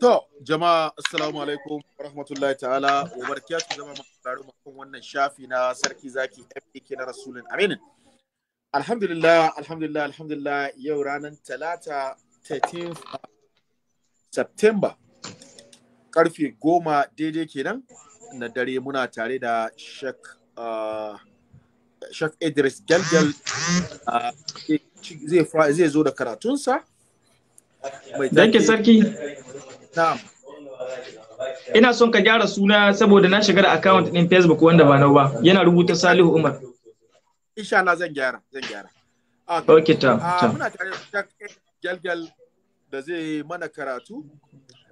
To, jama'a assalamu alaikum rahmatullahi ta'ala wa barakatuh jama'a masu taro makon wannan shafi na sarki zaki FK na rasulun aminin. Alhamdulillah, alhamdulillah, alhamdulillah yau ranar talata 13 September karfe goma daidai kenan na dare muna tare da Shek uh, Idris Galgal uh, zai zo da karatunsa. Danke sarki. Ina son ka gyara suna saboda na shiga da account din Facebook wanda ba nau ba. Yana rubuta Salihu Umar. Insha Allah zan gyara, zan gyara. Ah, okay, ta. Ah, muna tare da galgal da zai mana karatu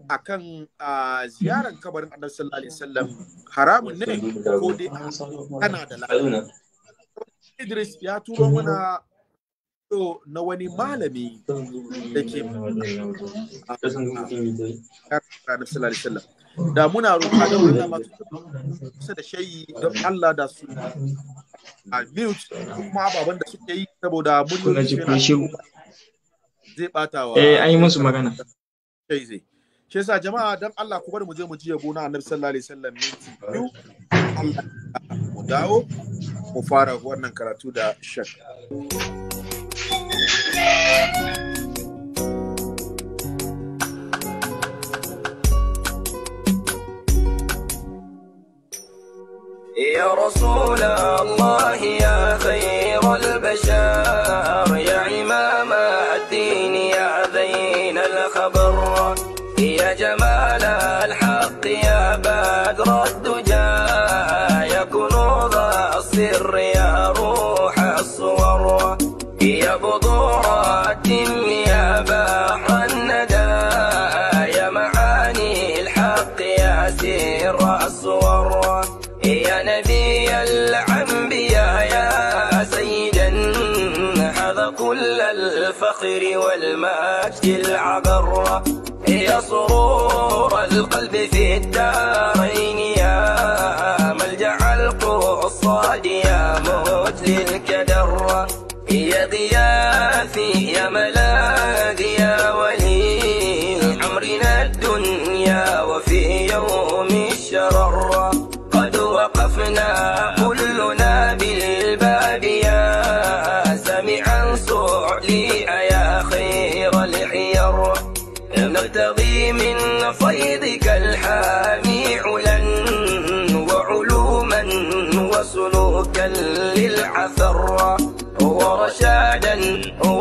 akan ah, ziyaran kabarin Annabi sallallahu alaihi wasallam haramun ne ko dai kana da lafiya. Idris ya turo mana audio na wani malami da ke da muna roƙa da wani masu kusa da shayi don Allah da su a mute kuma ababen da suke yi saboda mun yi zai bata wa eh an yi musu magana shayi zai shi yasa jama'a don Allah ku bari mu je mu ji yabo a Annabi sallallahu alaihi wasallam minti biyu Allah mu dawo mu fara wannan karatu da shak. يا رسول الله يا خير البشر يا إمام fedda.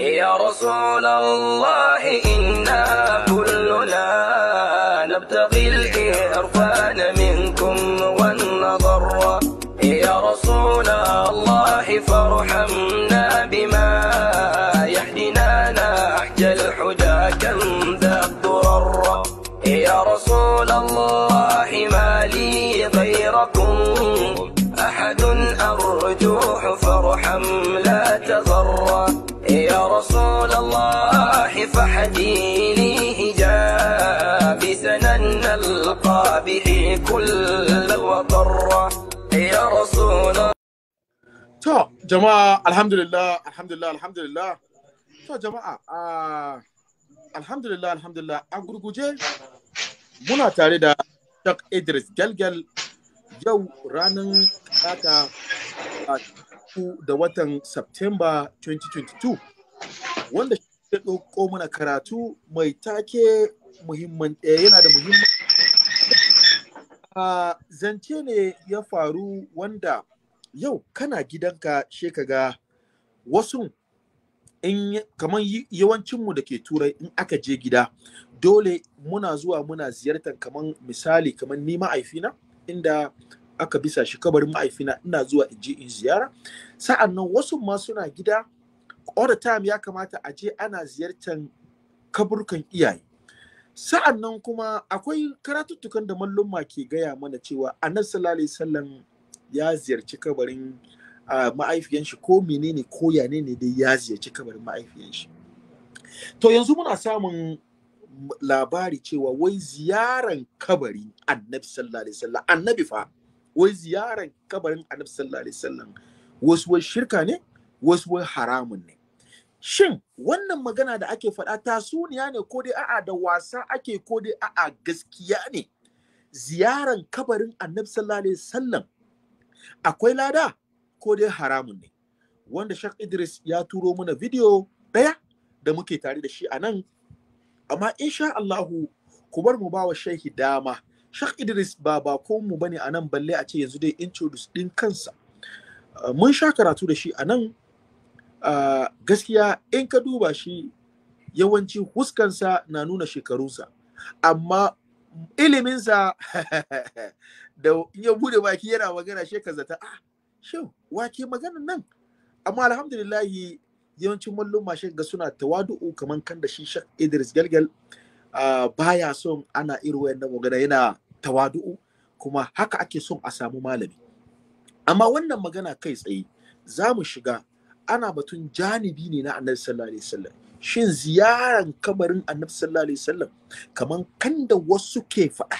يا رسول الله الله فحدي ليه جاء نلقى به كل وضر يا رسول الله تو جماعة الحمد لله الحمد لله الحمد لله تو جماعة آه الحمد لله الحمد لله أقول جي منا تاريدا تق إدريس جل جل جو رانن كاتا آه، دواتن سبتمبر 2022 wanda ya ɗauko mana karatu mai take muhimman eh, yana da muhimman zance ne ya faru wanda yau kana gidanka she ga wasu in kamar yawancinmu da ke turai in aka je gida dole muna zuwa muna ziyartar kamar misali kamar ni ma'aifina inda aka bisa shi kabarin ma'aifina ina zuwa in je in ziyara sa'an nan wasu ma suna gida all the time ya kamata a je ana ziyartar kaburkan iyaye sa'an nan kuma akwai karatuttukan da mallumma ke gaya mana cewa annabi sallallahu alaihi wasallam ya ziyarci kabarin ma'aifiyan shi ko menene ko yane ne dai ya ziyarci kabarin ma'aifiyan shi to yanzu muna samun labari cewa wai ziyaran kabari annabi sallallahu alaihi wasallam annabi fa wai ziyaran kabarin annabi sallallahu alaihi wasallam wasu wai shirka ne wasu wai haramun ne shin wannan magana da ake faɗa ta suniya ne ko dai a'a da wasa ake ko dai a'a gaskiya ne ziyaran kabarin annabi sallallahu alaihi wasallam akwai lada ko dai haramun ne wanda Shak Idris ya turo mana video ɗaya da muke tare da shi a nan amma insha Allahu ku bar mu bawa shehi dama Shak Idris ba ko mu bane a nan balle a ce yanzu dai introduce din kansa mun sha karatu da shi a nan uh, gaskiya in ka duba shi yawanci huskansa na nuna shekarunsa amma iliminsa da ya bude baki yana magana shi ka zata ah shin wake magana nan amma alhamdulillahi yawancin mallon mashe ga suna tawadu'u kamar kan da shi shak idris galgal uh, baya son ana irin wayannan magana yana tawadu'u kuma haka ake son a samu malami amma wannan magana kai tsaye za mu shiga ana batun janibi ne na annabi sallallahu alaihi wasallam shin ziyaran kabarin annabi sallallahu alaihi wasallam kaman kan da wasu ke faɗa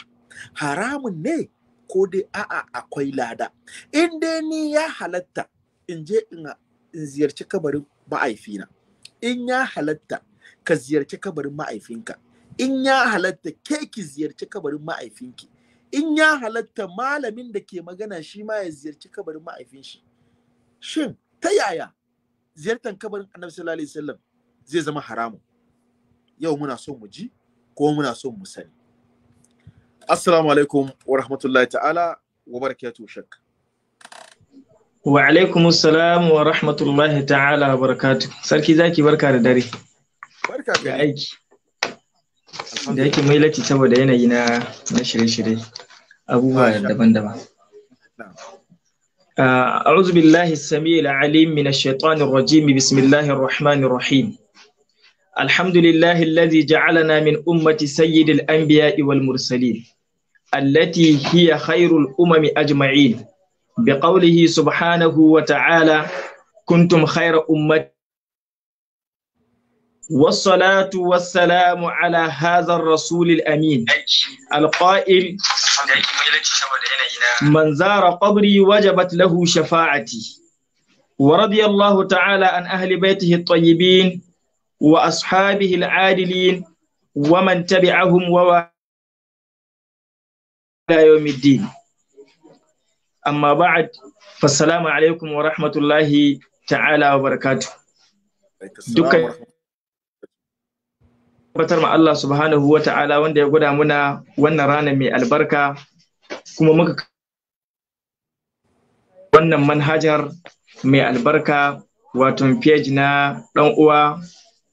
haramun ne ko dai a'a akwai lada in dai ni ya halatta in je in ziyarci kabarin ma'aifina in ya halatta ka ziyarci kabarin ma'aifinka in ya halatta ke ki ziyarci kabarin ma'aifinki in ya halatta malamin da ke magana shi ma ya ziyarci kabarin ma'aifin shi shin ta yaya ziyartar kabarin annabi sallallahu alaihi wasallam zai zama haramun yau muna son mu ji ko muna son mu sani assalamu alaikum wa rahmatullahi ta'ala wa barakatuhu shak. Wa alaikum assalam wa rahmatullahi ta'ala wa barakatu. Sarki zaki barka da dare. Barka da aiki. Da yake mai lati saboda yanayi na shirye-shirye abubuwa daban-daban. أعوذ بالله السميع العليم من الشيطان الرجيم بسم الله الرحمن الرحيم الحمد لله الذي جعلنا من أمة سيد الأنبياء والمرسلين التي هي خير الأمم أجمعين بقوله سبحانه وتعالى كنتم خير أمة والصلاة والسلام على هذا الرسول الأمين القائل من زار قبري وجبت له شفاعتي ورضي الله تعالى عن أهل بيته الطيبين وأصحابه العادلين ومن تبعهم ووالى يوم الدين أما بعد فالسلام عليكم ورحمة الله تعالى وبركاته دكا tabbatar ma Allah subhanahu wa ta'ala wanda ya guda muna wannan rana mai albarka kuma muka wannan manhajar mai albarka wato page na ɗan uwa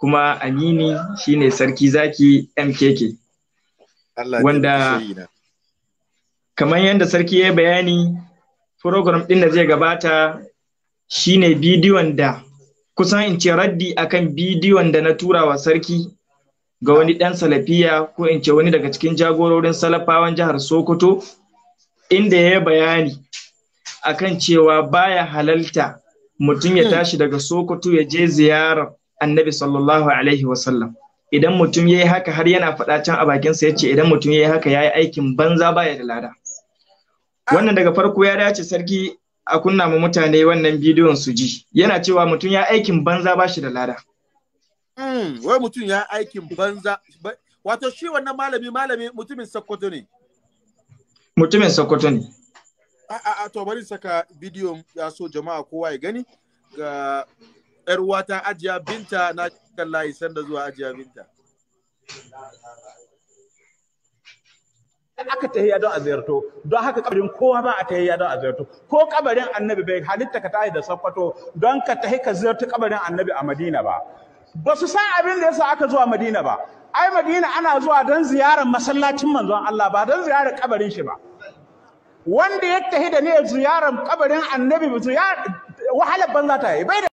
kuma amini shine sarki zaki mkk wanda kamar yadda sarki ya bayani program ɗin da zai gabata shine bidiyon da kusan in ce raddi akan bidiyon da na tura wa sarki ga wani ɗan salafiya ko in ce wani daga cikin jagororin salafawan jihar Sokoto inda ya bayani akan cewa baya halalta mutum ya hmm. tashi daga Sokoto ya je ziyarar Annabi sallallahu alaihi wasallam idan mutum ya yi haka har yana faɗa can a bakinsa ya ce idan mutum ya yi haka ya yi aikin banza baya da lada wannan daga farko ya dace sarki a kunna mu mutane wannan bidiyon su ji yana cewa mutum ya aikin banza ba shi da lada Hmm, wai mutum ya aikin banza wato shi wannan malami malami mutumin sokoto ne mutumin sokoto ne a a to bari saka bidiyon ya so jama'a kowa ya gani ga yar uwata ajiya binta na kan layi sanda zuwa ajiya binta aka tahiyya don a ziyarto don haka kabarin kowa ba a tahiyya don a ziyarto ko kabarin annabi bai halitta ka tahi da Sokoto don ka tahi ka ziyarci kabarin annabi a madina ba ba su san abin da yasa aka zuwa madina ba ai madina ana zuwa don ziyarar masallacin manzon Allah ba don ziyarar kabarin shi ba wanda ya tafi da ne ziyarar kabarin annabi ba wahalar banza ta yi bai da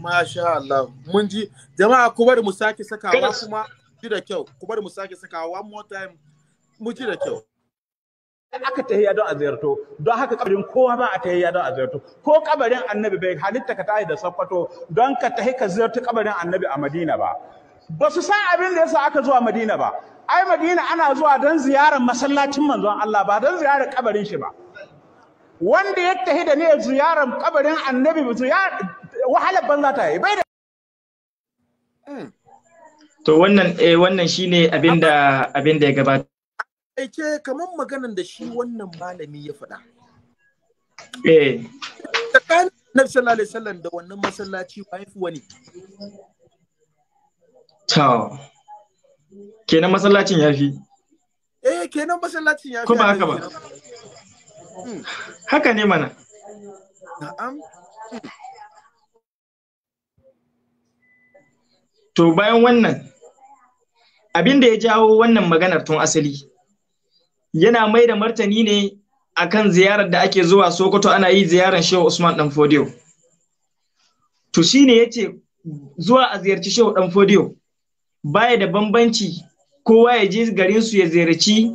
Masha Allah mun ji jama'a ku bari mu sake sakawa kuma ji da kyau ku bari mu sake sakawa one more time mu ji da kyau aka tahiyya don a ziyarto don haka kabarin kowa ba a tahiyya don a ziyarto ko kabarin annabi bai halitta ka tahi da sakwato don ka tahi ka ziyarci kabarin annabi a madina ba ba su san abin da yasa aka zuwa madina ba ai madina ana zuwa don ziyarar masallacin manzon Allah ba don ziyarar kabarin shi ba wanda ya tahi da ne ziyarar kabarin annabi wahalar banza ta yi bai da hmm. to wannan eh wannan shine abinda abinda ya gabata aike kamar maganan da shi wannan malami ya faɗa. Eh. Tsakanin da wannan masallaci ne. Kenan masallacin yafi. Eh kenan haka ba. Hmm. Haka ne mana. To bayan wannan abin ya jawo wannan maganar tun asali yana mai da martani ne akan ziyarar da ake zuwa Sokoto ana yi ziyarar Shehu Usman Danfodiyo. To shi ne ya ce zuwa a ziyarci Shehu Danfodiyo Fodiyo baya da bambanci kowa ya je garinsu ya ziyarci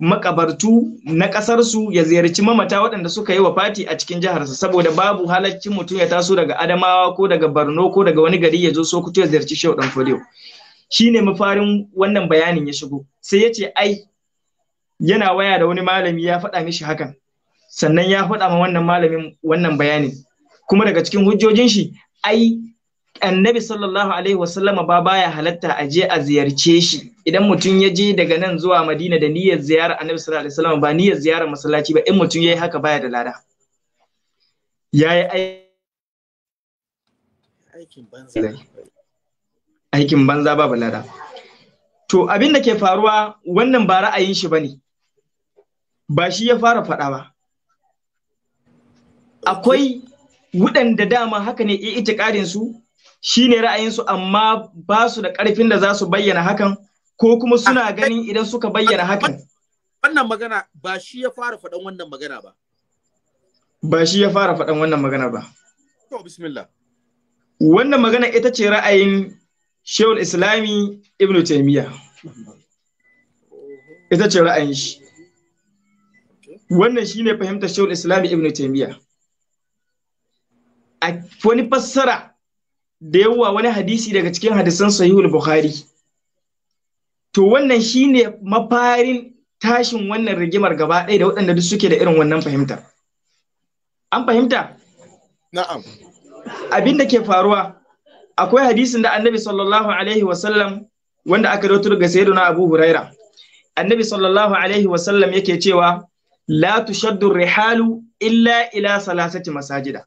makabartu na ƙasarsu ya ziyarci mamata waɗanda suka yi wa fati a cikin jiharsa, saboda babu halaccin mutum ya taso daga Adamawa ko daga Borno ko daga wani gari ya zo Sokoto ya ziyarci Shehu Danfodiyo. Shi ne mafarin wannan bayanin ya shigo. Sai ya ce ai yana waya da wani malami ya faɗa mishi hakan sannan ya faɗa ma wannan malamin wannan bayanin kuma daga cikin hujjojin shi ai annabi sallallahu alaihi wasallama ba baya halatta a je a ziyarce shi idan mutum ya je daga nan zuwa madina da niyyar ziyara annabi sallallahu alaihi wasallama ba niyyar ziyarar masallaci ba in mutum yayi haka baya da lada yayi aikin banza aikin banza babu lada to abin da ke faruwa wannan ba ra'ayin shi bane ba shi ya fara faɗa ba akwai waɗanda dama haka ne iya su shine ra'ayinsu amma ba su da ƙarfin da za su bayyana hakan ko kuma suna ganin idan suka bayyana hakan wannan magana ba shi ya fara faɗan wannan magana ba ba shi ya fara faɗan wannan magana ba to bismillah wannan magana ita ce ra'ayin Shehu islami Ibn Taymiyyah. ita ce ra'ayin shi wannan shi ne fahimtar shehul islam ibn taymiya a wani fassara da yawa wani hadisi daga cikin hadisan sahihul bukhari to wannan shi ne mafarin tashin wannan rigimar gaba ɗaya da waɗanda duk suke da irin wannan fahimtar an fahimta na'am abin da ke faruwa akwai hadisin da annabi sallallahu alaihi wasallam wanda aka dautar daga sayyiduna abu huraira annabi sallallahu alaihi wasallam yake cewa la tushaddu rihalu illa ila salasati masajida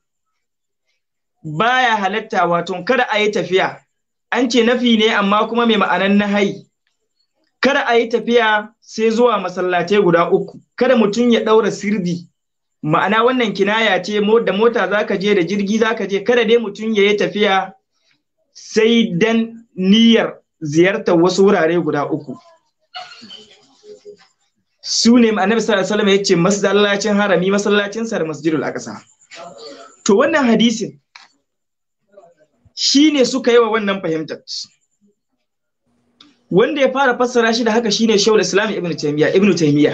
baya halatta wato kada a yi tafiya an ce nafi ne amma kuma mai ma'anan nahayi kada a yi tafiya sai zuwa masallatai guda uku kada mutum ya ɗaura sirdi ma'ana wannan kinaya ce da mota zaka je da jirgi zaka je kada dai mutum ya yi tafiya sai dan niyyar ziyartar wasu wurare guda uku su ne annabi sallallahu alaihi ya ce masallacin harami masallacin sar da masjidul aqsa to wannan hadisin shine suka yi wa wannan fahimtar wanda ya fara fassara shi da haka shine Shawul Islam Ibn taymiya Ibn taymiya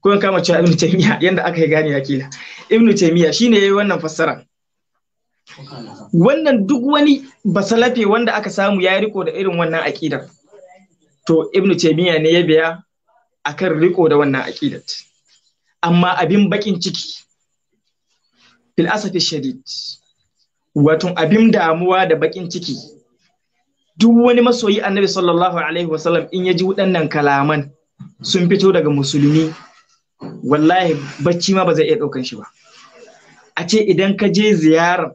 ko kama cewa Ibn taymiya yanda aka yi gane ya kila Ibn Taymiyyah shine yayi wannan fassara wannan duk wani basalafe wanda aka samu ya riko da irin wannan aqidar to Ibn taymiya ne ya biya akan riko da wannan aqidat amma abin bakin ciki fil asafi shadid wato abin damuwa da bakin ciki duk wani masoyi annabi sallallahu alaihi wasallam in ya ji waɗannan kalaman sun fito daga musulmi wallahi bacci ma ba zai iya ɗaukan shi ba a ce idan ka je ziyarar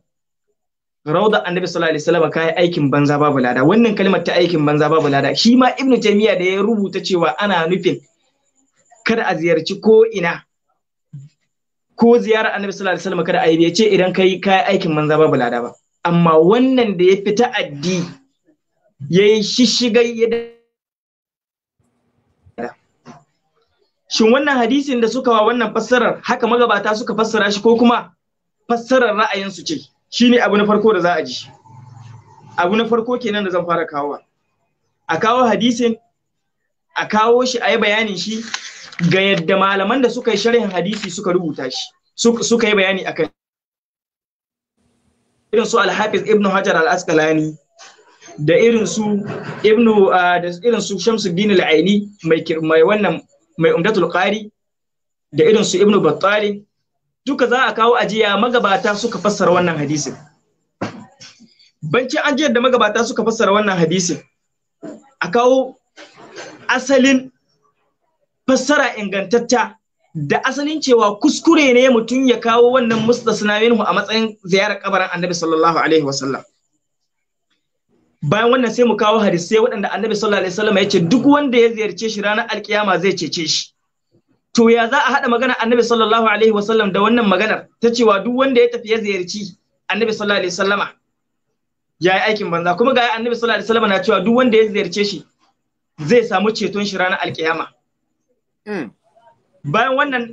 rauda annabi sallallahu alaihi wasallam kai aikin banza babu lada wannan kalmar ta aikin banza babu lada shi ma ibnu taymiya da ya rubuta cewa ana nufin kada a ziyarci ko ina ko ziyarar annabi sallallahu alaihi wasallam kada a yi ya ce idan kai kai aikin manza babu lada ba amma wannan da ya fita addi ya yi shishigai ya Shin wannan hadisin da suka wa wannan fassarar haka magabata suka fassara shi ko kuma fassarar ra'ayinsu ce shine abu na farko da za a ji. Abu na farko kenan da zan fara kawo. A kawo hadisin, a kawo shi a yi bayanin shi, ga yadda malaman da suka yi sharhin hadisi suka rubuta shi suka yi bayani akan irin su al-hafiz ibn hajar al-asqalani da irin su ibnu da irin su shamsuddin al-aini mai mai wannan mai umdatul qari da irin su ibnu battali duka za a kawo ajiya magabata suka fassara wannan hadisin banci an da magabata suka fassara wannan hadisin a kawo asalin fassara ingantatta da asalin cewa kuskure ne mutum ya kawo wannan mustasna minhu a matsayin ziyarar kabarin annabi sallallahu alaihi wasallam bayan wannan sai mu kawo hadisai waɗanda annabi sallallahu alaihi wasallam yace duk wanda ya ziyarce shi ranar alkiyama zai cece shi to ya za a haɗa magana annabi sallallahu alaihi wasallam da wannan maganar ta cewa duk wanda ya tafi ya ziyarci annabi sallallahu alaihi wasallama ya yi aikin banza kuma ga annabi sallallahu alaihi wasallama na cewa duk wanda ya ziyarce shi zai samu ceton shi ranar alkiyama Hmm. bayan wannan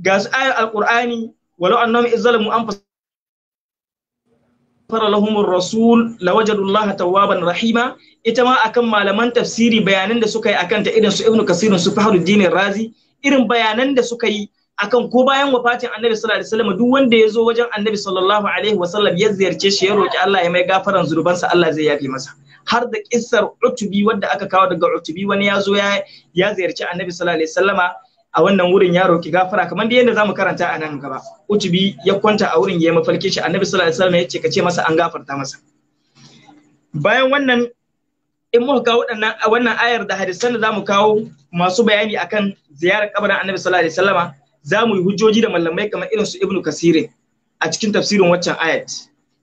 ga su ayar alqur'ani walau annahum izzalamu anfusahum lahum ar-rasul lawajadullaha tawwaban rahima ita ma akan malaman tafsiri bayanan da suka yi akan ta irin su ibnu kasirin su fahruddin razi irin bayanan da suka yi akan ko bayan wafatin annabi sallallahu alaihi wasallam duk wanda ya zo wajen annabi sallallahu alaihi wasallam ya ziyarce shi ya roki Allah ya mai gafaran zurbansa Allah zai yafe masa har da kissar utubi wadda aka kawo daga utubi wani ya zo ya ziyarci annabi sallallahu alaihi wasallama a wannan wurin ya roki gafara kamar da yadda zamu karanta a nan gaba utubi ya kwanta a wurin ya mafarki shi annabi sallallahu alaihi wasallama ya ce kace masa an gafarta masa bayan wannan in muka kawo waɗannan wannan ayar da hadisan da zamu kawo masu bayani akan ziyarar kabarin annabi sallallahu alaihi wasallama za mu yi hujjoji da malamai kamar irin su ibnu kasire a cikin tafsirin waccan ayat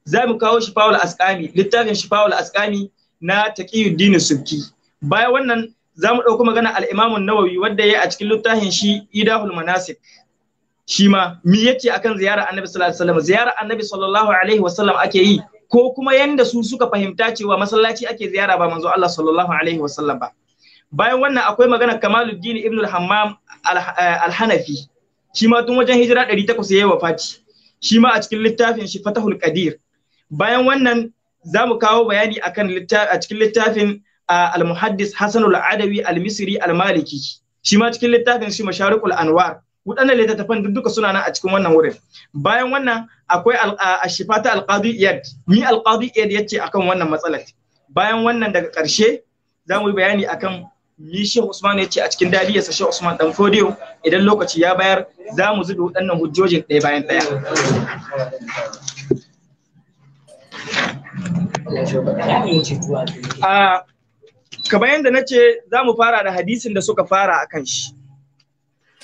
za mu kawo shifawul asqami littafin shifawul asqami na din subki baya wannan za mu ɗauko magana al an nawawi wanda ya a cikin littafin shi idahul manasik shi ma me yace akan ziyara annabi sallallahu alaihi wasallam ziyara annabi sallallahu alaihi wasallam ake yi ko kuma yanda su suka fahimta cewa masallaci ake ziyara ba manzo Allah sallallahu alaihi wasallam ba bayan wannan akwai magana kamaluddin ibn al-hammam eh, al-hanafi shi ma tun wajen hijira 800 yayi wafati shi ma a cikin littafin shi fatahul qadir bayan wannan za mu kawo bayani akan a cikin littafin al-muhaddis Hassan al-Adawi al-Misri al-Maliki shi ma cikin littafin shi Masharikul Anwar waɗannan littattafan duka suna nan a cikin wannan wurin bayan wannan akwai ashifata al-Qadi Iyad ni al-Qadi Iyad yace akan wannan matsalar bayan wannan daga ƙarshe za mu yi bayani akan ni Sheikh Usman yace a cikin daliyarsa Sheikh Usman dan Fodiyo idan lokaci ya bayar za mu zuɗa waɗannan hujjojin ɗaya bayan ɗaya a ah, kamar yadda na ce za mu fara da hadisin da suka fara a kan shi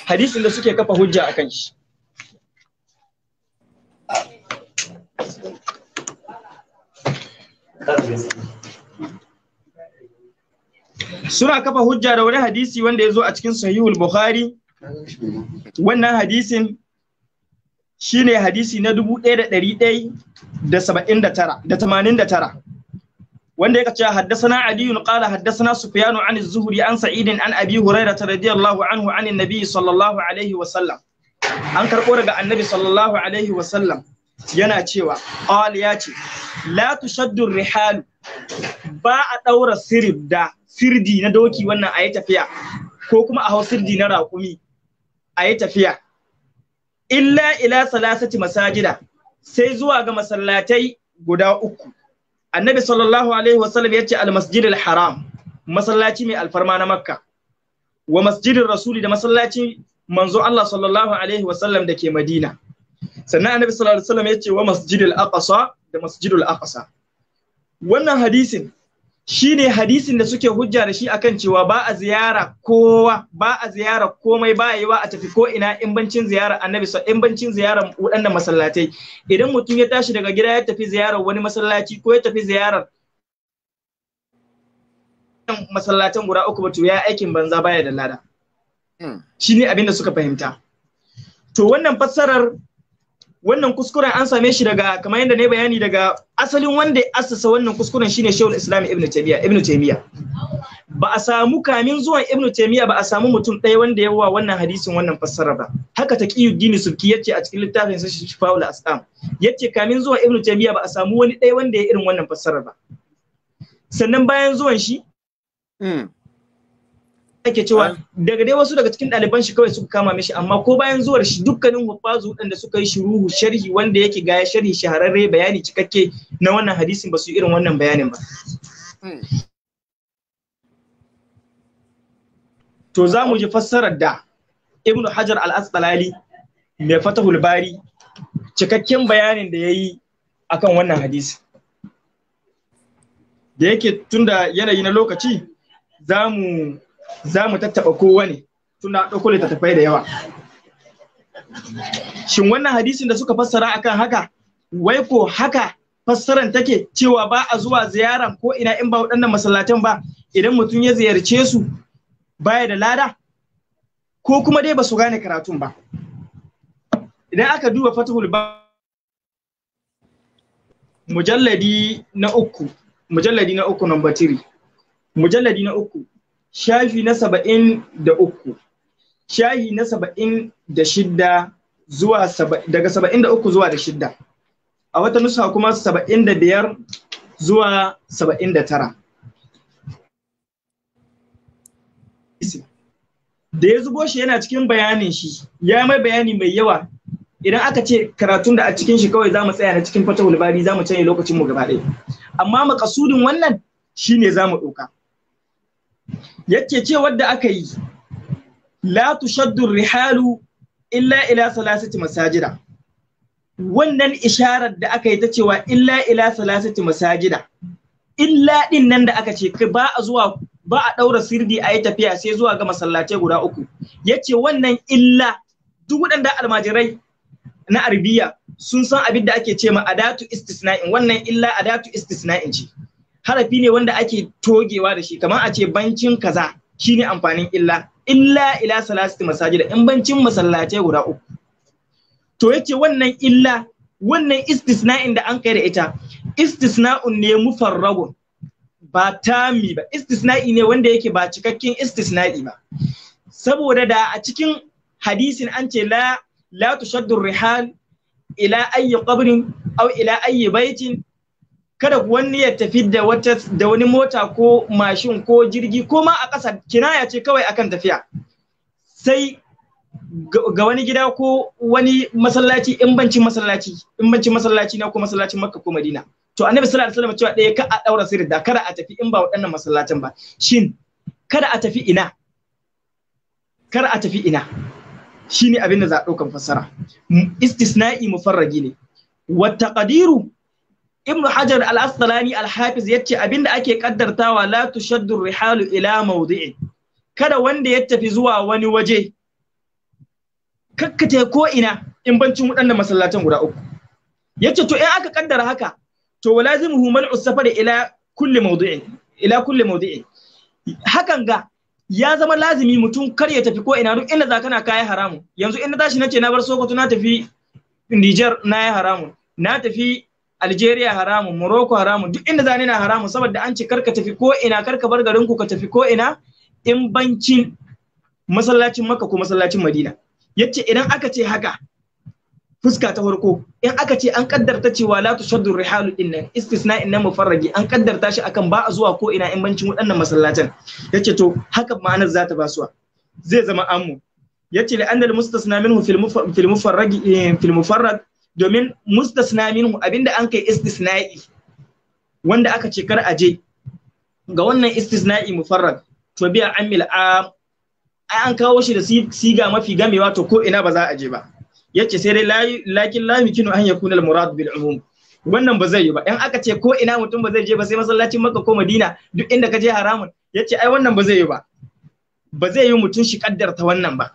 hadisin da suke kafa hujja a kan shi suna kafa hujja da wani hadisi wanda ya zo a cikin sahihul bukhari wannan hadisin shine hadisi na dubu ɗaya da da da da da ɗari saba'in tara tamanin tara. wanda yake cewa haddathana ali qala haddathana sufyan an az-zuhri an sa'id an abi radiyallahu anhu an an-nabi sallallahu alaihi wa sallam an karbo daga annabi sallallahu alaihi wa sallam yana cewa qal ya ce la tushaddu rihal ba a daura sirda sirdi na doki wannan ayi tafiya ko kuma a hau sirdi na raƙumi ayi tafiya illa ila salasati masajida sai zuwa ga masallatai guda uku annabi sallallahu alaihi wasallam haram masallaci mai alfarma na makka wa masjidin rasuli da masallaci manzo Allah sallallahu alaihi wasallam da ke madina sannan annabi sallallahu alaihi wasallam wa masjidil aqsa da masjidul aqsa wannan hadisin Shi ne hadisin da suke hujja da shi akan cewa ba a ziyara kowa ba a ziyara komai ba a yi a tafi ko ina in bancin ziyara annabi sa in bancin ziyara waɗannan masallatai idan mutum ya tashi daga gida ya tafi ziyarar wani masallaci ko ya tafi ziyarar masallatan guda uku ba to ya aikin banza baya da lada hmm. shine abin da suka fahimta to wannan fassarar wannan kuskuren an same shi daga kamar yadda ne bayani daga asalin wanda ya assasa wannan kuskuren shine Shehul Islam Ibn Taymiyyah Ibn ba a samu kamin zuwan Ibn Taymiyyah ba a samu mutum ɗaya wanda ya wa wannan hadisin wannan fassara ba haka Taqiyuddin Subki yace a cikin littafin sa Shifaul Asqam yace kamin zuwan Ibn Taymiyyah ba a samu wani ɗaya wanda ya irin wannan fassara ba sannan bayan zuwan shi hmm. yake cewa daga dai wasu daga cikin ɗaliban shi kawai suka kama mishi amma ko bayan zuwar shi dukkanin hufazu waɗanda suka yi shiruhu sharhi wanda yake gaya sharhi shahararre bayani cikakke na wannan hadisin ba su irin wannan bayanin ba. To za mu ji fassarar da Ibn Hajar al-Asqalani mai Fatahul Bari cikakken bayanin da ya yi akan wannan hadisi. Da yake tunda yanayi na lokaci za mu za mu tattaba kowane tunda ɗauko littattafai da yawa shin wannan hadisin da suka fassara akan haka wai ko haka fassaran take cewa ba a zuwa ziyaran ko ina in ba waɗannan masallatan ba idan mutum ya ziyarce su baya da lada ko kuma dai ba su gane karatun ba idan aka duba fatihul ba mujalladi na uku mujalladi na uku number three. mujalladi na uku shafi na saba'in da uku Shafi na saba'in da shidda zuwa daga saba'in da uku zuwa da shidda a wata nusa kuma saba'in da biyar zuwa saba'in da tara da ya zubo shi yana cikin bayanin shi ya mai bayani mai yawa idan aka ce karatun da a cikin shi kawai za mu tsaya na cikin fatahul bari za mu canye lokacinmu gaba ɗaya amma makasudin wannan shine za mu ɗauka yake ce wadda aka yi la tushaddu rihalu illa ila salasati masajida wannan isharar da aka yi ta cewa illa ila salasati masajida illa din nan da aka ce ba a zuwa ba a daura sirdi a yi tafiya sai zuwa ga masallace guda uku yace wannan illa duk waɗanda almajirai na arabiya sun san abin da ake ce ma adatu istisna'in wannan illa adatu istisna'in ce harafi ne wanda ake togewa da shi kamar a ce bancin kaza shine amfanin illa illa ila salasati masajida in bancin masallatai guda uku to yace wannan illa wannan istisna'in da an kai da ita istisna'un ne mufarragun ba tami ba istisna'i ne wanda yake ba cikakken istisna'i ba saboda da a cikin hadisin an ce la la tushaddu rihal ila ayi qabrin aw ila ayi baitin kada wani ya tafi da wata da wani mota ko mashin ko jirgi ko ma a ƙasa kinaya ce kawai akan tafiya sai ga wani gida ko wani masallaci in banci masallaci in banci masallaci na ko masallacin makka ko madina to annabi sallallahu alaihi wasallam cewa ɗaya ka a daura da, kada a tafi in ba waɗannan masallacin ba shin kada a tafi ina kada a tafi ina shine abin da za a ɗaukan fassara istisna'i mufarragi ne wa taqdiru ibn hajar al-asqalani al-hafiz yace abinda ake kaddartawa la tushaddu rihalu ila mawdi'i kada wanda ya tafi zuwa wani waje kakkate ko ina in bancin wadannan masallatan guda uku yace to in aka kaddara haka to walazimuhu mal'u safar ila kulli mawdi'in ila kulli mawdi'in hakan ga ya zama lazimi mutum kar ya tafi ko ina duk inda za kana kai haramu yanzu inda na tashi nace na bar Sokoto na tafi Niger na yi haramu na tafi Algeria haramun, Morocco haramun, duk inda zane na haramun saboda an ce karka tafi ko ina karka bar garin ku ka tafi ko ina in bancin masallacin Makka ko masallacin Madina. Yace idan aka ce haka fuska ta farko in aka ce an kaddarta cewa la tushaddu rihalu inna istisna in nan mufarragi an kaddarta shi akan ba a zuwa ko ina in bancin waɗannan masallacin yace to haka ma'anar za ta basuwa zai zama ammu yace li annal mustasna minhu fil mufarragi eh, fil mufarrag domin mustasna minhu abinda an kai istisna'i wanda aka ce kar aje ga wannan istisna'i mufarrad to biya amil a an kawo shi da siga mafi gamewa to ko ina ba za a je ba yace sai dai lakin la yumkinu an yakuna al murad bil umum wannan ba zai yi ba in aka ce ko ina mutum ba zai je ba sai masallacin makka ko madina duk inda ka je haramun yace ai wannan ba zai yi ba ba zai yi mutum shi kaddarta wannan ba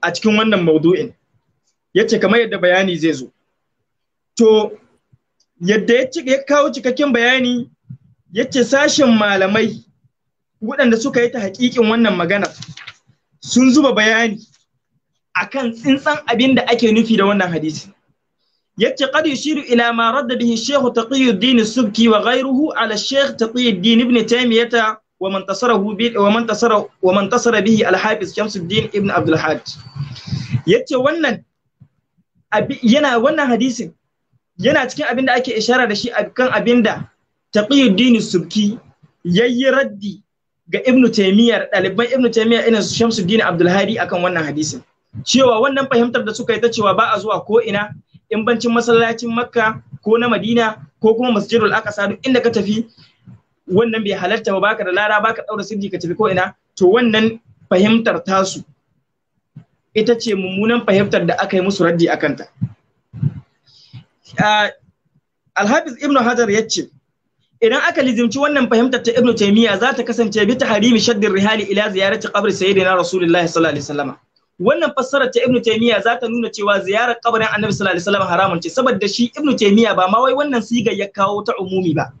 a cikin wannan maudu'in yace kamar yadda bayani zai zo to yadda ya kawo cikakken bayani yace sashen malamai waɗanda suka yi ta hakikin wannan magana sun zuba bayani akan tsintsan abin da ake nufi da wannan hadisi yace qad yushiru ila ma radda bihi Sheikh Taqiyuddin Subki wa ghayruhu ala shaykh Taqiyuddin Ibn taymiyah wa man tasarahu bi wa man tasara wa man tasara bihi Al-Hafiz Shamsuddin Ibn Abdul yace wannan yana wannan hadisin yana cikin abin da ake ishara da shi kan abin da taqiyuddin subki yayi raddi ga ibn ta'imiyar ɗaliban ibn ta'imiyar irin su shamsuddin abdulhadi akan wannan hadisin cewa wannan fahimtar da suka yi ta cewa ba a zuwa ko ina in bancin masallacin makka ko na madina ko kuma masjidul aqsa duk inda ka tafi wannan bai halarta ba baka da lara baka daura sirri ka tafi ko ina to wannan fahimtar tasu ita ce mummunan fahimtar da aka yi musu raddi a kanta. Ah, Alhafiz Ibn Hajar ya ce, idan aka lizimci wannan fahimtar ta Ibn Taymiyyah za ta kasance bi tahrimi shaddin rihali ila ziyarati qabri sayyidina Rasulullahi sallallahu alaihi wasallam. Wannan fassarar ta Ibn Taymiyyah za ta nuna cewa ziyarar qabrin Annabi sallallahu alaihi wasallam haramun ce saboda shi Ibn Taymiyyah ba ma wai wannan siga ya kawo ta umumi ba.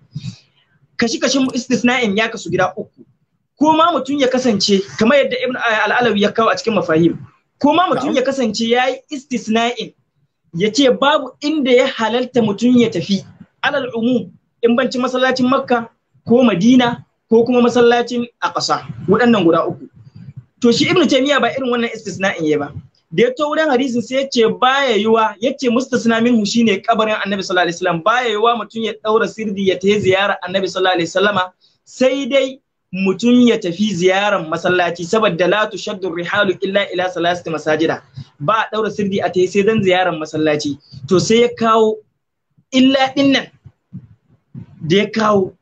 Kashi-kashin istisna'in ya kasu gida uku. Ko ma mutum ya kasance kamar yadda Ibn ah, Al-Alawi ya kawo a cikin mafahim. kuma mutum ya kasance ya yi istisna'in ya ce babu inda ya halalta mutum ya tafi alal umum in banci masallacin makka ko madina ko kuma masallacin a ƙasa waɗannan guda uku to shi ibnu taymiya ba irin wannan istisna'in ya ba da ya to wurin hadisin sai ya ce baya yiwa ya ce mustasna minhu shine kabarin annabi sallallahu alaihi wasallam baya yiwa mutum ya daura sirdi ya ta ziyara annabi sallallahu alaihi wasallama sai dai mutum ya tafi ziyaran masallaci saboda la tushaddu rihalu illa ila salasati masajida ba a daura sirdi a tayi sai dan ziyaran masallaci to sai ya kawo illa dinnan da ya kawo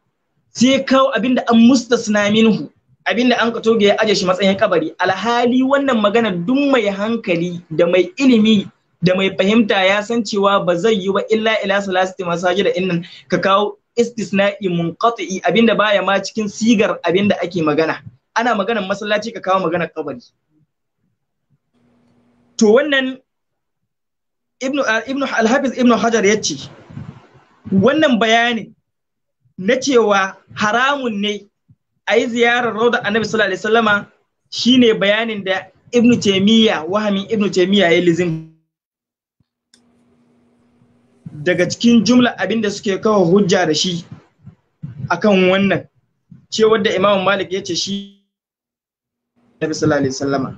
sai ya kawo abinda an mustasna minhu abinda an kato ya aje shi matsayin kabari alhali wannan magana duk mai hankali da mai ilimi da mai fahimta ya san cewa ba zai yi ba illa ila salasati masajida innan ka kawo istisna'i munqati'i abinda baya ma cikin sigar abinda ake magana ana magana masallaci ka kawo magana kabari to wannan ibnu ibnu al-hafiz ibnu hajar yace wannan bayani na cewa haramun ne ayi ziyarar rauda annabi sallallahu alaihi wasallama shine bayanin da ibnu taymiya wahamin ibnu taymiya ya lizim daga cikin jumla abin da suke kawo hujja da shi akan wannan ce wadda Imam Malik ya ce shi Nabi sallallahu alaihi wasallama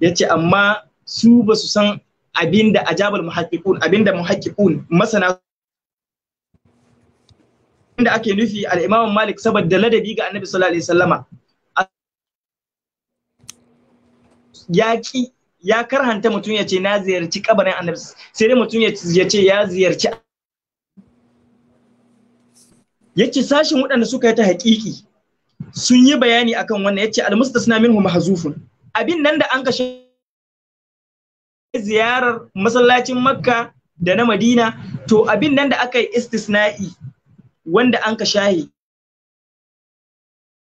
ya ce amma su ba su san abin da ajabal muhaqqiqun abin da muhaqqiqun masana da ake nufi al-Imam Malik saboda ladabi ga Annabi sallallahu alaihi wasallama ya ki ya karhanta mutum ya ce na ziyarci kabarin annabi sai dai mutum ya ce ya ziyarci yace sashin waɗanda suka yi ta haƙiƙi sun yi bayani akan wannan yace almustasna minhum mahzufun abin nan da an kashe ziyarar masallacin makka da na madina to abin nan da aka yi istisna'i wanda an ka shahi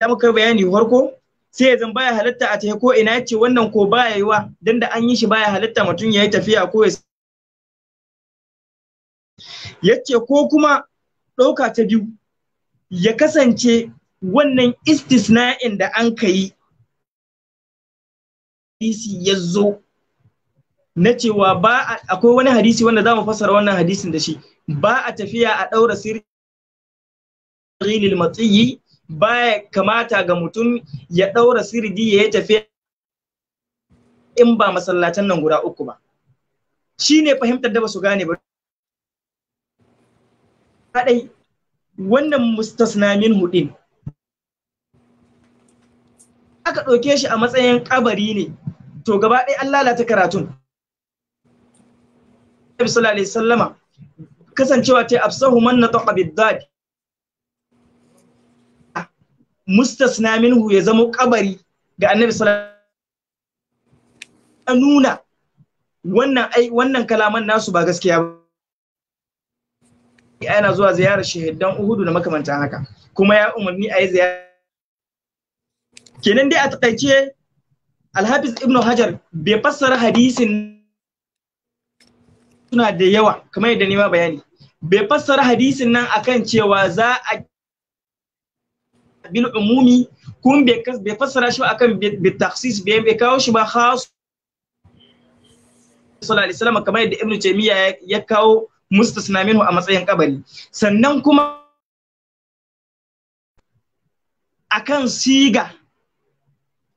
da muka bayani farko sai ya zan baya halatta a tafi ko ina ce wannan ko baya yiwa dan da an yi shi baya halatta mutum ya yi tafiya ko ya yace ko kuma ɗauka ta biyu ya kasance wannan istisna'in da an ka yi ya zo na cewa ba akwai wani hadisi wanda za mu fassara wannan hadisin da shi ba a tafiya a ɗaura sirri lil baya kamata ga mutum ya ɗaura sirdi ya yi tafiya in ba masallatan nan guda uku ba shi ne fahimtar da ba su gane ba kaɗai wannan mustasnamin hudin aka ɗauke shi a matsayin kabari ne to gaba ɗaya an lalata karatun sallama kasancewa ta absahu man nataqa mustasna minhu ya zama kabari ga annabi sallallahu alaihi nuna wannan ai wannan kalaman nasu ba gaskiya ba yana zuwa ziyarar shahidan Uhudu da makamantan haka kuma ya umarni a yi ziyara kenan dai a takaice Alhafiz Ibn Hajar bai fassara hadisin suna da yawa kamar yadda ma bayani bai fassara hadisin nan akan cewa za a bil umumi kun bai fassara shi akan bil taksis bai kawo shi ba khas sallallahu alaihi wasallam kamar yadda ibnu taymiya ya kawo mustasna minhu a matsayin kabari sannan kuma akan siga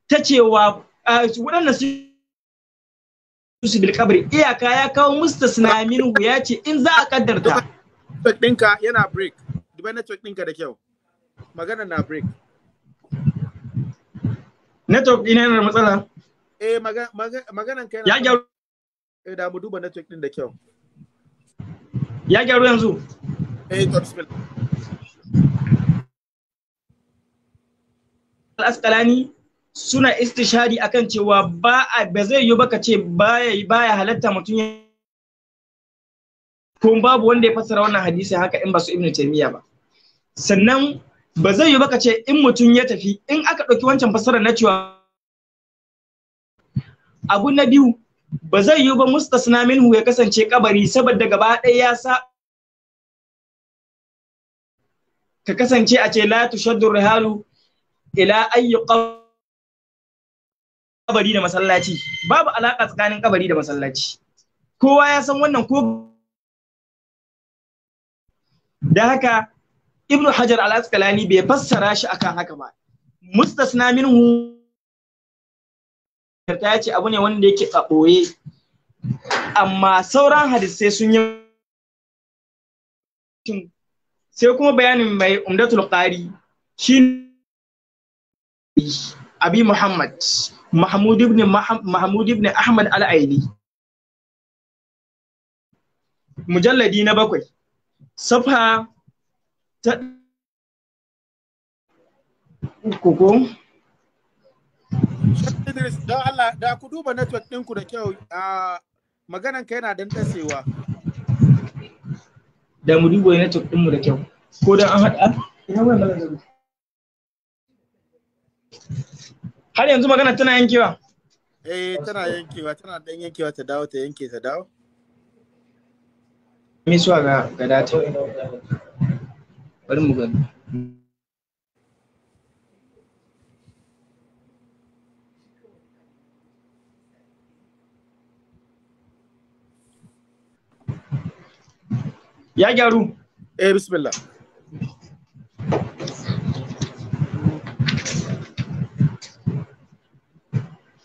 ta cewa waɗannan su su bil kabri iyaka ya kawo mustasna minhu ya ce in za a kaddarta network ɗinka yana break dubai network ɗinka da kyau magana na break network ina yana da matsala eh maganan kai ya gyaru eh da mu duba network din da kyau ya gyaru yanzu eh to bismillah al-asqalani suna istishari akan cewa ba ba zai yi baka ce baya baya halatta mutum ya ko babu wanda ya fassara wannan hadisi haka in ba su ibnu taymiya ba sannan ba zai yi baka ce in mutum ya tafi in aka ɗauki wancan fassara na cewa abu na biyu ba zai yi ba mustasna minhu ya kasance kabari saboda gaba ɗaya ya sa ka kasance a ce la tushaddu rihalu ila ayyi kabari da masallaci babu alaka tsakanin kabari da masallaci kowa ya san wannan ko da haka ibnu hajar al-asqalani bai fassara shi akan haka ba mustasna minhu ta ce abu ne wanda yake a ɓoye amma sauran hadisai sun yi sai kuma bayanin mai umdatul qari shi abi muhammad mahmud ibn mahmud ibn ahmad al-aini mujalladi na bakwai safha ta koko Idris don Allah da ku duba network ɗinku da kyau a maganan ka yana dan tasewa da mu duba network ɗinmu da kyau ko an har yanzu magana tana yankewa eh tana yankewa tana dan yankewa ta dawo ta yanke ta dawo suwa ga ga data bari mu gani ya gyaru eh bismillah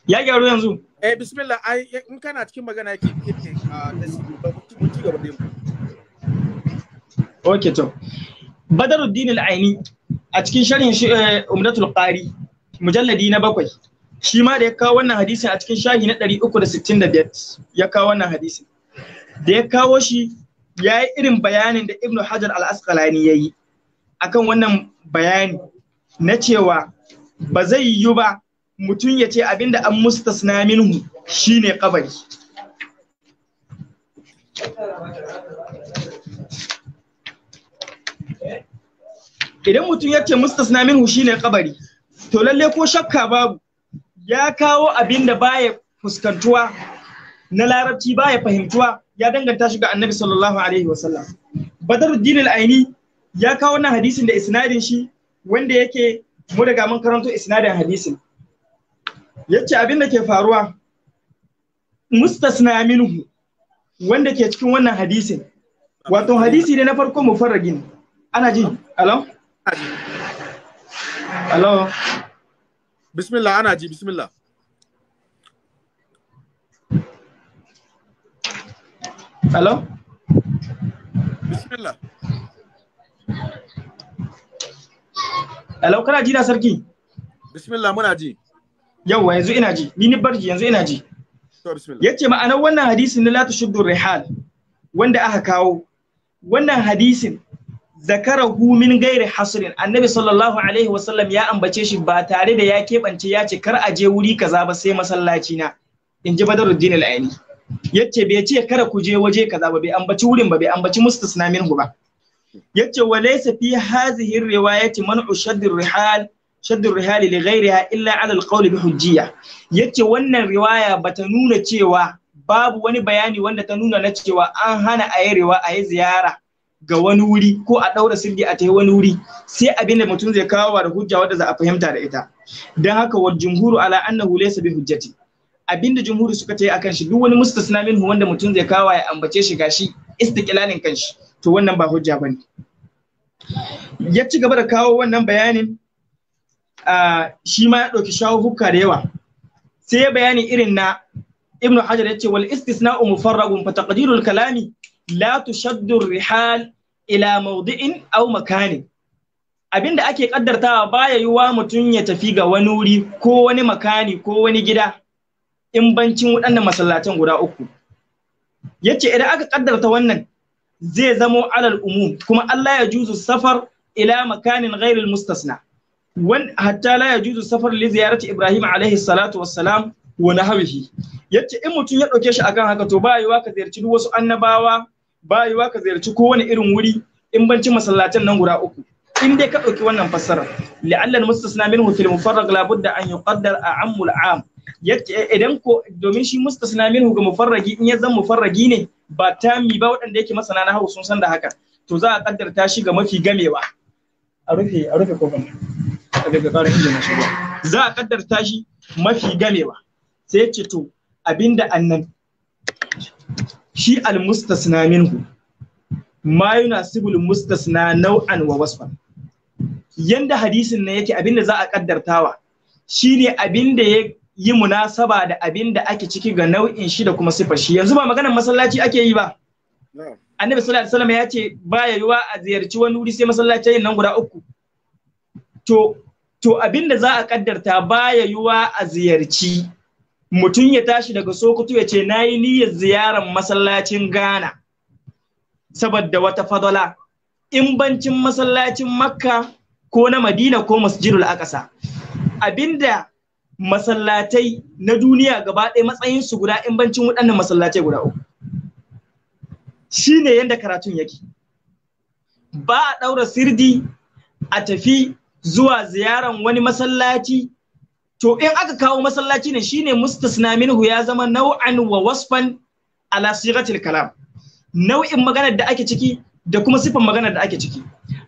ya gyaru yanzu eh bismillah ai in kana cikin magana yake yake ah, da su ba mutum gaba da yau okay to Badaruddin al-Aini a cikin sharhin eh, Umdatul Qari mujalladi na bakwai shi ma da ya kawo wannan hadisin a cikin shahi na 365 ya kawo wannan hadisin da ya kawo shi ya yi irin bayanin da Ibn Hajar al-Asqalani ya yi akan wannan bayani na cewa ba zai yiwu ba mutum ya ce abinda an mustasna minhu shine kabari idan mutum ya ce mustasna minhu shine kabari to lalle ko shakka babu ya kawo abin da baya fuskantuwa na larabci baya fahimtuwa ya danganta shi ga annabi sallallahu alaihi wasallam badruddin al-aini ya kawo wannan hadisin da isnadin shi wanda yake mu daga mun karanto isnadin hadisin yace abin da ke faruwa mustasna minhu wanda ke cikin wannan hadisin wato hadisi ne na farko mufarragin ana ji alam. Hello. Bismillah ana ji bismillah. Hello. Bismillah. Hello kana ji na sarki? Bismillah muna ji. Yawwa yanzu ina ji, ni ni barji yanzu ina ji. Yace ma'anar wannan hadisin na la tushuddu rihal wanda aka kawo wannan hadisin zakarahu min gairi hasrin annabi sallallahu ya ambace shi ba tare da ya keɓance ya ce kar a je wuri kaza ba sai masallaci na in ji badaruddin al'aini yace bai ce kada ku je waje kaza ba bai ambaci wurin ba bai ambaci mustasna minhu ba yace wa laysa fi hadhihi riwayati man'u shaddir rihal shaddir rihal li ghairiha illa ala al-qawl bi hujjiyya yace wannan riwaya bata nuna cewa babu wani bayani wanda ta nuna na cewa an hana a yi ziyara ga wani wuri ko a ɗaura sirri a tai wani wuri sai abinda da mutum zai kawo da hujja wadda za a fahimta da ita dan haka wal jumhuru ala annahu laysa bi hujjati Abinda da jumhuru suka ce akan shi duk wani mustasna minhu wanda mutum zai kawo ya ambace shi gashi istiqlalin kanshi to wannan ba hujja bane ya ci gaba da kawo wannan bayanin shi ma ya ɗauki hukka da yawa sai ya bayani irin na ibnu hajar ya ce wal istisna'u mufarragun fa taqdirul kalami la tushaddu rihal ila maudi'in aw makanin abinda ake kaddartawa baya yiwa mutum ya tafi ga wani wuri ko wani makani ko wani gida in bancin waɗannan masallatan guda uku yace idan aka kaddarta wannan zai zamo alal umum kuma Allah ya juzu safar ila makanin ghairil mustasna wan hatta la juzu safar li ziyarati Ibrahim alaihi salatu wassalam wa nahwihi yace in mutum ya dauke shi akan haka to ba yiwa ka ziyarci duk wasu annabawa ba yiwa ka ziyarci ko wani irin wuri in banci masallacin nan guda uku in dai ka ɗauki wannan fassara la'allal mustasna minhu fil mufarrag labudda an yuqaddar a'ammul am eh, idan ko domin shi mustasna minhu ga mufarragi in ya zan mufarragi ne ba tami ba waɗanda yake masana na hausun sun san da haka to za a kaddarta shi ga mafi gamewa a rufe a rufe kofar daga ƙarin inda na shigo za a kaddarta shi mafi gamewa sai ce to abinda annabi shi almustasna minhu ma sibul mustasna nau'an wa wasfan yanda hadisin ne yake abinda za a kaddartawa shine abinda ya yi munasaba da abinda ake ciki ga nau'in shi da kuma sifar shi yanzu ba maganar masallaci ake yi ba annabi sallallahu alaihi wasallam ya ce baya yiwa a ziyarci wani wuri sai masallacin nan guda uku to to abinda za a kaddarta baya yuwa a ziyarci mutum ya tashi daga Sokoto ya ce na yi niyyar ziyarar masallacin Ghana saboda wata fadala in bancin masallacin Makka ko na Madina ko Masjidul Aqsa abinda masallatai na duniya gaba ɗaya matsayin guda in bancin waɗannan masallatai guda uku shine yadda karatun yake ba a ɗaura sirdi a tafi zuwa ziyaran wani masallaci to in aka kawo masallaci ne shine mustasna minhu ya zama nau'an wa wasfan ala sigatil kalam nau'in maganar da ake ciki da kuma sifan maganar da ake ciki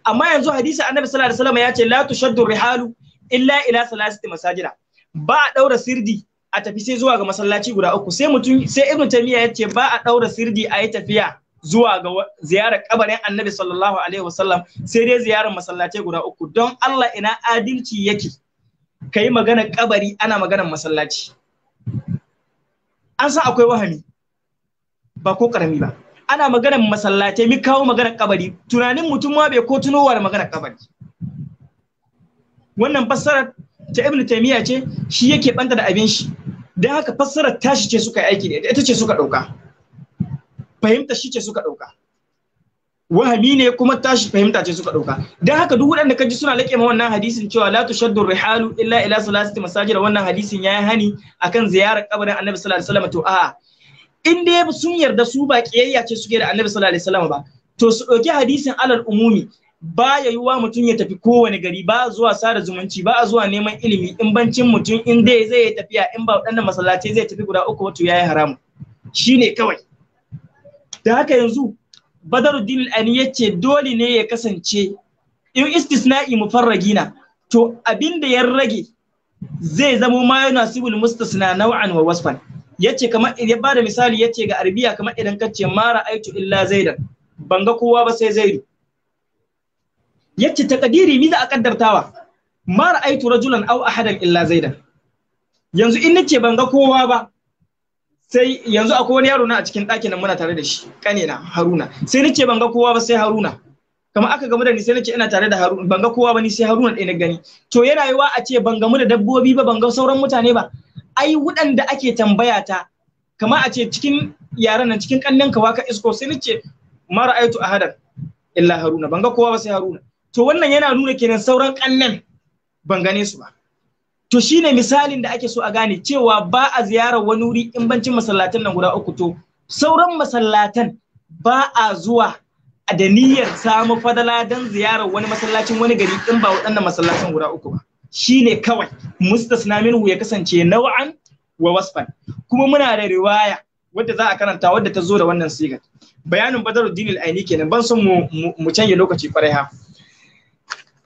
amma yanzu hadisi annabi sallallahu alaihi wasallam ya ce la tushaddu rihalu illa ila salasati masajida ba a daura sirdi a tafi sai zuwa ga masallaci guda uku sai mutum sai ibnu tamiya ya ce ba a daura sirdi a yi tafiya zuwa ga ziyarar kabarin annabi sallallahu alaihi wasallam sai dai ziyarar masallacai guda uku don Allah ina adalci yake ka yi maganar kabari ana maganar masallaci an san akwai wahami ba ko karami ba ana maganar masallatai mi kawo maganar kabari tunanin mutum ma bai ko tunowar maganar kabari wannan fassarar ta ibnu taymiya ce shi yake banta da abin shi don haka fassarar tashi ce suka yi aiki da ita ce suka dauka fahimta shi ce suka ɗauka. wahami ne kuma tashi fahimta ce suka dauka dan haka duk waɗanda kaji suna laƙe ma wannan hadisin cewa la tushaddu rihalu illa ila salasati masajid wannan hadisin yayi hani akan ziyarar kabarin annabi sallallahu alaihi wasallam to a'a in dai sun yarda su ba kiyayya ce suke da annabi sallallahu alaihi wasallam ba to su dauki hadisin alal umumi ba ya yiwuwa mutum ya tafi kowane gari ba zuwa sada zumunci ba zuwa neman ilimi in bancin mutum in dai zai yi tafiya in ba wadannan masallaci zai tafi guda uku wato yayi haramu shine kawai da haka yanzu Badaruddin Al-Ani yace dole ne ya kasance in istisna'i mufarragina to abin da ya rage zai zamo ma yana sibul mustasna naw'an wa wasfan yace kamar ya bada misali yace ga arabiya kamar idan kace ma ra'aitu illa zaidan ban ga kowa ba sai zaidu yace takadiri mi za a kaddartawa ma ra'aitu rajulan aw ahadan illa zaidan yanzu in nace ban ga kowa ba sai yanzu akwai wani yaro na a cikin ɗakin nan muna tare da shi kanina haruna sai nace ban ga kowa ba sai haruna Kama aka gamu da ni sai nace ina tare da haruna ban ga kowa ba ni sai haruna ɗaya na gani to yana yiwa a ce ban gamu da dabbobi ba ban ga sauran mutane ba ai waɗanda ake tambaya ta Kama a ce cikin yaran nan cikin kannan ka waka isko sai nace ma ra'aytu ahadan illa haruna ban ga kowa ba sai haruna to wannan yana nuna kenan sauran kannan ban gane su ba to shine misalin da ake so a gane cewa ba a ziyarar wani wuri in bancin masallatan nan guda uku to sauran masallatan ba a zuwa da niyyar samu fadala don ziyarar wani masallacin wani gari in ba waɗannan masallacin guda uku ba shine kawai mustasna minhu ya kasance nau'an wa wasfan kuma muna da riwaya wadda za a karanta wadda ta zo da wannan sigar bayanin badaruddin al-aini kenan ban son mu mu canje lokaci farai ha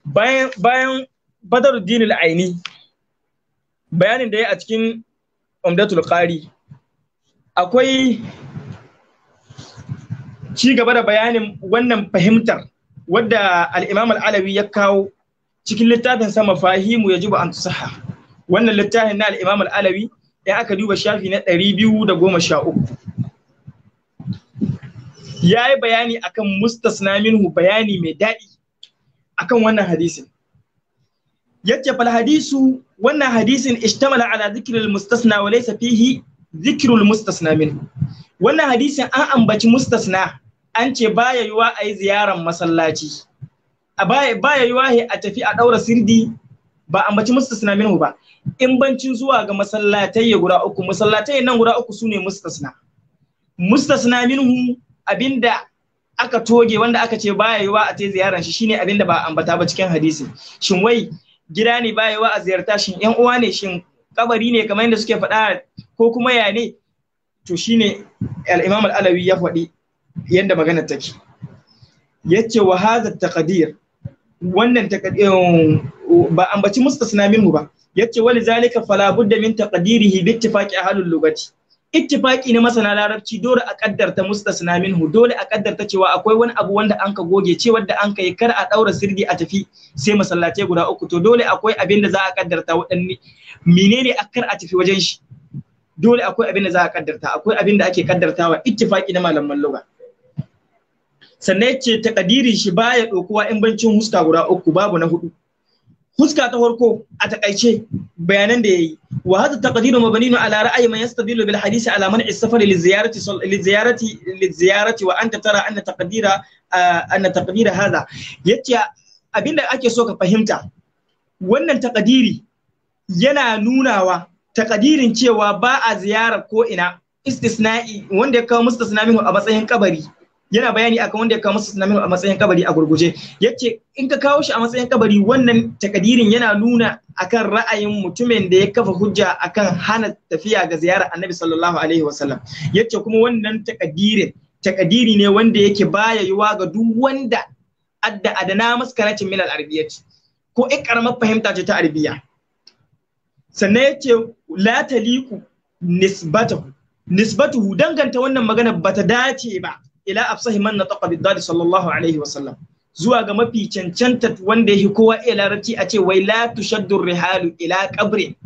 bayan bayan badaruddin al-aini bayanin da ya a cikin umdatul qari akwai ci gaba da bayanin wannan fahimtar wadda al-imam al-alawi ya kawo cikin littafin sa mafahimu yajibu an tusaha wannan littafin na al-imam al-alawi ya aka duba shafi na 213 ya yi bayani akan mustasna minhu bayani mai daɗi akan wannan hadisin yace fal hadisu wannan hadisin ishtamala ala dhikril mustasna wa laysa fihi dhikrul mustasna min wannan hadisin an ambaci mustasna an ce baya yuwa ayi ziyaran masallaci a baya baya a tafi a daura sirdi ba ambaci mustasna minhu ba in bancin zuwa ga masallatai guda uku masallatai nan guda uku sune mustasna mustasna minhu abinda aka toge wanda aka ce baya yuwa a tayi ziyaran shi shine abinda ba ambata ba cikin hadisi shin wai gida ne ba yawa a ziyarta shin yan uwa ne shin kabari ne kamar yadda suke faɗa ko kuma ya ne to shine al-imam al-alawi ya faɗi yadda magana take yace wa hadha taqdir wannan um, ba ambaci mustasna minhu ba yace wali zalika fala budda min taqdirihi bi ittifaqi ahlul lugati ittifaki na masana larabci dole a kaddarta mustasna minhu dole a kaddarta cewa akwai wani abu wanda anka goge ce wanda anka yi kar a daura sirri a tafi sai masallace guda uku to dole akwai abin da za a kaddarta waɗanne menene a kar a tafi wajen shi dole akwai abin da za a kaddarta akwai abin da ake kaddartawa ittifaki na malaman lugha sannan yace takadirin shi baya dokuwa in bancin huska guda uku babu na hudu fuska ta farko a takaice bayanan da yayi wa hadha taqdiru mabniun ala ra'ayi man yastadillu bil hadisi ala man isafar li ziyarati li ziyarati li ziyarati wa anta tara anna taqdira anna taqdira hadha yace abinda ake so ka fahimta wannan taqdiri yana nunawa takadirin cewa ba a ziyarar ko ina istisna'i wanda ya kawo mustasna minhu a matsayin kabari yana bayani akan wanda ya kawo masa sunamin a matsayin kabari a gurguje yace in ka kawo shi a matsayin kabari wannan takadirin yana nuna akan ra'ayin mutumin da ya kafa hujja akan hana tafiya ga ziyara annabi sallallahu alaihi wasallam yace kuma wannan takadirin takadiri ne wanda yake baya yiwa ga duk wanda adda adana maskaracin min al ko in karamar fahimta ce ta arabiya sannan yace la taliku nisbatahu nisbatuhu danganta wannan magana bata dace ba ila afsahi man nataqa biddadi sallallahu alaihi wa sallam. zuwa ga mafi cancanta wanda yake kowa iya larabci a ce wai la tushaddu rihalu ila qabri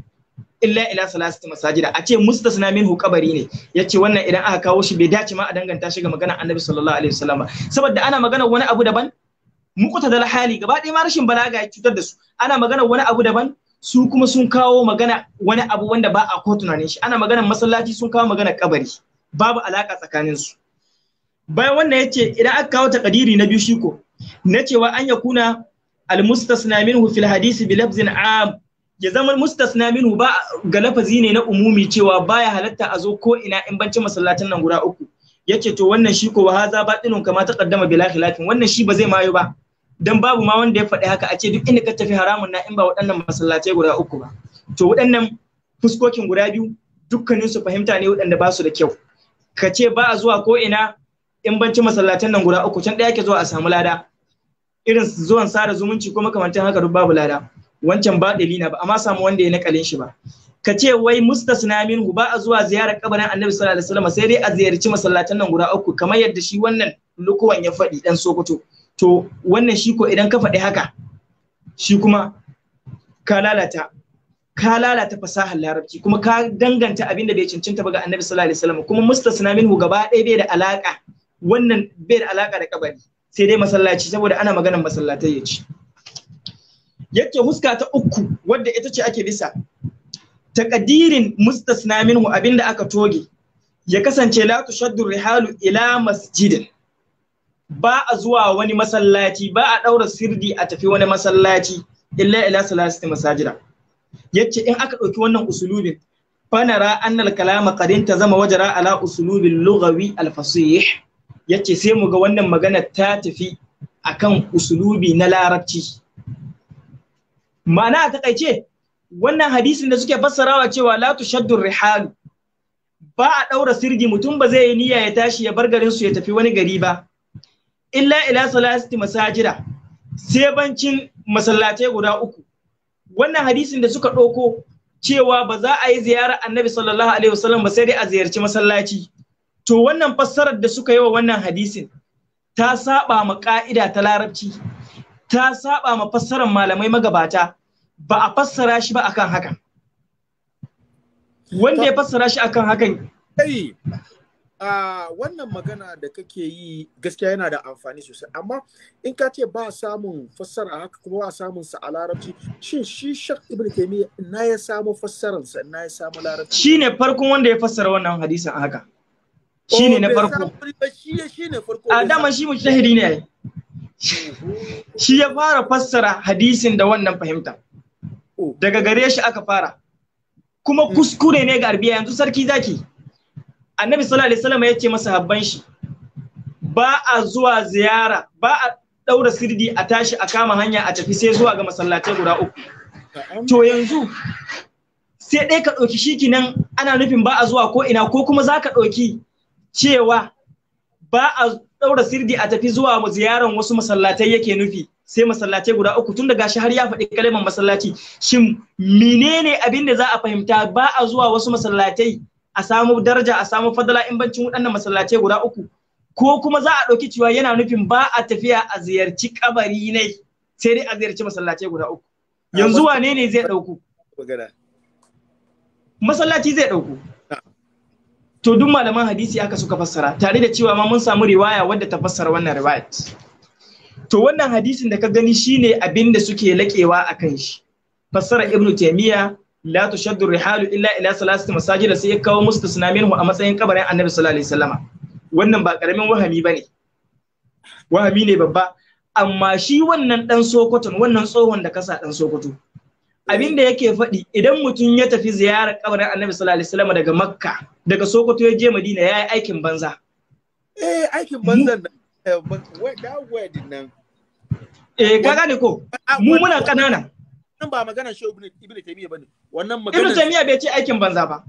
illa ila salasati masajida a ce mustasna minhu kabari ne yace wannan idan aka kawo shi bai dace ma a danganta shi ga magana annabi sallallahu alaihi wa wasallam saboda ana magana wani abu daban muqta da hali gaba ɗaya ma rashin balaga ya cutar da su ana magana wani abu daban su kuma sun kawo magana wani abu wanda ba a ko tunanin shi ana magana masallaci sun kawo magana kabari babu alaka tsakanin su bayan wannan ya ce idan aka kawo takadiri na biyu shi ko na cewa an yakuna almustasna minhu fil hadisi bi lafzin am ya zama mustasna minhu ba ga lafazi ne na umumi cewa baya halatta a zo ko ina in banci masallatan nan guda uku yace to wannan shi ko haza batinun kama kaddama bila khilafin wannan shi ba zai mayo ba dan babu ma wanda ya faɗi haka a ce duk inda ka tafi haramun na in ba waɗannan masallatai guda uku ba to waɗannan fuskokin guda biyu dukkanin fahimta ne waɗanda ba su da kyau ka ce ba a zuwa ko ina in banci masallacin nan guda uku can ɗaya ke zuwa a samu lada irin zuwan sada zumunci ko makamantan haka duk babu lada wancan ba na ba amma samu wanda ya nakalin shi ba ka ce wai mustasna minhu ba a zuwa ziyarar kabarin annabi sallallahu alaihi wasallam sai dai a ziyarci masallacin nan guda uku kamar yadda shi wannan lukuwan ya faɗi dan sokoto to wannan shi ko idan ka faɗi haka shi kuma ka lalata ka lalata fasahar larabci kuma ka danganta abin da bai cancanta ba ga annabi sallallahu alaihi wasallam kuma mustasna minhu gaba ɗaya bai da alaka wannan bai da alaka da kabari sai dai masallaci saboda ana maganar masallatai ya ci yake huska ta uku wadda ita ce ake bisa kadirin mustasna minhu abinda aka toge ya kasance la tushaddu rihalu ila masjidin ba a zuwa wani masallaci ba a daura sirdi a tafi wani masallaci illa ila salasati masajida yace in aka dauki wannan usulubin fanara annal kalama ta zama wajara ala usulubin lughawi al fasih yace sai mu ga wannan magana ta tafi akan usulubi na larabci ma'ana a takaice wannan hadisin da suke fassarawa cewa la tushaddu rihal ba a daura sirgi mutum ba zai yi niyya ya tashi ya bar garin su ya tafi wani gari ba illa ila salati masajida sai bancin masallatai guda uku wannan hadisin da suka ɗauko cewa ba za a yi ziyara annabi sallallahu alaihi wasallam ba sai dai a ziyarci masallaci to wannan fassarar da suka yi wa wannan hadisin ta saba ma ka'ida ta larabci ta saba ma fassarar malamai magabata ba a fassara shi ba akan hakan wanda ya fassara shi akan hakan kai uh, wannan magana da kake yi gaskiya yana da amfani sosai amma in ka ce ba samun fassara haka kuma ba samun sa a larabci shin shi shak ibn taymiya na ya samu fassarar sa na ya samu larabci shine farkon wanda ya fassara wannan hadisin haka shi ne oh, na farko a dama shi mujtahidi ne shi ya fara fassara hadisin da wannan fahimta oh. daga gare shi aka fara kuma hmm. kuskure ne ga arbiya yanzu sarki zaki annabi sallallahu alaihi wasallam ya ce masa habban shi ba a zuwa ziyara ba a daura sirdi a tashi a kama hanya a tafi sai zuwa ga masallatai guda uku to yanzu sai dai ka ɗauki shi kinan ana nufin ba a zuwa ko ina ko kuma za ka ɗauki cewa ba a ɗaura sirdi a tafi zuwa ziyaran wasu masallatai yake nufi sai masallatai guda uku tun daga har ya faɗi kalmar masallaci shin menene abin da za a fahimta ba a zuwa wasu masallatai a samu daraja a samu fadala in bancin waɗannan masallatai guda uku ko kuma za a ɗauki cewa yana nufin ba a tafiya a ziyarci kabari ne sai dai a ziyarci masallatai guda uku yanzu wane ne zai ɗauku masallaci zai ɗauku to duk malaman hadisi aka suka fassara tare da cewa ma mun samu riwaya wadda ta fassara wannan riwayat to wannan hadisin da ka gani shine abin da suke laƙewa a kan shi fassara Ibn taymiya la tushaddu rihalu illa ila salasati masajid sai ya kawo mustasna minhu a matsayin kabarin annabi sallallahu alaihi wasallama wannan ba karamin wahami bane wahami ne babba amma shi wannan dan sokoton wannan tsohon da kasa dan sokoto abin da yake faɗi idan mutum ya tafi ziyarar kabarin annabi sallallahu alaihi wasallam daga makka daga sokoto ya je madina ya yi aikin banza eh aikin banza eh, nan eh ka gane ko ah, mu muna kanana nan ba magana shi ibnu taymiya bane wannan magana ibnu taymiya bai ce aikin banza ba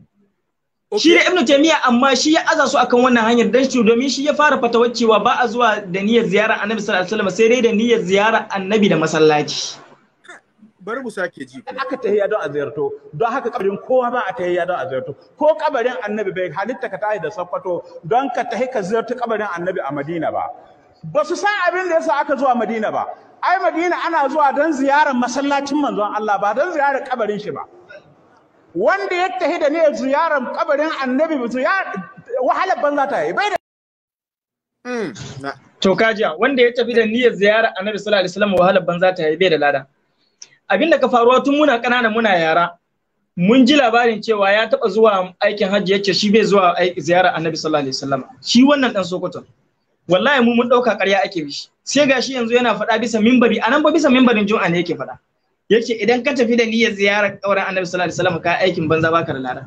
shi da ibnu taymiya amma shi ya aza su akan wannan hanyar dan shi domin shi ya fara fatawar cewa ba a zuwa da niyyar ziyarar annabi sallallahu alaihi wasallam sai dai da niyyar ziyarar annabi da masallaci bari mu sake ji ku aka tahiyya don a ziyarto don haka kabarin kowa ba a tahiyya don a ziyarto ko kabarin annabi bai halitta ka tahi da sakkwato don ka tahi ka ziyarci kabarin annabi a madina ba ba su san abin da yasa aka zuwa madina ba ai madina ana zuwa don ziyarar masallacin manzon Allah ba don ziyarar kabarin shi ba wanda ya tahi da ne ziyarar kabarin annabi wahalar banza ta yi bai da hmm, To kajiya wanda ya tafi da niyyar ziyara Annabi sallallahu alaihi wasallam wahalar banza ta yi bai da lada. abin da ka faruwa tun muna ƙanana muna yara mun ji labarin cewa ya taɓa zuwa aikin hajji yace shi bai zuwa ziyara annabi sallallahu alaihi wasallam shi wannan dan sokoton wallahi mu mun ɗauka ƙarya ake mishi sai gashi yanzu yana faɗa bisa minbari a nan ba bisa minbarin jum'a ne yake faɗa yace idan ka tafi da niyyar ziyarar ƙauren annabi sallallahu alaihi wasallam ka aikin banza baka da lada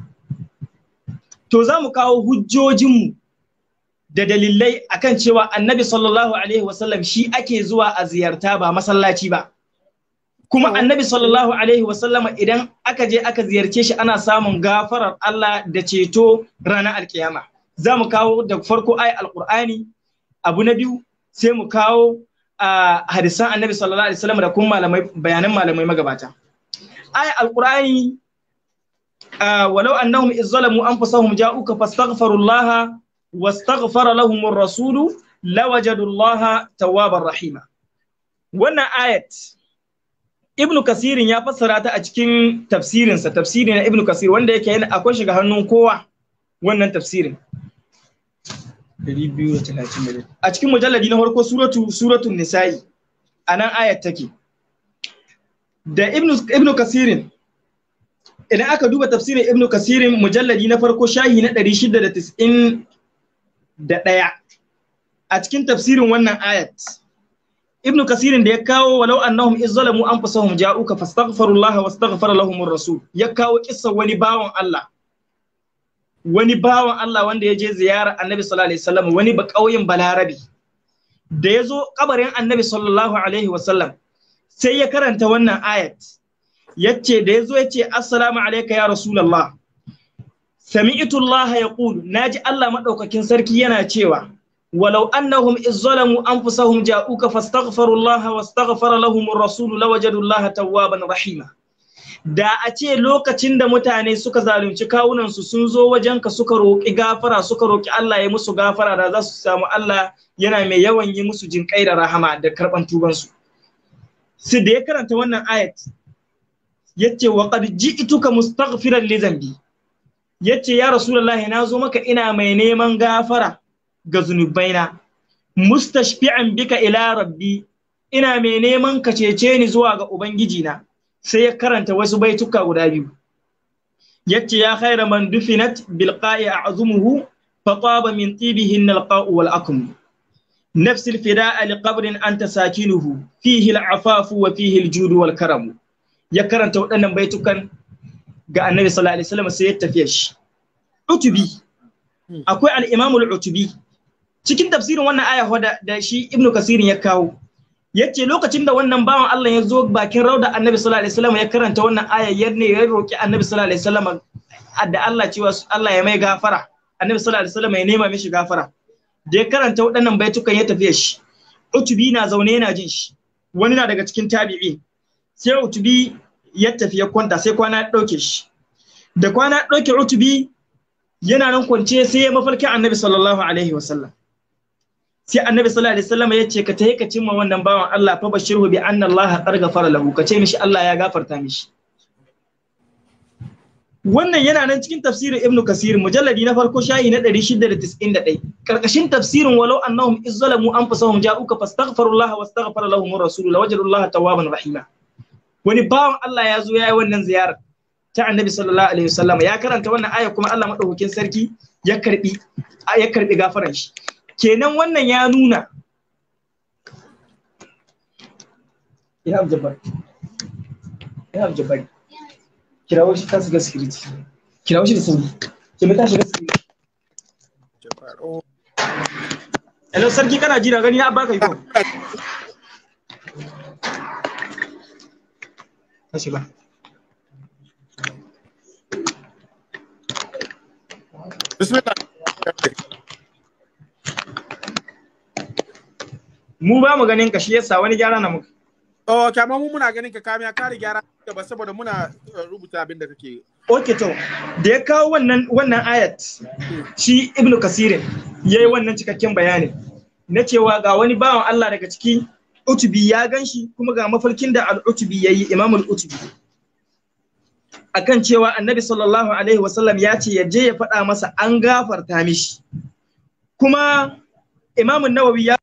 to za mu kawo hujjojinmu da dalilai akan cewa annabi sallallahu alaihi wasallam shi ake zuwa a ziyarta ba masallaci ba kuma annabi sallallahu alaihi wasallama idan aka je aka ziyarce shi ana samun gafarar Allah da ceto ranar alkiyama za mu kawo da farko ay alqur'ani abu na biyu sai mu kawo a hadisan annabi sallallahu alaihi wasallam da kuma malamai bayanan malamai magabata ay alqur'ani ولو أنهم إذ ظلموا أنفسهم جاءوك فاستغفروا الله واستغفر لهم الرسول لوجدوا الله توابا رحيما wannan ayat Ibn Kasirin ya fassara ta a cikin tafsirinsa, Tafsirin na Ibn Kasir wanda yake yana akwai shiga hannun kowa wannan tafsirin. A cikin mujalladi na farko suratu suratun nisa'i a nan ayat take. Da Ibn Kasirin idan aka duba tafsirin Ibn Kasirin mujalladi na farko shahi na 691 a cikin tafsirin wannan ayat. ibn kasirin da ya kawo walau annahum izzalamu anfusahum ja'uka fastaghfirullaha wastaghfara lahum rasul ya kawo kissa wani bawan Allah wani bawan Allah wanda ya je ziyara annabi sallallahu alaihi wasallam wani ba kauyen balarabi da ya zo kabarin annabi sallallahu alaihi wasallam sai ya karanta wannan ayat yace da ya zo yace assalamu alayka ya rasulullah sami'tu Allah yaqulu naji Allah madaukakin sarki yana cewa ولو أنهم إذ ظلموا أنفسهم جاءوك فاستغفروا الله واستغفر لهم الرسول لوجدوا الله توابا رحيما da a ce lokacin da mutane suka zalunci kawunansu sun zo wajenka suka roƙi gafara suka roƙi Allah ya musu gafara da za su samu Allah yana mai yawan yi musu jinƙai da rahama da karɓan tubansu. Su da ya karanta wannan ayat ya ce wa qad ji'tuka mustaghfiran li ya ce ya rasulullahi na zo maka ina mai neman gafara ga zunubaina mustashfi'an bika ila rabbi ina mai neman ka cece ni zuwa ga ubangiji na sai ya karanta wasu baituka guda biyu yace ya khaira man dufinat bil qa'i a'zumuhu fa taba min tibihi al qa'u wal akum sakinuhu fihi al afafu wa fihi al judu wal karam. ya karanta waɗannan baitukan ga annabi sallallahu alaihi wasallam sai ya tafiya shi utubi hmm. akwai al-imamu al-utubi cikin tafsirin wannan aya da shi ibnu kasirin ya kawo yace lokacin da wannan bawan Allah ya zo bakin rauda annabi sallallahu alaihi wasallam ya karanta wannan aya ya ne ya roki annabi sallallahu alaihi wasallam da Allah cewa Allah ya mai gafara annabi sallallahu alaihi wasallam ya nema mishi gafara da ya karanta waɗannan baitukan ya tafi shi utubi na zaune yana jin shi wani na daga cikin tabi'i sai utubi ya tafi ya kwanta sai kwana ya ɗauke shi da kwana ya ɗauke utubi yana nan kwance sai ya mafarkin annabi sallallahu alaihi wasallam sai annabi sallallahu alaihi wasallam ya ce ka tayi ka cimma wannan bawan Allah fa bashirhu bi anna Allah qad ghafara lahu ka ce mishi Allah ya gafarta mishi wannan yana nan cikin tafsirin Ibn Kasir mujalladi na farko shayi na 691 karkashin tafsirin walau annahum izzalamu anfusahum ja'uka fastaghfirullaha wastaghfara lahum ar-rasul lawajadullaha tawwaban rahima wani bawan Allah ya zo ya yi wannan ziyara ta annabi sallallahu alaihi wasallam ya karanta wannan aya kuma Allah madaukakin sarki ya karbi ya karbi gafaran shi kenan wannan ya nuna ina abjabar ina abjabar kirawo shi ta shiga security kirawo shi da sauri kemi ta shiga security hello sarki kana jira gani na baka iko ta shiga bismillah mu ba mu ganin ka shi yasa wani gyara na muka oh kyamma mu muna ganin ka kamiya kare gyara ba saboda muna uh, rubuta abin da kake okay to da ya kawo wannan wannan ayat shi ibnu kasirin yayi wannan cikakken bayani na cewa ga wani bawan Allah daga ciki, utubi ya gan shi kuma ga mafarkin da al-utubi yayi imamul utubi akan cewa annabi sallallahu alaihi wasallam ya ce yaje ya faɗa masa an gafarta mishi kuma imamun nawawi ya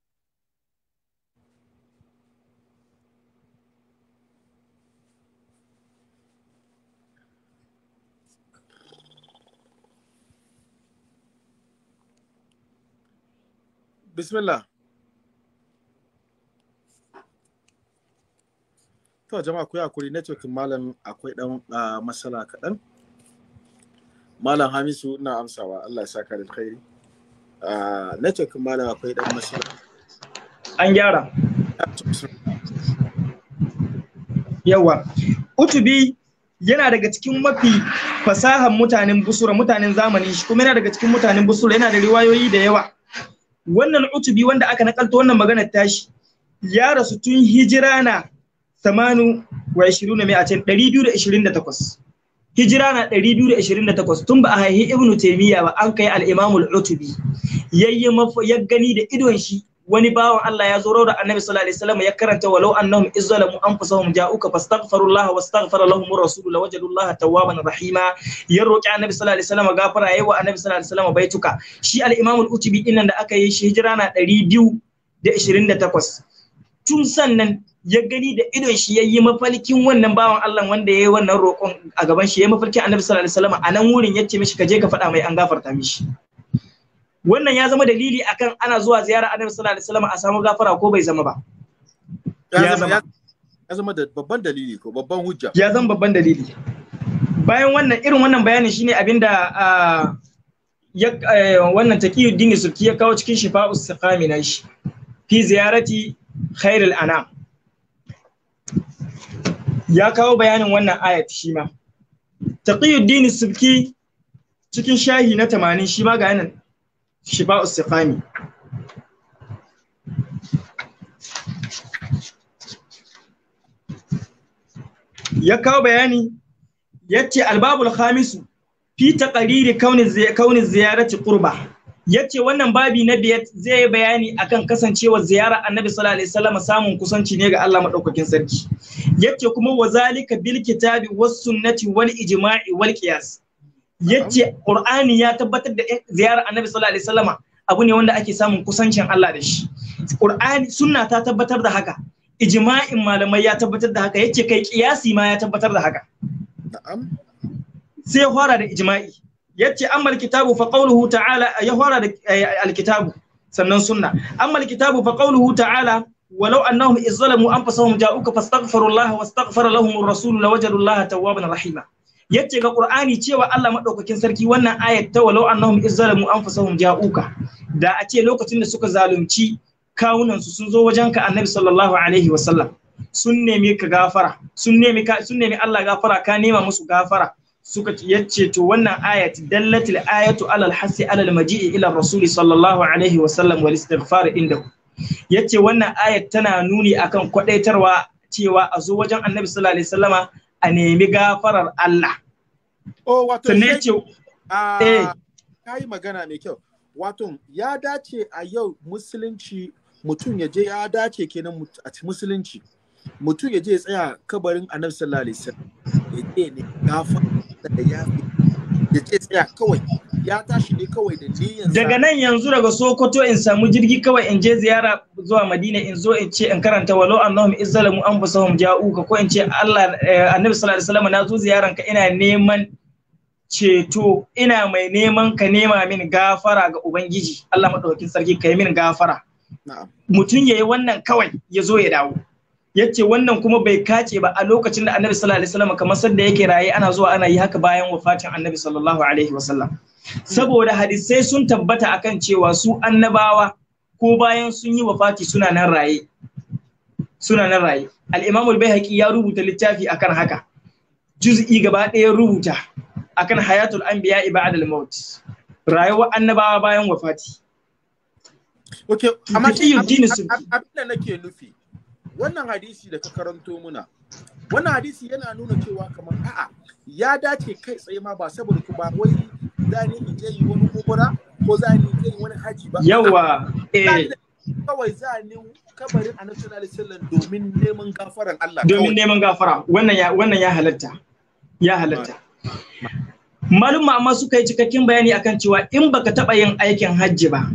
bismillah to jama'a ku hakuri networking malam akwai dan ah, masala kaɗan malam hamisu ina amsawa allah ya saka da alkhairi ah, networking malam akwai dan masala an gyara yawa utubi yana daga cikin mafi fasahan mutanen busura mutanen zamani, shi kuma yana daga cikin mutanen busura yana da riwayoyi da yawa wannan utubi wanda aka nakalta wannan maganar tashi ya rasu tun hijira na mai a 228 hijira na 228 tun ba a haihi ibnu taimiyya ba an kai al-imamul utubi yayi ya gani da idon shi wani bawan Allah ya zo da annabi sallallahu alaihi wasallam ya karanta walau annahum izzalamu anfusahum ja'uka fastaghfirullah wastaghfara lahum rasul wajadullah tawwaban rahima ya roki annabi sallallahu alaihi wasallam gafara yayi wa annabi sallallahu alaihi wasallam baituka shi al-imam al-utubi din da aka yi shi hijira na 228 tun sannan ya gani da idon shi yayi mafalkin wannan bawan Allah wanda yayi wannan roƙon a gaban shi yayi mafalkin annabi sallallahu alaihi wasallam a nan wurin yace mishi ka je ka faɗa mai an gafarta mishi wannan ya zama dalili akan ana zuwa ziyara annabi sallallahu alaihi wasallam a samu gafara ko bai zama ba ya zama da babban dalili ko babban hujja ya zama babban dalili bayan wannan irin wannan bayanin shine abinda ya wannan taqiyuddin sulki ya kawo cikin shifa, saqami na shi fi ziyarati khairul anam ya kawo bayanin wannan ayat shi ma taqiyuddin sulki cikin shahi na 80 shi ma ga nan shiba ya kawo bayani yace albabul khamisu fi taqriri kauni kauni ƙurba, ya yace wannan babi na biyar zai yi bayani akan kasancewar ziyara annabi sallallahu alaihi wasallam samun kusanci ne ga Allah maɗaukakin sarki yace kuma wazalika bil kitabi was sunnati wal ijma'i wal qiyas yace Qur'ani ya tabbatar da ziyarar Annabi sallallahu alaihi wasallama abu ne wanda ake samun kusancin Allah da shi Qur'ani sunna ta tabbatar da haka ijma'in malamai ya tabbatar da haka yace kai kiyasi ma ya tabbatar da haka na'am sai ya fara da ijma'i yace amma kitabu fa qawluhu ta'ala ya fara da eh, alkitabu sannan sunna amma kitabu fa qawluhu ta'ala ولو انهم اذ ظلموا انفسهم جاءوك فاستغفروا الله واستغفر لهم الرسول لوجدوا الله توابا رحيما yace ga Qur'ani cewa Allah madaukakin sarki wannan ayat ta walau annahum izzalamu anfusahum ja'uka da a ce lokacin da suka zalunci kawunan su sun zo wajenka annabi sallallahu alaihi wasallam sun nemi ka gafara sun nemi ka sun nemi Allah gafara ka nema musu gafara suka yace to wannan ayat dallatil ayatu alal hasi alal maji'i ila rasuli sallallahu alaihi wasallam wal istighfar indahu yace wannan ayat tana nuni akan kwadaitarwa cewa a zo wajen annabi sallallahu alaihi wasallama a nemi gafarar Allah. Oh, wato ce ah, eh yi magana mai kyau. Wato ya dace a yau musulunci mutum ya je ya dace kenan a musulunci. Mutum ya je ya tsaya kabarin Annabi sallallahu alaihi wasallam. Ya ne gafarar da ya fi daga nan yanzu daga Sokoto in samu jirgi kawai in je ziyara zuwa Madina in zo in ce in karanta walau annahum izzalamu anfusahum ja'uka ko in ce Allah eh, Annabi sallallahu alaihi wasallam na zo ziyaran ka ina neman ceto ina mai neman ka nema min gafara ga Ubangiji Allah madaukakin sarki kai min gafara mutum yayi wannan kawai ya zo ya dawo yace wannan kuma bai kace ba a lokacin da annabi sallallahu alaihi wasallam kamar sanda yake raye ana zuwa ana yi haka bayan wafatin annabi sallallahu alaihi wasallam saboda hadisai sun tabbata akan cewa su annabawa ko bayan sun yi wafati suna nan raye suna nan raye al-imam al-baihaqi ya rubuta littafi akan haka juz'i gaba ɗaya rubuta akan hayatul anbiya ba'da al-maut rayuwar annabawa bayan wafati okay amma abin da nake nufi wannan hadisi da ka karanto muna wannan hadisi yana nuna cewa kamar a'a ya dace kai tsaye ma ba saboda ku ba wai zani ni in je yi wani kubura ko zani ni in je yi wani haji ba yawa eh kawai zani kabarin a national sallan domin neman gafaran Allah domin neman gafara wannan ya wannan ya halatta ya halatta malumma amma suka yi cikakken bayani akan cewa in baka taba yin aikin haji ba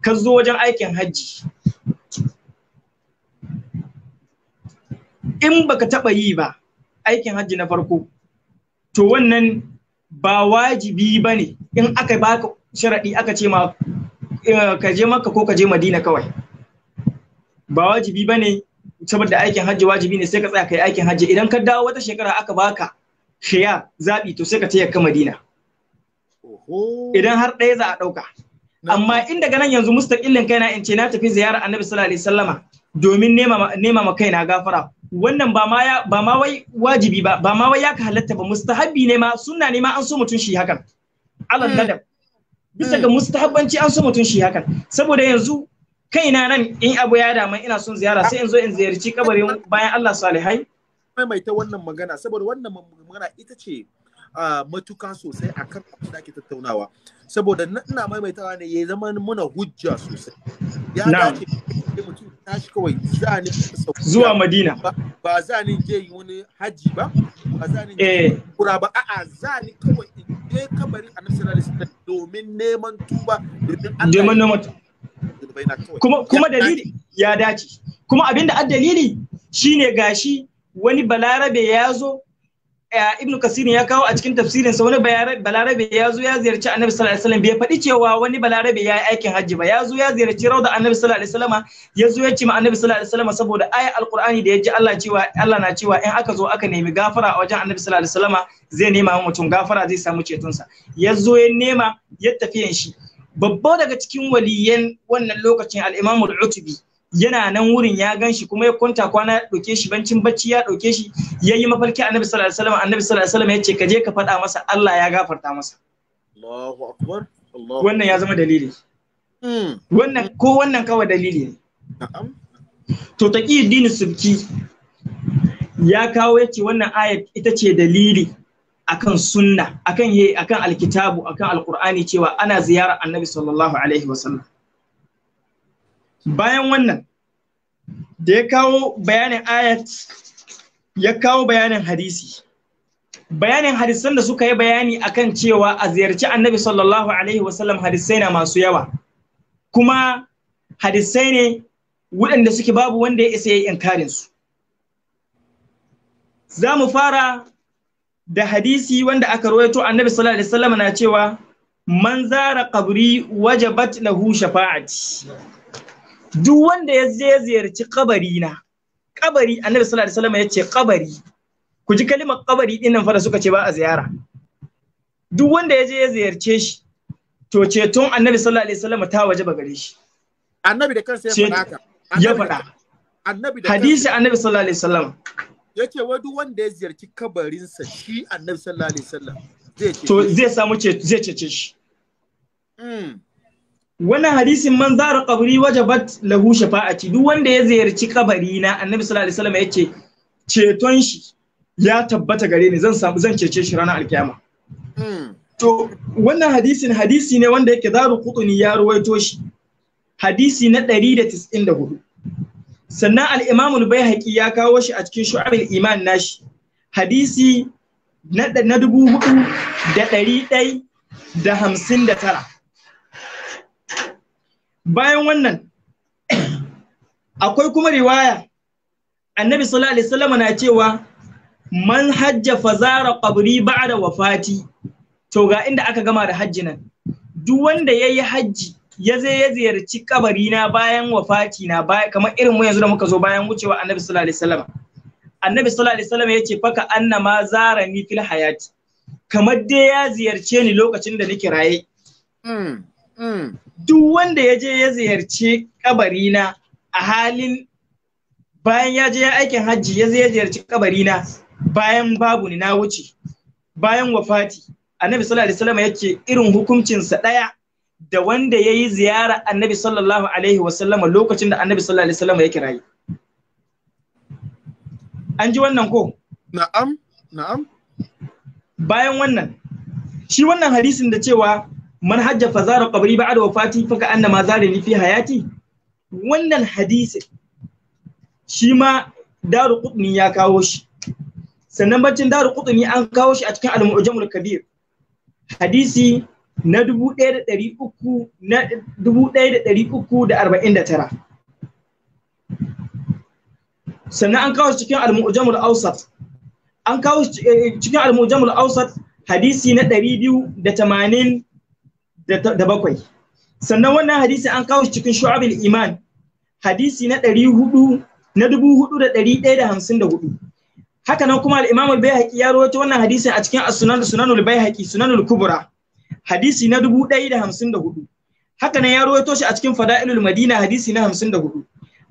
ka zo wajen aikin haji in baka taɓa yi ba aikin hajji na farko to wannan ba wajibi ba ne in aka baka sharaɗi aka ce ma eh, ka je makka ko ka je madina kawai ba wajibi ba ne saboda aikin hajji wajibi ne sai ka tsaya kai aikin hajji idan ka dawo wata shekara aka baka shiya zaɓi to sai ka taya ka madina idan har ɗaya za a ɗauka amma in daga nan yanzu mustaƙillin kaina in ce na tafi ziyarar annabi sallallahu alaihi wasallama domin nema ma kaina gafara wannan ba ma ya ba ma wai wajibi ba ba ma wai ya ka halatta ba mustahabi ne ma sunna ne ma an so mutun shi hakan alal hmm. ladab bisa hmm. ga mustahabbanci an so mutun shi hakan saboda yanzu kaina nan in abu ya dama ina son ziyara sai in zo in ziyarci kabarin bayan Allah salihai maimaita wannan magana saboda wannan magana ita ce matuka sosai a kan abin da ake tattaunawa saboda ina maimaitawa ne ya zama muna hujja sosai ya dace mutum ta shi kawai za ni zuwa madina ba za ni je yi wani haji ba ba za ni je kura eh. ba a'a za ni kawai in je kabari a sallallahu alaihi domin neman tuba domin Allah neman kuma kuma dalili ya dace kuma abinda a dalili shine gashi wani balarabe ya zo ibnu kasir ya kawo a cikin tafsirin sa wani balarabe ya zo ya ziyarci annabi sallallahu alaihi wasallam bai faɗi cewa wani balarabe ya yi aikin hajji ba ya zo ya ziyarci rauda annabi sallallahu alaihi wasallam ya zo ya ce ma annabi sallallahu alaihi wasallam saboda ayat alqur'ani da ya ji Allah cewa Allah na cewa in aka zo aka nemi gafara a wajen annabi sallallahu alaihi wasallam zai nema mutum gafara zai samu ceton sa ya zo ya nema ya tafiyan shi babba daga cikin waliyan wannan lokacin al-imamu al-utubi yana nan wurin ya gan shi kuma ya kwanta kwana ya ɗauke shi bancin bacci ya ɗauke shi ya yi mafarki annabi sallallahu alaihi wasallam annabi sallallahu alaihi wasallam ya ce ka je ka faɗa masa Allah ya gafarta masa Allahu akbar wannan ya zama dalili hmm. wannan ko wannan kawai dalili ne to taqi dini subki ya kawo ya ce wannan ayat ita ce dalili akan sunna akan akan alkitabu akan alqur'ani cewa ana ziyara annabi sallallahu alaihi wasallam bayan wannan da ya kawo bayanin ayat ya kawo bayanin hadisi bayanin hadisan da suka yi bayani akan cewa a ziyarci annabi sallallahu alaihi wasallam hadisai na masu yawa kuma hadisai ne waɗanda suke babu wanda ya isa ya yi su za mu fara da hadisi wanda aka rawaito annabi sallallahu alaihi wasallam na cewa man zara qabri wajabat lahu shafa'ati duk wanda ya je ziyarci kabari na kabari annabi sallallahu alaihi wasallam ya ce kabari ku ji kalmar kabari din nan fa suka ce ba a ziyara duk wanda ya je ya ziyarce shi to ceton annabi sallallahu alaihi wasallam ta waje ba gare shi annabi da kansa ya faɗa ya faɗa annabi da hadisi annabi sallallahu alaihi wasallam yake wa duk wanda ya ziyarci sa shi annabi sallallahu alaihi wasallam zai to zai samu ce zai cece shi mm wannan hadisin man zara qabri wajabat lahu shafa'ati duk wanda ya ziyarci kabari na annabi sallallahu alaihi wasallam yace ceton shi ya tabbata gare ni zan samu zan cece shi ranar alkiyama hmm. to wannan hadisin hadisi ne wanda yake zaru ni ya ruwaito shi hadisi na 194 sannan al-imam al ya kawo shi a cikin shu'abul iman nashi hadisi na dubu da ɗari ɗaya da hamsin da tara bayan wannan akwai kuma riwaya annabi sallallahu alaihi wasallam na cewa man hajja fazara qabri ba'da wafati to ga inda aka gama da hajji nan duk wanda yayi hajji ya zai ya ziyarci kabari na bayan wafati na baya kamar irin mu yanzu da muka zo bayan wucewa annabi sallallahu alaihi wasallam annabi sallallahu alaihi wasallam yace faka anna ma zara ni fil hayati kamar dai ya ziyarce ni lokacin da nake raye hmm. duk wanda ya je ya ziyarci kabarina a halin bayan ya je ya aikin hajji ya ya ziyarci kabarina bayan babu ni na wuce bayan wafati annabi sallallahu alaihi wasallam yake irin hukuncinsa ɗaya da wanda ya yi ziyara annabi sallallahu alaihi wasallama lokacin da annabi sallallahu alaihi wasallama yake rayu an ji wannan ko na'am na'am bayan wannan shi wannan hadisin da cewa man hajja fa zara qabri ba'da wafati fa ka annama zara li fi hayati wannan hadisi shi ma daru qutni ya kawo shi sannan bacin daru qutni an kawo shi a cikin al-mu'jamul kabir hadisi na 1300 na 1349 sannan an kawo shi cikin al-mu'jamul awsat an kawo shi eh, cikin al-mu'jamul awsat hadisi na 280 da bakwai sannan wannan hadisi an kawo shi cikin shu'abul iman hadisi na ɗari hudu na dubu hudu da ɗari ɗaya da hamsin da hudu haka nan kuma al-imam al-baihaqi ya rawaito wannan hadisin a cikin as-sunan sunanul baihaqi sunanul kubra hadisi na dubu ɗaya da hamsin da hudu haka nan ya rawaito shi a cikin fada'ilul madina hadisi na hamsin da hudu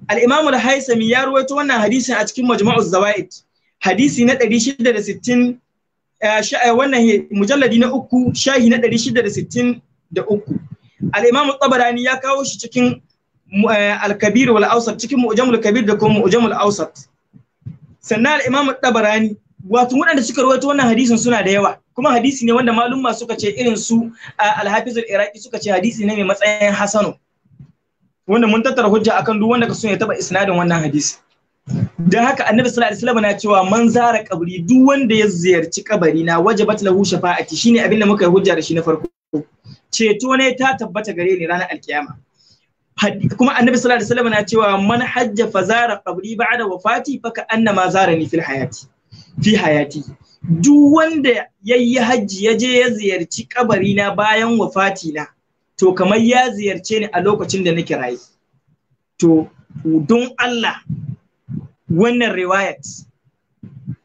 al-imam al-haisami ya rawaito wannan hadisin a cikin majma'uz zawaid hadisi na ɗari shida da sittin eh, eh, wannan mujalladi na uku shahi na ɗari shida da sittin da uku al-imam tabarani ya kawo shi cikin eh, al-kabir wal awsat cikin mu'jamul kabir da kuma mu'jamul awsat sannan al-imam tabarani wato waɗanda suka rawaito wannan hadisin suna da yawa kuma hadisi ne wanda malumma suka ce irin su eh, al-hafiz al-iraqi suka ce hadisi ne mai matsayin hasanu wanda mun tattara hujja akan duk wanda ka so ya taba isnadin wannan hadisi dan haka annabi sallallahu alaihi wasallam na cewa man zara kabri duk wanda ya ziyarci kabari na wajabat lahu shafa'ati shine abin da muka yi hujja da shi na farko ceto ne ta tabbata gare ni ranar alkiyama kuma annabi sallallahu alaihi wasallam na cewa man hajja zara qabri ba'da wafati faka annama ni fil hayati fi hayati duk wanda yayi hajji ya je ya ziyarci kabari na bayan wafati na to kamar ya ziyarce ni a lokacin da nake raye to don Allah wannan riwayat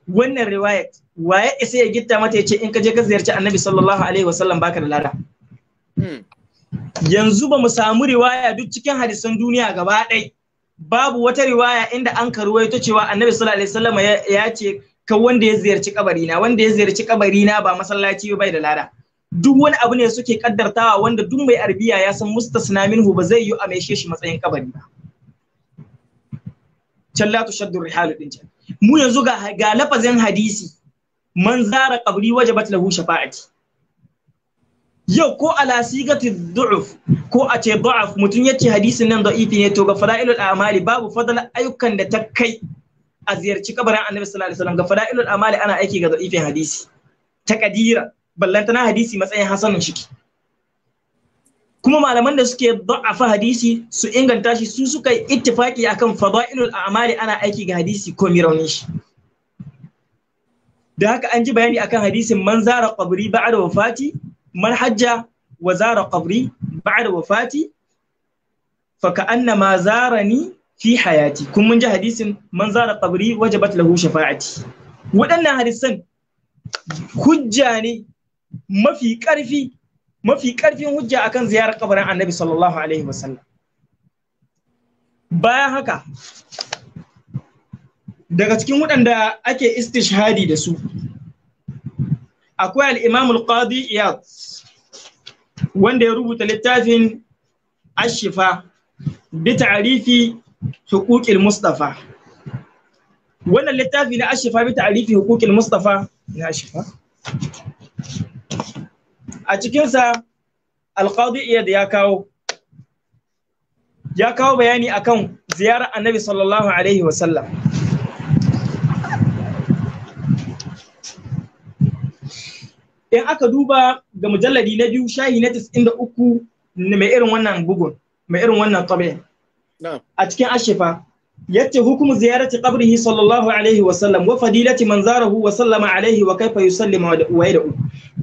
wannan riwayat waye isa ya gitta mata ya ce in ka je ka ziyarci annabi sallallahu alaihi wasallam baka da lada Hmm. yanzu ba mu samu riwaya duk cikin hadisan duniya gaba ɗai babu wata riwaya inda an karuwaito cewa annabi sallallahu alaihi wasallam ya ce ka wanda ya ziyarci kabarina wanda ya ziyarci kabarina ba masallaci ba da lada duk wani abu ne suke kaddartawa wanda duk mai arbiya ya san mustasna minhu ba zai yi a shi matsayin kabari ba can shaddu rihalu din mu yanzu ga ga lafazin hadisi man zara kabri wajabat lahu shafa'ati yau ko ala sigati du'uf ko a ce du'uf mutum ya ce hadisin nan da'ifi ne to ga fada'ilul amali babu fadala ayyukan da ta kai a ziyarci kabarin annabi sallallahu alaihi wasallam ga fada'ilul amali ana aiki ga da'ifin hadisi ta kadira ballantana hadisi matsayin hasanun shi kuma malaman da suke da'afa hadisi su inganta shi su suka yi ittifaki akan fada'ilul amali ana aiki ga hadisi ko rauni shi da haka an ji bayani akan hadisin manzara qabri ba'da wafati man wa zara qabri ba'da wafati fa ka'annama ni fi hayati kun mun ji hadisin man zara qabri wajabat lahu shafa'ati waɗannan hadisan hujja ne mafi ƙarfi mafi ƙarfin hujja akan ziyarar kabarin annabi sallallahu alaihi wasallam bayan haka daga cikin waɗanda ake istishhadi da su akwai al-Imam Iyad wanda ya rubuta littafin Ashifa bi ta'rifi hukukin Mustafa wannan littafi na Ashifa bi ta'rifi hukukin Mustafa na Ashifa a cikinsa al-Qadi Iyad ya kawo ya kawo bayani akan ziyarar Annabi sallallahu alaihi wasallam in aka duba ga mujalladi na biyu shahi na tis inda 93 mai irin wannan bugun mai irin wannan tabi a cikin ashifa yace hukum ziyarati qabrihi sallallahu alaihi wa sallam wa fadilati man zarahu wa sallama alaihi wa kaifa yusallimu wa yad'u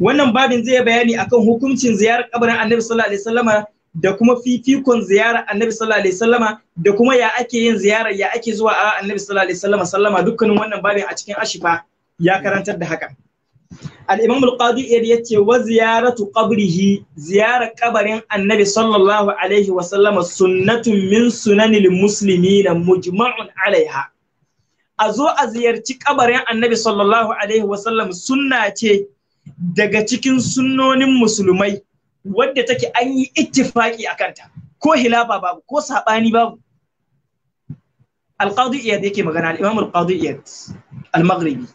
wannan babin zai bayani akan hukuncin ziyarar kabarin annabi sallallahu alaihi wa sallama da kuma fifikon ziyarar annabi sallallahu alaihi wa sallama da kuma ya ake yin ziyarar ya ake zuwa a annabi sallallahu alaihi wa sallama dukkanin wannan babin a cikin ashifa ya karantar da haka al-imam iya qadi iyad yace wa ziyaratu qabrihi ziyara kabarin annabi sallallahu alaihi wa sunnatun min sunanil muslimin mujma'un alaiha a zo a ziyarci kabarin annabi sallallahu alaihi wa sunna ce daga cikin sunnonin musulmai wadda take an yi ittifaƙi a kanta ko hilafa babu ko saɓani babu Al-ƙadu alƙadu iyad yake magana al'imam alƙadu iyad al-maghribi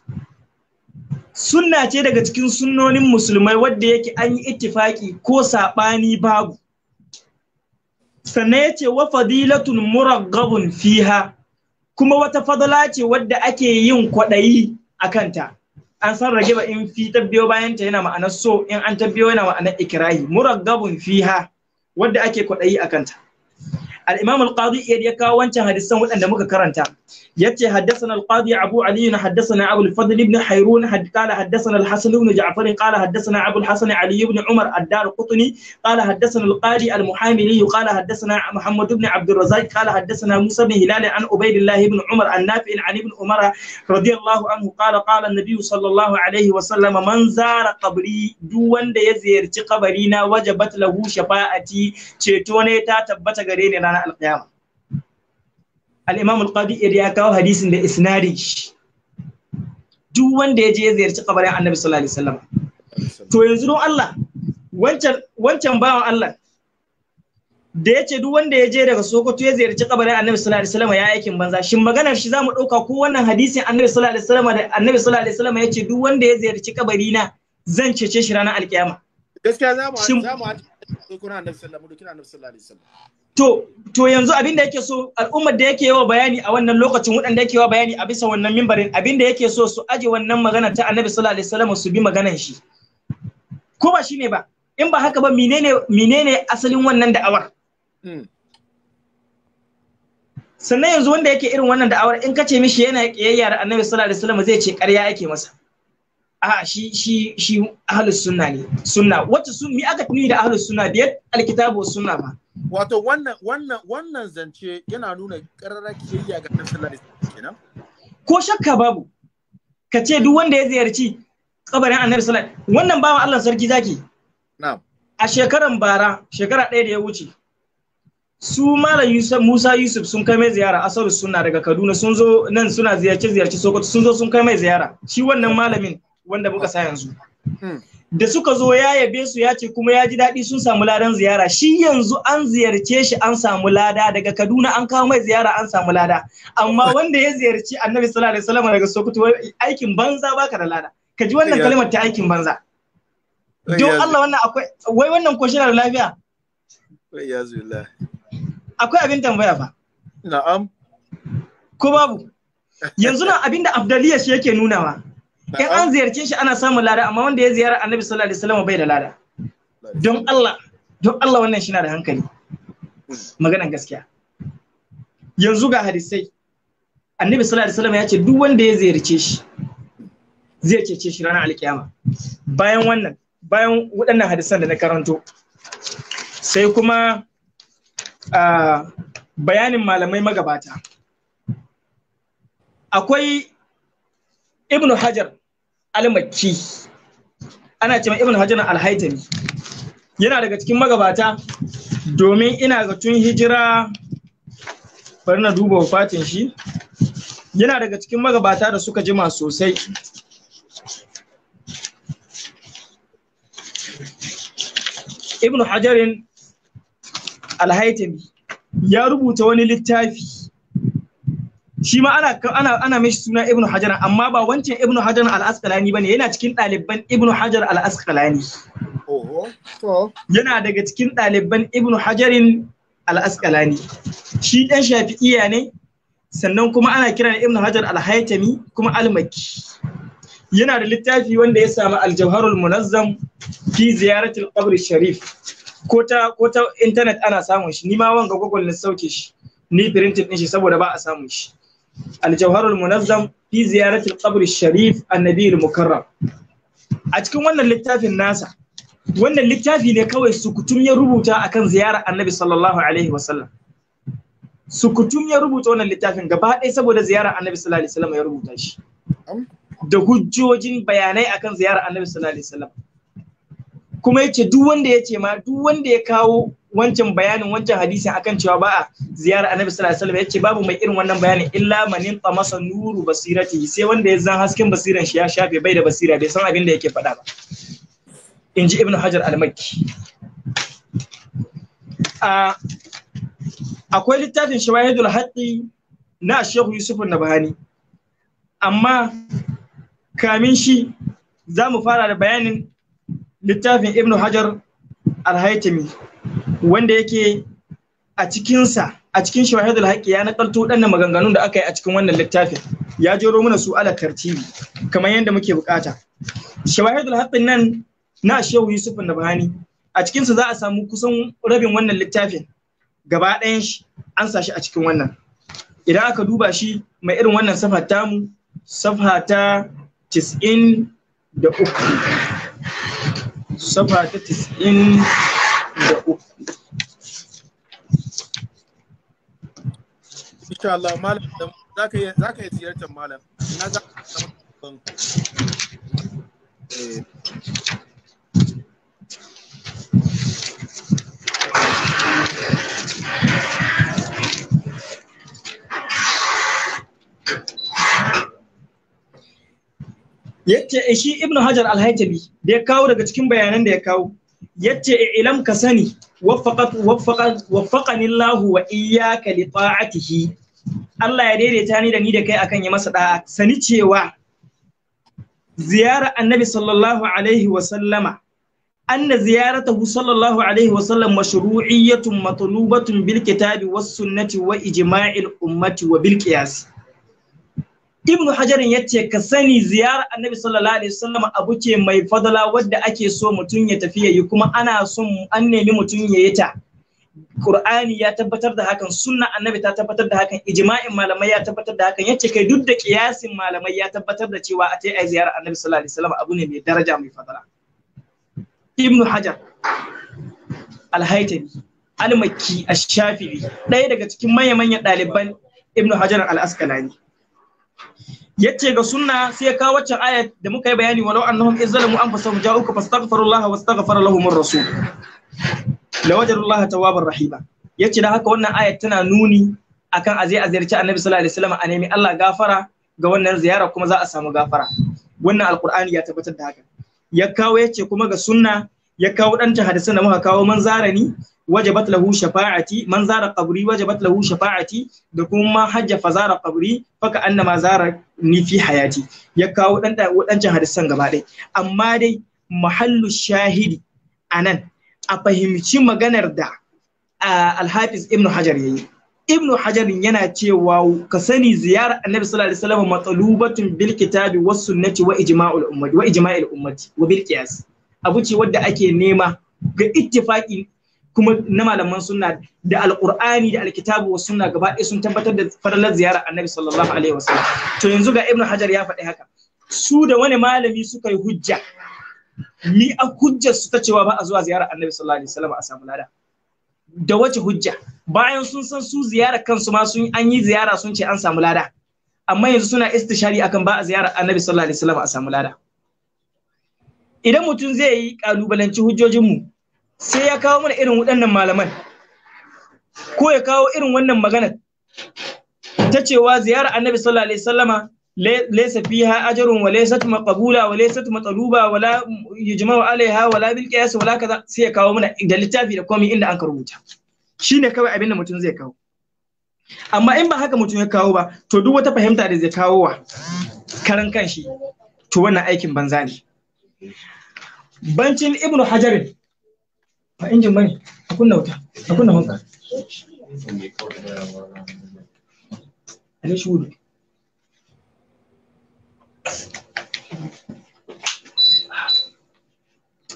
sunna ce daga cikin sunnonin musulmai wadda yake an yi ittifaki ko saɓani babu sannan ya ce wa fadilatun muraggabun fiha kuma wata fadala ce wadda ake yin kwaɗayi a kanta an san rage ba in fi tabbiyo bayan ta yana ma'anar so in an tabbiyo yana ma'anar ikirahi muraggabun fiha wadda ake kwaɗayi a kanta al-imam al-qadi ya kawo wancan hadisan waɗanda muka karanta يتي حدثنا القاضي أبو علي حدثنا أبو الفضل بن حيرون حد قال حدثنا الحسن بن جعفر قال حدثنا أبو الحسن علي بن عمر الدار قطني قال حدثنا القاضي المحاملي قال حدثنا محمد بن عبد الرزاق قال حدثنا موسى بن هلال عن عبيد الله بن عمر النافع عن ابن عمر رضي الله عنه قال قال النبي صلى الله عليه وسلم من زار قبري دون يزير قبرينا وجبت له شفاعتي شيتوني تاتبت غريني رانا القيامه al-imam al ya kawo hadisin da isnadin shi duk wanda ya je ya ziyarci kabarin annabi sallallahu alaihi wasallam to yanzu don Allah wancan wancan bawan Allah da ya ce duk wanda ya je daga Sokoto ya ziyarci kabarin annabi sallallahu alaihi wasallam ya aikin banza shin maganar shi zamu dauka ko wannan hadisin annabi sallallahu alaihi wasallam da annabi sallallahu alaihi wasallam ya ce duk wanda ya ziyarci kabari na zan cece shi ranar alkiyama gaskiya zamu zamu annabi sallallahu alaihi wasallam to to yanzu abin da yake so al'ummar da yake yawa bayani a wannan lokacin waɗanda yake yawa bayani a bisa wannan mimbarin abin da yake so su aje wannan magana ta annabi sallallahu alaihi wasallam su bi maganan shi ko ba shine ba in ba haka ba menene menene asalin wannan da'awar hmm. sannan yanzu wanda yake irin wannan da'awar in kace mishi yana kiyayya da annabi sallallahu alaihi wasallam zai ce ƙarya yake masa a shi shi shi ahlus sunna ne sunna wacce sun mi aka tuni da ahlus sunna biyar alkitabu sunna ba Wato wannan wannan wannan zance yana nuna ƙarara kiyayya ga Nasarar kenan. Ko shakka babu. Ka ce duk wanda ya ziyarci kabarin Annabi sallallahu alaihi wannan bawan Allah sarki zaki. Na'am. A shekaran bara, shekara ɗaya da ya wuce, su Malam Yusuf Musa Yusuf sun kai mai ziyara Asaru suna daga Kaduna sun zo nan suna ziyarce ziyarce Sokoto sun zo sun kai mai ziyara. Shi wannan malamin wanda muka sa yanzu. Hmm. da suka zo ya yabe su ya ce kuma ya ji daɗi sun samu ladan ziyara shi yanzu an ziyarce shi an samu lada daga kaduna an kawo mai ziyara an samu lada amma wanda ya ziyarci annabi sallallahu alaihi wasallam daga sokoto aikin banza baka da lada ka ji wannan kalmar ta aikin banza don Allah wannan akwai wai wannan ko shi da lafiya akwai abin tambaya fa na'am ko babu yanzu nan abinda abdaliya shi yake nunawa in an ziyarce shi ana samun lada amma wanda ya ziyara annabi sallallahu alaihi wasallam bai da lada don Allah don Allah wannan shi na da hankali maganan gaskiya yanzu ga hadisai annabi sallallahu alaihi wasallam ya ce duk wanda ya ziyarce shi zai cece shi ranar alkiyama bayan wannan bayan waɗannan hadisan da na karanto sai kuma bayanin malamai magabata akwai ibnu hajar al ana cewa ibn hajar al-haitami yana daga cikin magabata domin ina ga tun hijira bari na duba wafatin shi yana daga cikin magabata da suka jima sosai ibn hajarin alhaitami ya rubuta wani littafi shi ma ana ana ana mishi suna ibnu hajar amma ba wancan ibnu hajar al-asqalani bane yana cikin ɗaliban ibnu hajar al-asqalani yana daga cikin ɗaliban ibnu hajarin al-asqalani shi dan shafi'iya ne sannan kuma ana kiran ibnu hajar al-haytami kuma al-makki yana da littafi wanda ya samu al-jawharul munazzam fi ziyaratul qabr sharif ko ta ko ta internet ana samun shi ni ma wanga google na sauke shi ni printing ɗin shi saboda ba a samun shi الجوهر المنظم في زيارة القبر الشريف النبي المكرم أتكون وانا اللتاف الناسا وانا اللتاف لكوي سكتم يربوتا أكن زيارة النبي صلى الله عليه وسلم سكتم يربوتا وانا اللتاف قبعد إيسا بودا زيارة النبي صلى الله عليه وسلم يربوتا da hujjojin bayanai akan ziyarar annabi sallallahu alaihi wasallam kuma yace duk wanda yace ma duk wanda ya kawo wancan bayanin wancan hadisin akan cewa ba a ziyara annabi sallallahu alaihi wasallam yace babu mai irin wannan bayanin illa manin tamasa nuru basirati sai wanda ya zan hasken basiran shi ya shafe bai da basira bai san abin da yake faɗa ba inji ibnu hajar al-makki akwai littafin shawahidul haqqi na shehu yusuf nabahani amma kamin shi za mu fara da bayanin littafin ibn hajar al wanda yake a cikinsa a cikin shawahidul haƙi ya nakalto ɗannan maganganun da aka yi a cikin wannan littafin ya jero mana su ala tartibi kamar yadda muke bukata shawahidul haƙin nan na shehu yusuf bahani, a cikinsa za a samu kusan rabin wannan littafin gaba ɗayan shi an sa shi a cikin wannan idan aka duba shi mai irin wannan safa tamu safa ta uku. Sabata ta tis'in da uku. Insha Allah, malam za ka ziyartar malam. Na za ka samu Thank you. Eh. yace eh, shi ibnu hajar al-haytami da ya kawo daga cikin bayanan da ya kawo yace eh, ilam ka sani waffaqat waffaqat waffaqani Allah wa iyyaka li ta'atihi Allah ya daidaita ni da ni da kai akan yi masa da sani cewa ziyara annabi sallallahu alaihi wa sallama anna ziyaratahu sallallahu alaihi wa sallam mashru'iyyatun matlubatun bil kitabi was sunnati wa ijma'il ummati wa bil qiyas ibnu Hajar ya ce ka sani ziyarar annabi sallallahu alaihi wasallam abu ce mai fadala wadda ake so mutum ya tafi yayi kuma ana son an nemi mutum ya yi ta Qur'ani ya tabbatar da hakan sunna annabi ta tabbatar da hakan ijma'in malamai ya tabbatar da hakan yace kai duk da kiyasin malamai ya tabbatar da cewa a tayi ai ziyarar annabi sallallahu alaihi wasallam abu ne mai daraja mai fadala ibnu hajar al-haytami al-makki ash-shafi'i ɗaya daga cikin manya-manyan ɗaliban ibnu hajar al-asqalani yace ga sunna sai ya kawo waccan ayat da muka yi bayani walau annahum izzalamu anfusahum ja'uka fastaghfirullah wastaghfara lahum ar-rasul lawajadullah tawwabar rahima yace da haka wannan ayat tana nuni akan azai a ziyarci annabi sallallahu alaihi wasallam a nemi Allah gafara ga wannan ziyara kuma za a samu gafara wannan alqur'ani ya tabbatar da haka ya kawo yace kuma ga sunna ya kawo dan hadisin da muka kawo man zarani wajabat lahu shafa'ati man zara qabri wajabat lahu shafa'ati da kuma ma hajja fa zara qabri faka annama zara ni fi hayati ya kawo dan wadancan hadisan gaba ɗaya amma dai mahallu shahidi anan a fahimci maganar da alhafiz ibnu hajar yayi ibnu hajar yana cewa ka sani ziyarar annabi sallallahu alaihi wasallam matsalubatun bil kitabi was sunnati wa ijma'ul ummati wa ijma'il ummati wa bil qiyas abu ce wadda ake nema ga ittifaki kuma na malaman sunna da alqur'ani da alkitabu wa sunna gaba ɗaya sun tabbatar da fadalar ziyara annabi sallallahu alaihi wasallam to yanzu ga ibnu hajar ya faɗi haka su da wani malami suka yi hujja ni a hujjar su ta cewa ba a zuwa ziyara annabi sallallahu alaihi wasallam a samu lada da wace hujja bayan sun san su ziyara kansu ma sun an yi ziyara sun ce an samu lada amma yanzu suna istishari akan ba a ziyara annabi sallallahu alaihi wasallam a samu lada idan mutum zai yi kalubalanci hujjojinmu sai ya kawo mana irin waɗannan malaman ko ya kawo irin wannan maganar ta cewa ziyara annabi sallallahu alaihi sallama laysa fiha ajrun wa laysat maqbula wa laysat mataluba wa la yujma'u alaiha wa la bil qiyas wa la kaza sai ya kawo mana da littafi da komai inda an rubuta shine kawai abin da mutum zai kawo amma in ba haka mutum ya kawo ba to duk wata fahimta da zai kawo wa karan kanshi to wannan aikin banza ne bancin ibnu hajarin ba injin bane a kunna wuta a kunna wanka alishuru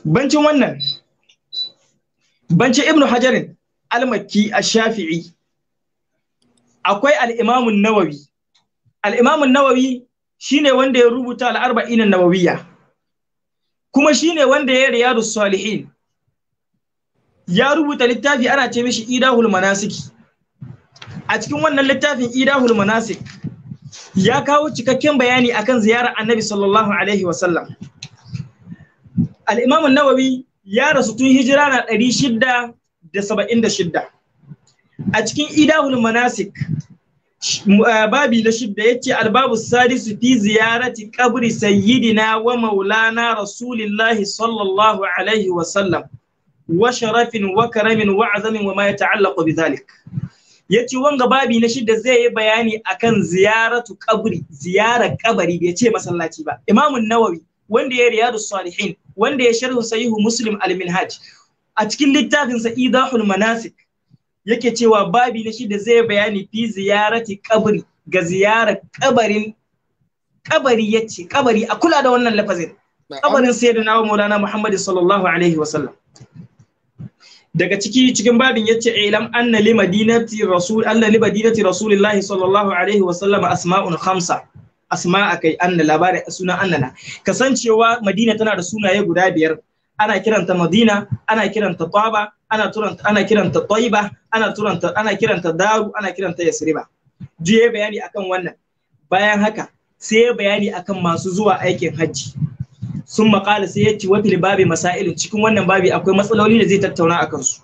bancin wannan bancin ibnu hajarin almakki a shafi'i akwai al'imamun nawawi al'imamun nawawi shine wanda ya rubuta al'arba'in nawawiya kuma shi ne wanda ya riyadu salihin ya rubuta littafi ana ce mishi idahul manasiki a cikin wannan littafin idahul manasik ya kawo cikakken bayani akan ziyarar annabi sallallahu alaihi wasallam al-imam nawawi ya rasu tun hijira na 676 a cikin idahul manasik Eh, babi na shidda yace albabu sadisu fi ziyarati qabri sayyidina wa maulana rasulillahi sallallahu alaihi wa sallam wa sharafin wa karamin wa azamin wa ma yata'allaqu Ya ce wanga babi na shidda zai yi bayani akan ziyaratu qabri ziyara kabari bai ce masallaci ba imamun nawawi wanda ya riyadu salihin wanda ya sharhu sahihu muslim al-minhaj a cikin littafinsa idahul manasik yake cewa babi na shida zai bayani fi ziyarati kabri ga ziyarar kabarin kabari yace kabari a kula da wannan lafazin kabarin sayyidina wa maulana muhammad sallallahu alaihi wasallam daga ciki cikin babin yace ilam anna li madinati rasul anna li madinati rasulillah sallallahu alaihi wasallam asma'un khamsa asma'a kai anna labari sunan annana kasancewa madina tana da sunaye guda biyar ana kiranta madina ana kiranta taba ana turanta ana kiranta Taiba ana turanta ana kiranta Daru ana kiranta Yasriba juye bayani akan wannan bayan haka sai bayani akan masu zuwa aikin hajji sun maƙala sai ya ce babi masailin cikin wannan babi akwai matsaloli da zai tattauna a kansu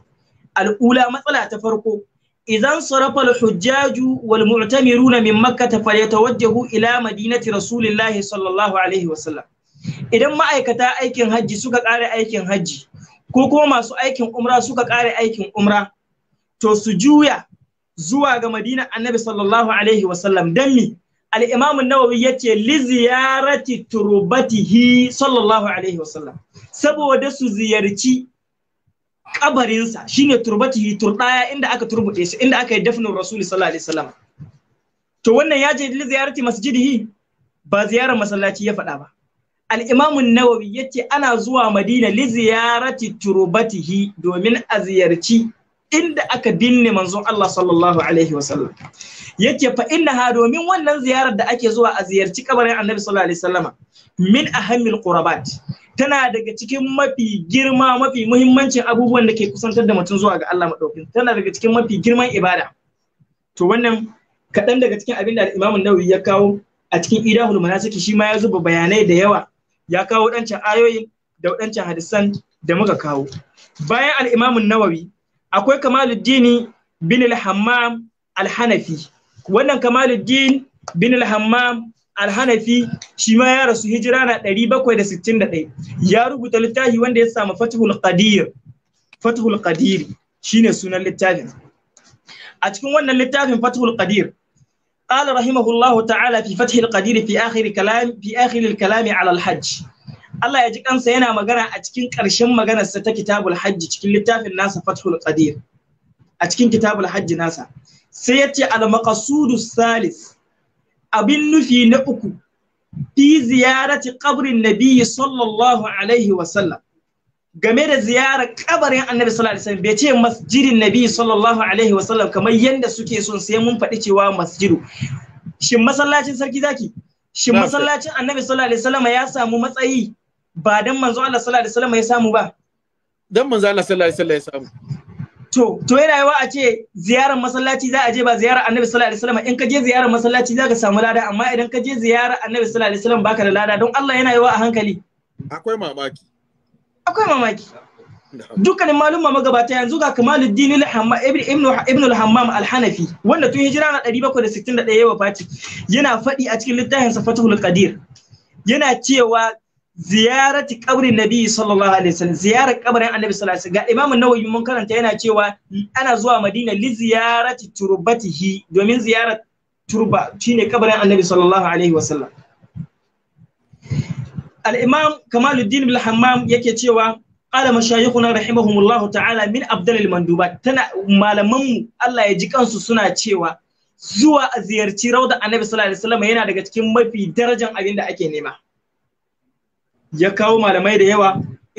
al'ula matsala ta farko idan sarafa al-hujjaju wal mu'tamiruna min makkah falyatawajjahu ila madinati rasulillahi sallallahu alaihi wasallam idan ma'aikata aikin hajji suka ƙara aikin hajji ko kuma masu aikin umra suka ƙare aikin umra to su juya zuwa ga madina annabi sallallahu alaihi wasallam don mi al'imamu nawawi ya ce ziyarati turubatihi sallallahu alaihi wasallam saboda su ziyarci kabarinsa shine turbatihi turdaya inda aka turbuɗe shi inda aka yi dafnin rasuli sallallahu alaihi wasallam to wannan ya je ziyarati masjidihi ba ziyarar masallaci ya faɗa ba Al'imamin nawawi ya ce ana zuwa madina li ziyarati Turbatihi domin a ziyarci inda aka binne manzon Allah sallallahu alaihi wasallam ya ce fa inna ha domin wannan ziyarar da ake zuwa a ziyarci kabarin annabi sallallahu alaihi wasallama min ahamil qurabat tana daga cikin mafi girma mafi muhimmancin abubuwan da ke kusantar da mutum zuwa ga Allah madaukin tana daga cikin mafi girman ibada to wannan kaɗan daga cikin abinda da imamun nawawi ya kawo a cikin idahul manasiki shi ma ya zuba bayanai da yawa ya kawo waɗancan ayoyin da waɗancan hadisan da muka kawo bayan al nawawi akwai kamaluddini bin al-hammam al-hanafi wannan kamaluddin bin al-hammam al-hanafi shi ma ya rasu hijira na 761 ya rubuta littafi wanda ya samu fatihul qadir fatihul qadir shine sunan littafin a cikin wannan littafin fatihul qadir قال رحمه الله تعالى في فتح القدير في آخر كلام في آخر الكلام على الحج الله يجي kansa yana magana a cikin ƙarshen maganarsa ta kitabul hajj cikin littafin nasa fathul qadir a cikin kitabul nasa sai yace al maqsudu salis abin nufi na uku fi ziyarati qabrin nabiyyi sallallahu game da ziyarar kabarin annabi sallallahu alaihi wasallam bai ce masjidin nabi sallallahu alaihi wasallam kamar yanda suke son sai mun faɗi cewa masjidu shin masallacin sarki zaki shin masallacin annabi sallallahu alaihi wasallam ya samu matsayi ba dan manzo Allah sallallahu alaihi wasallam ya samu ba dan manzo Allah sallallahu alaihi wasallam ya samu to to yana yawa a ce ziyarar masallaci za a je ba ziyarar annabi sallallahu alaihi wasallam in ka je ziyarar masallaci za ka samu lada amma idan ka je ziyarar annabi sallallahu alaihi wasallam baka da lada don Allah yana yawa a hankali akwai mamaki akwai mamaki dukkanin malumma magabata yanzu ga Kamaluddin Ibn al-Hammam al-Hanafi wanda tun hijira na 761 ya wafaci yana faɗi a cikin littafin Safatul Qadir yana cewa ziyarati qabrin Nabi sallallahu alaihi wasallam ziyarar kabarin Annabi sallallahu alaihi wasallam ga imamu Nawawi mun karanta yana cewa ana zuwa Madina li ziyarati turbatihi domin ziyarar turba shine kabarin Annabi sallallahu alaihi wasallam al-imam kamaluddin bil hammam yake cewa qala mashayikhuna rahimahumullah ta'ala min abdal al-mandubat tana malaman mu Allah ya ji kansu suna cewa zuwa a ziyarci rauda annabi sallallahu alaihi wasallam yana daga cikin mafi darajan abin da ake nema ya kawo malamai da yawa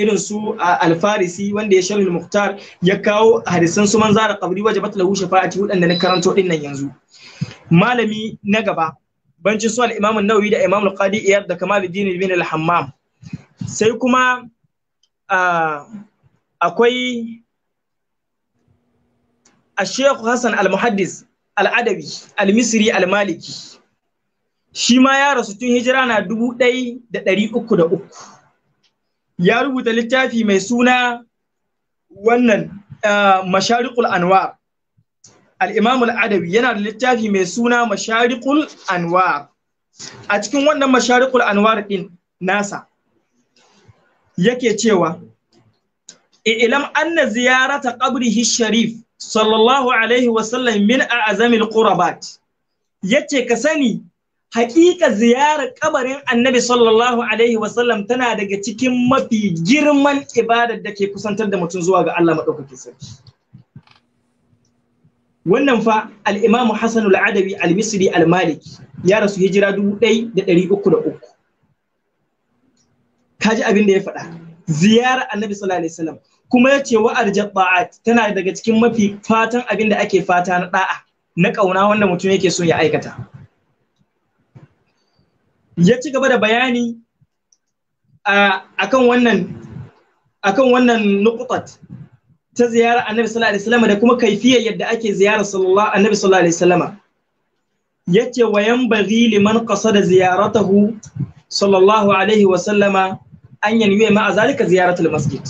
irin su alfarisi wanda ya sharhi muhtar ya kawo hadisan su manzara qabri wajabat lahu shafa'ati wadanda na karanto din yanzu malami na gaba bancin su al-Imam an-Nawawi da Imam al-Qadi Iyad da Kamaluddin ibn al-Hammam sai kuma akwai Sheikh Hassan al-Muhaddis al adabi al-Misri al-Maliki shi ma ya rasu tun hijira na dubu ɗaya da ɗari uku da uku ya rubuta littafi mai suna wannan masharikul anwar al al’adabi adabi yana da littafi mai suna Masharikul Anwar a cikin wannan Masharikul Anwar ɗin, nasa yake cewa ilam anna ziyarata qabrihi sharif sallallahu alaihi wasallam min min a'zamil ya yace ka sani haƙiƙa ziyarar ƙabarin annabi sallallahu alaihi wasallam tana daga cikin mafi girman ibadar da ke kusantar da mutum zuwa ga Allah maɗaukakin sarki wannan fa al’imamu Hassanul al-adabi al-misri al-maliki ya rasu hijira dubu da da ɗari uku uku. Ka ji abin da ya faɗa ziyara annabi sallallahu alaihi wasallam kuma ya ce wa'ar jabba'at tana daga cikin mafi fatan abin da ake fata na ɗa'a, na ƙauna wanda mutum yake so ya aikata ya ci gaba da bayani akan wannan akan wannan nukutat ta ziyarar annabi sallallahu alaihi wasallam da kuma kaifiyar yadda ake ziyarar sallallahu annabi sallallahu alaihi wasallam yace wa bari liman qasada ziyaratahu sallallahu alaihi wasallam an yanwe ma a zalika ziyaratul masjid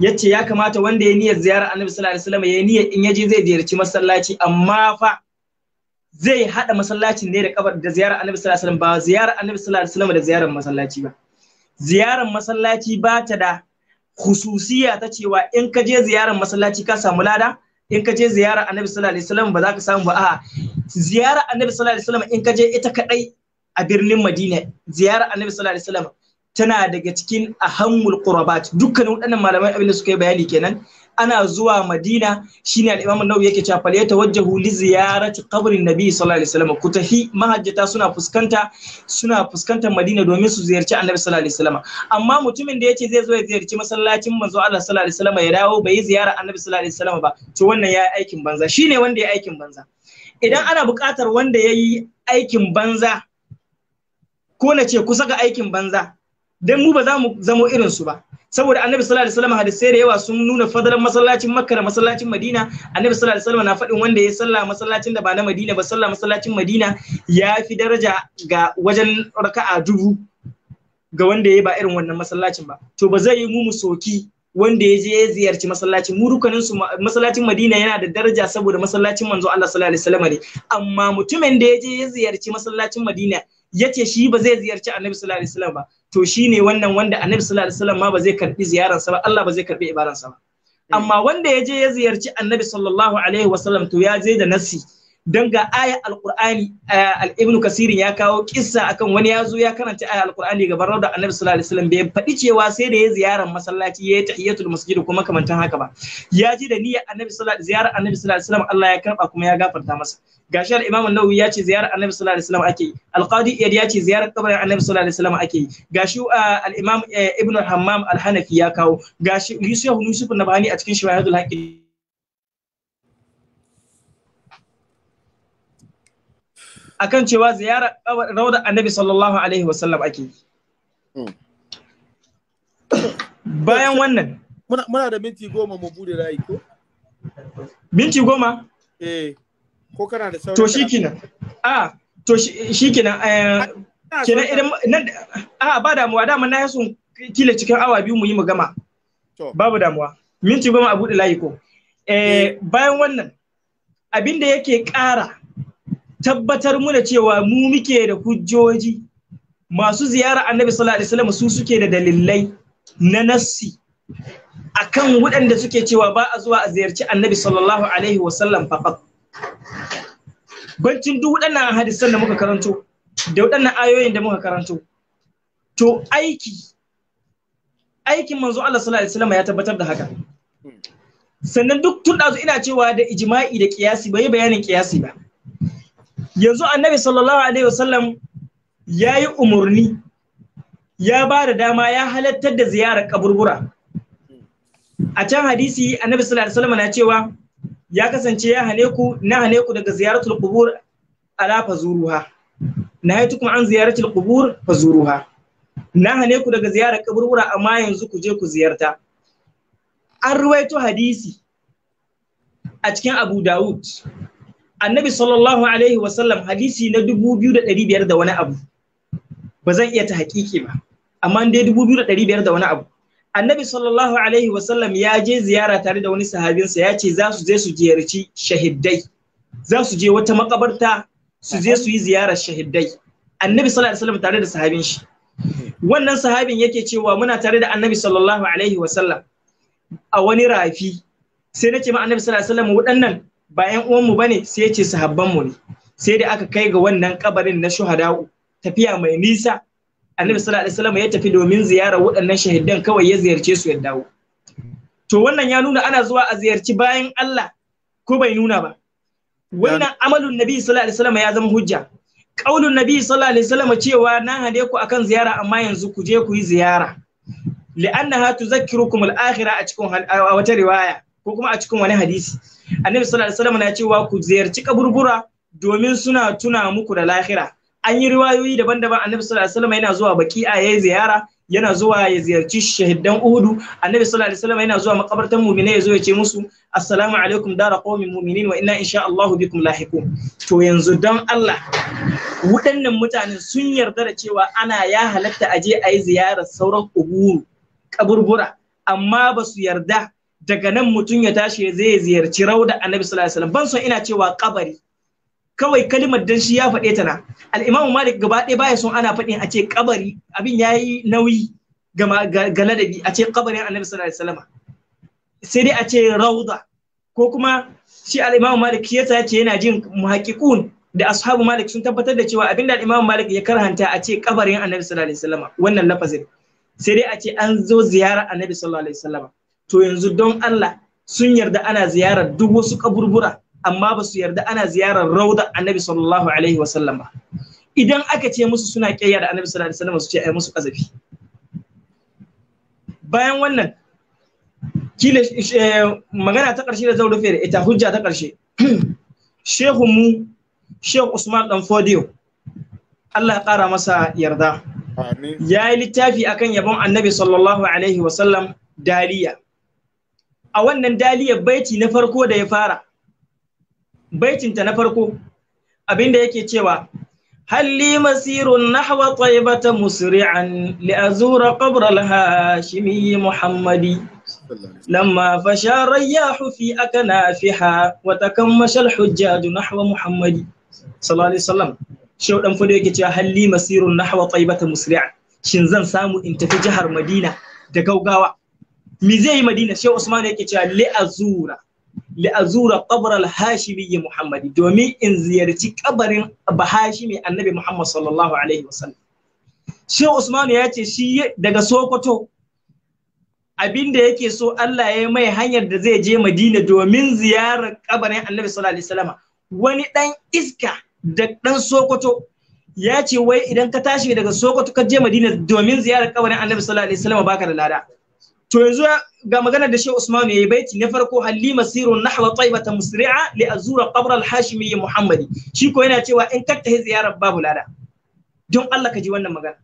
yace ya kamata wanda ya niyyar ziyarar annabi sallallahu alaihi wasallam ya niyyar in yaje zai ziyarci masallaci amma fa zai hada masallacin ne da kabar da ziyarar annabi sallallahu alaihi wasallam ba ziyarar annabi sallallahu alaihi wasallam da ziyarar masallaci ba ziyarar masallaci ba ta da hususiya ta cewa in ka je ziyarar masallaci ka samu lada in ka je ziyarar annabi sallallahu alaihi wasallam ba za ka samu ba a ziyarar annabi sallallahu alaihi wasallam in ka je ita kadai a birnin madina ziyarar annabi sallallahu alaihi wasallam tana daga cikin ahammul qurabat dukkanin waɗannan malamai abin da suka yi bayani kenan ana zuwa madina shine al-imam an-nawawi yake cewa fal yatawajjahu li ziyarati qabrin nabi sallallahu alaihi wasallam ku tahi mahajjata suna fuskanta suna fuskantar madina domin su ziyarci annabi sallallahu alaihi wasallam amma mutumin da yace zai zo ya ziyarci masallacin manzo Allah sallallahu alaihi wasallam ya dawo bai ziyara annabi sallallahu alaihi wasallam ba to wannan yayi aikin banza shine wanda ya aikin banza idan ana buƙatar wanda yayi aikin banza ko na ce kusa ga aikin banza don mu ba za mu zamo irinsu ba saboda annabi sallallahu alaihi wasallam hadisai da yawa sun nuna fadalan masallacin makka da masallacin madina annabi sallallahu alaihi wasallam na faɗin wanda ya sallah masallacin da ba na madina ba sallah masallacin madina ya fi daraja ga wajen raka'a dubu ga wanda ya ba irin wannan masallacin ba to ba zai yi mu musoki wanda ya je ya ziyarci masallacin mu rukunin su masallacin Madina yana da daraja saboda masallacin manzo Allah sallallahu alaihi wasallam ne amma mutumin da ya je ya ziyarci masallacin Madina Ya ce shi ba zai ziyarci annabi sallallahu alaihi wasallam ba to shi ne wannan wanda annabi sallallahu alaihi wasallam ma ba zai karbi ziyararsa ba Allah ba zai karbi ibadarsa ba hmm. amma wanda ya je ya ziyarci annabi sallallahu alaihi wasallam to ya je da nasi Don ga aya alqur'ani al-ibnu eh, kasir ya kawo kissa akan wani ya zo ya karanta aya alqur'ani gaban da annabi sallallahu alaihi wasallam bai faɗi cewa sai da ya ziyarar masallaci ya yi tahiyatul masjid kuma kamantan haka ba ya ji da niyyar annabi sallallahu ziyarar annabi sallallahu alaihi wasallam Allah ya karba kuma ya gafarta masa gashi al-imam an-nawawi ya ce ziyarar annabi sallallahu alaihi wasallam ake yi al-qadi iyad ya ce ziyarar kabarin annabi sallallahu alaihi wasallam ake yi gashi eh, al-imam eh, ibnu hammam al-hanafi ya kawo gashi yusuf yusuf nabhani a cikin shawahidul haqi akan cewa ziyara rawda annabi sallallahu alaihi wasallam ake hmm. bayan wannan muna da minti goma mu bude layi ko minti goma eh ko kana da sauri to shikenan a to shikenan eh, kenan idan nan a ba damuwa dama na yasun kila cikin awa biyu mu yi mu gama babu damuwa minti goma a bude layi ko eh, eh bayan wannan abin da yake ƙara tabbatar muna cewa mu muke da hujjoji masu ziyara annabi sallallahu alaihi wasallam su suke da dalilai na nassi akan waɗanda suke cewa ba a zuwa a ziyarci annabi sallallahu alaihi wasallam fafak bancin duk waɗannan hadisan da muka karanto da waɗannan ayoyin da muka karanto to aiki aikin manzo Allah sallallahu alaihi wasallam ya tabbatar da haka hmm. sannan duk tun ina cewa da ijma'i da kiyasi bai bayanin kiyasi ba yanzu annabi sallallahu alaihi wasallam ya yi umarni ya ba da dama ya halattar da ziyarar kaburbura a can hadisi annabi sallallahu alaihi wasallam na cewa ya kasance ya hane ku na hane ku daga ziyaratul qubur ala fazuruha kuma an ziyaratul qubur fazuruha na hane ku daga ziyarar kaburbura amma yanzu ku je ku ziyarta an ruwaito hadisi a cikin Abu Da'ud. annabi sallallahu alaihi wasallam hadisi na dubu biyu da ɗari biyar da wani abu ba zan iya ta haƙiƙi ba amma dai dubu biyu da ɗari biyar da wani abu annabi sallallahu alaihi wasallam ya je ziyara tare da wani sahabinsa ya ce za su je su ziyarci shahidai za su je wata makabarta su je su yi ziyarar shahidai annabi sallallahu alaihi wasallam tare da sahabin shi wannan sahabin yake cewa muna tare da annabi sallallahu alaihi wasallam a wani rafi sai na ce ma annabi sallallahu alaihi wasallam waɗannan ba ƴan uwanmu bane sai ya ce sahabbanmu ne sai da aka kai ga wannan kabarin na shuhada'u tafiya mai nisa annabi sallallahu alaihi wasallam ya tafi domin ziyara waɗannan shahidan kawai ya ziyarce su ya dawo to wannan ya nuna ana zuwa a ziyarci bayan Allah ko bai nuna ba wannan amalun nabi sallallahu alaihi wasallam ya zama hujja kaulun nabi sallallahu alaihi wasallam cewa na hade ku akan ziyara amma yanzu ku je ku yi ziyara li'annaha tuzakkirukum al-akhirah a cikin wata riwaya ko kuma a cikin wani hadisi annabi sallallahu alaihi wasallam ce wa ku ziyarci kaburbura domin suna tuna muku da lahira an yi riwayoyi daban-daban annabi sallallahu alaihi wasallam yana zuwa baki'a ziyara yana zuwa ya ziyarci shahidan uhudu annabi sallallahu alaihi wasallam yana zuwa makabartan mu'mina ya zo ya ce musu assalamu alaikum dara qaumin mu'minin wa inna insha Allah bikum lahiqun to yanzu dan Allah waɗannan mutanen sun yarda da cewa ana ya halatta aje a yi ziyarar sauran kuburu kaburbura amma ba su yarda daga nan mutum ya tashi zai ziyarci rauda annabi sallallahu alaihi wasallam ban son ina cewa kabari kawai kalimar dan shi ya faɗe ta na al-imamu malik gaba ɗaya baya son ana faɗin a ce kabari abin yayi nauyi ga ladabi a ce kabarin annabi sallallahu alaihi wasallam sai dai a ce rauda ko kuma shi al-imamu malik shi yasa ce yana jin muhaqqiqun da ashabu malik sun tabbatar da cewa abinda al-imamu malik ya karhanta a ce kabarin annabi sallallahu alaihi wasallam wannan lafazin sai dai a ce an zo ziyara annabi sallallahu alaihi wasallam to yanzu don Allah sun yarda ana ziyarar duk wasu kaburbura amma ba su yarda ana ziyarar rauda annabi sallallahu alaihi wasallam ba idan aka ce musu suna kiyaya da annabi sallallahu alaihi wasallam su ce ai musu kazafi bayan wannan kila eh, magana ta karshe da zan rufe da ita hujja ta karshe shehu mu shehu usman dan fodio Allah ya kara masa yarda ya yi littafi akan yabon annabi sallallahu alaihi wasallam daliya a wannan daliyar baiti na farko da ya fara baitinta na farko abinda yake cewa halli masirun nahwa taibata musri'an li'azura qabra al-hashimi muhammadi لما فشى الرياح في أكنافها وتكمش الحجاج نحو محمد صلى الله عليه وسلم Shau dan fudu yake cewa halli masirun nahwa taibata musri'an shin zan samu in tafi jihar Madina da gaugawa me zai yi madina shi usman yake cewa li'azura li'azura qabr al-hashimi muhammadi domin in ziyarci kabarin bahashimi annabi muhammad sallallahu alaihi wasallam shi usman ya ce shi daga sokoto abinda yake so Allah ya mai hanyar da zai je madina domin ziyarar kabarin annabi sallallahu alaihi wasallam wani dan iska da dan sokoto ya ce wai idan ka tashi daga sokoto ka je madina domin ziyarar kabarin annabi sallallahu alaihi wasallam baka da lada to yanzu ga magana da Sheikh Usman yayi baiti na farko halli masirun nahwa taibata musri'a li azura qabr al hashimi muhammadi shi ko yana cewa in katta ziyarar babu lada don Allah ka ji wannan magana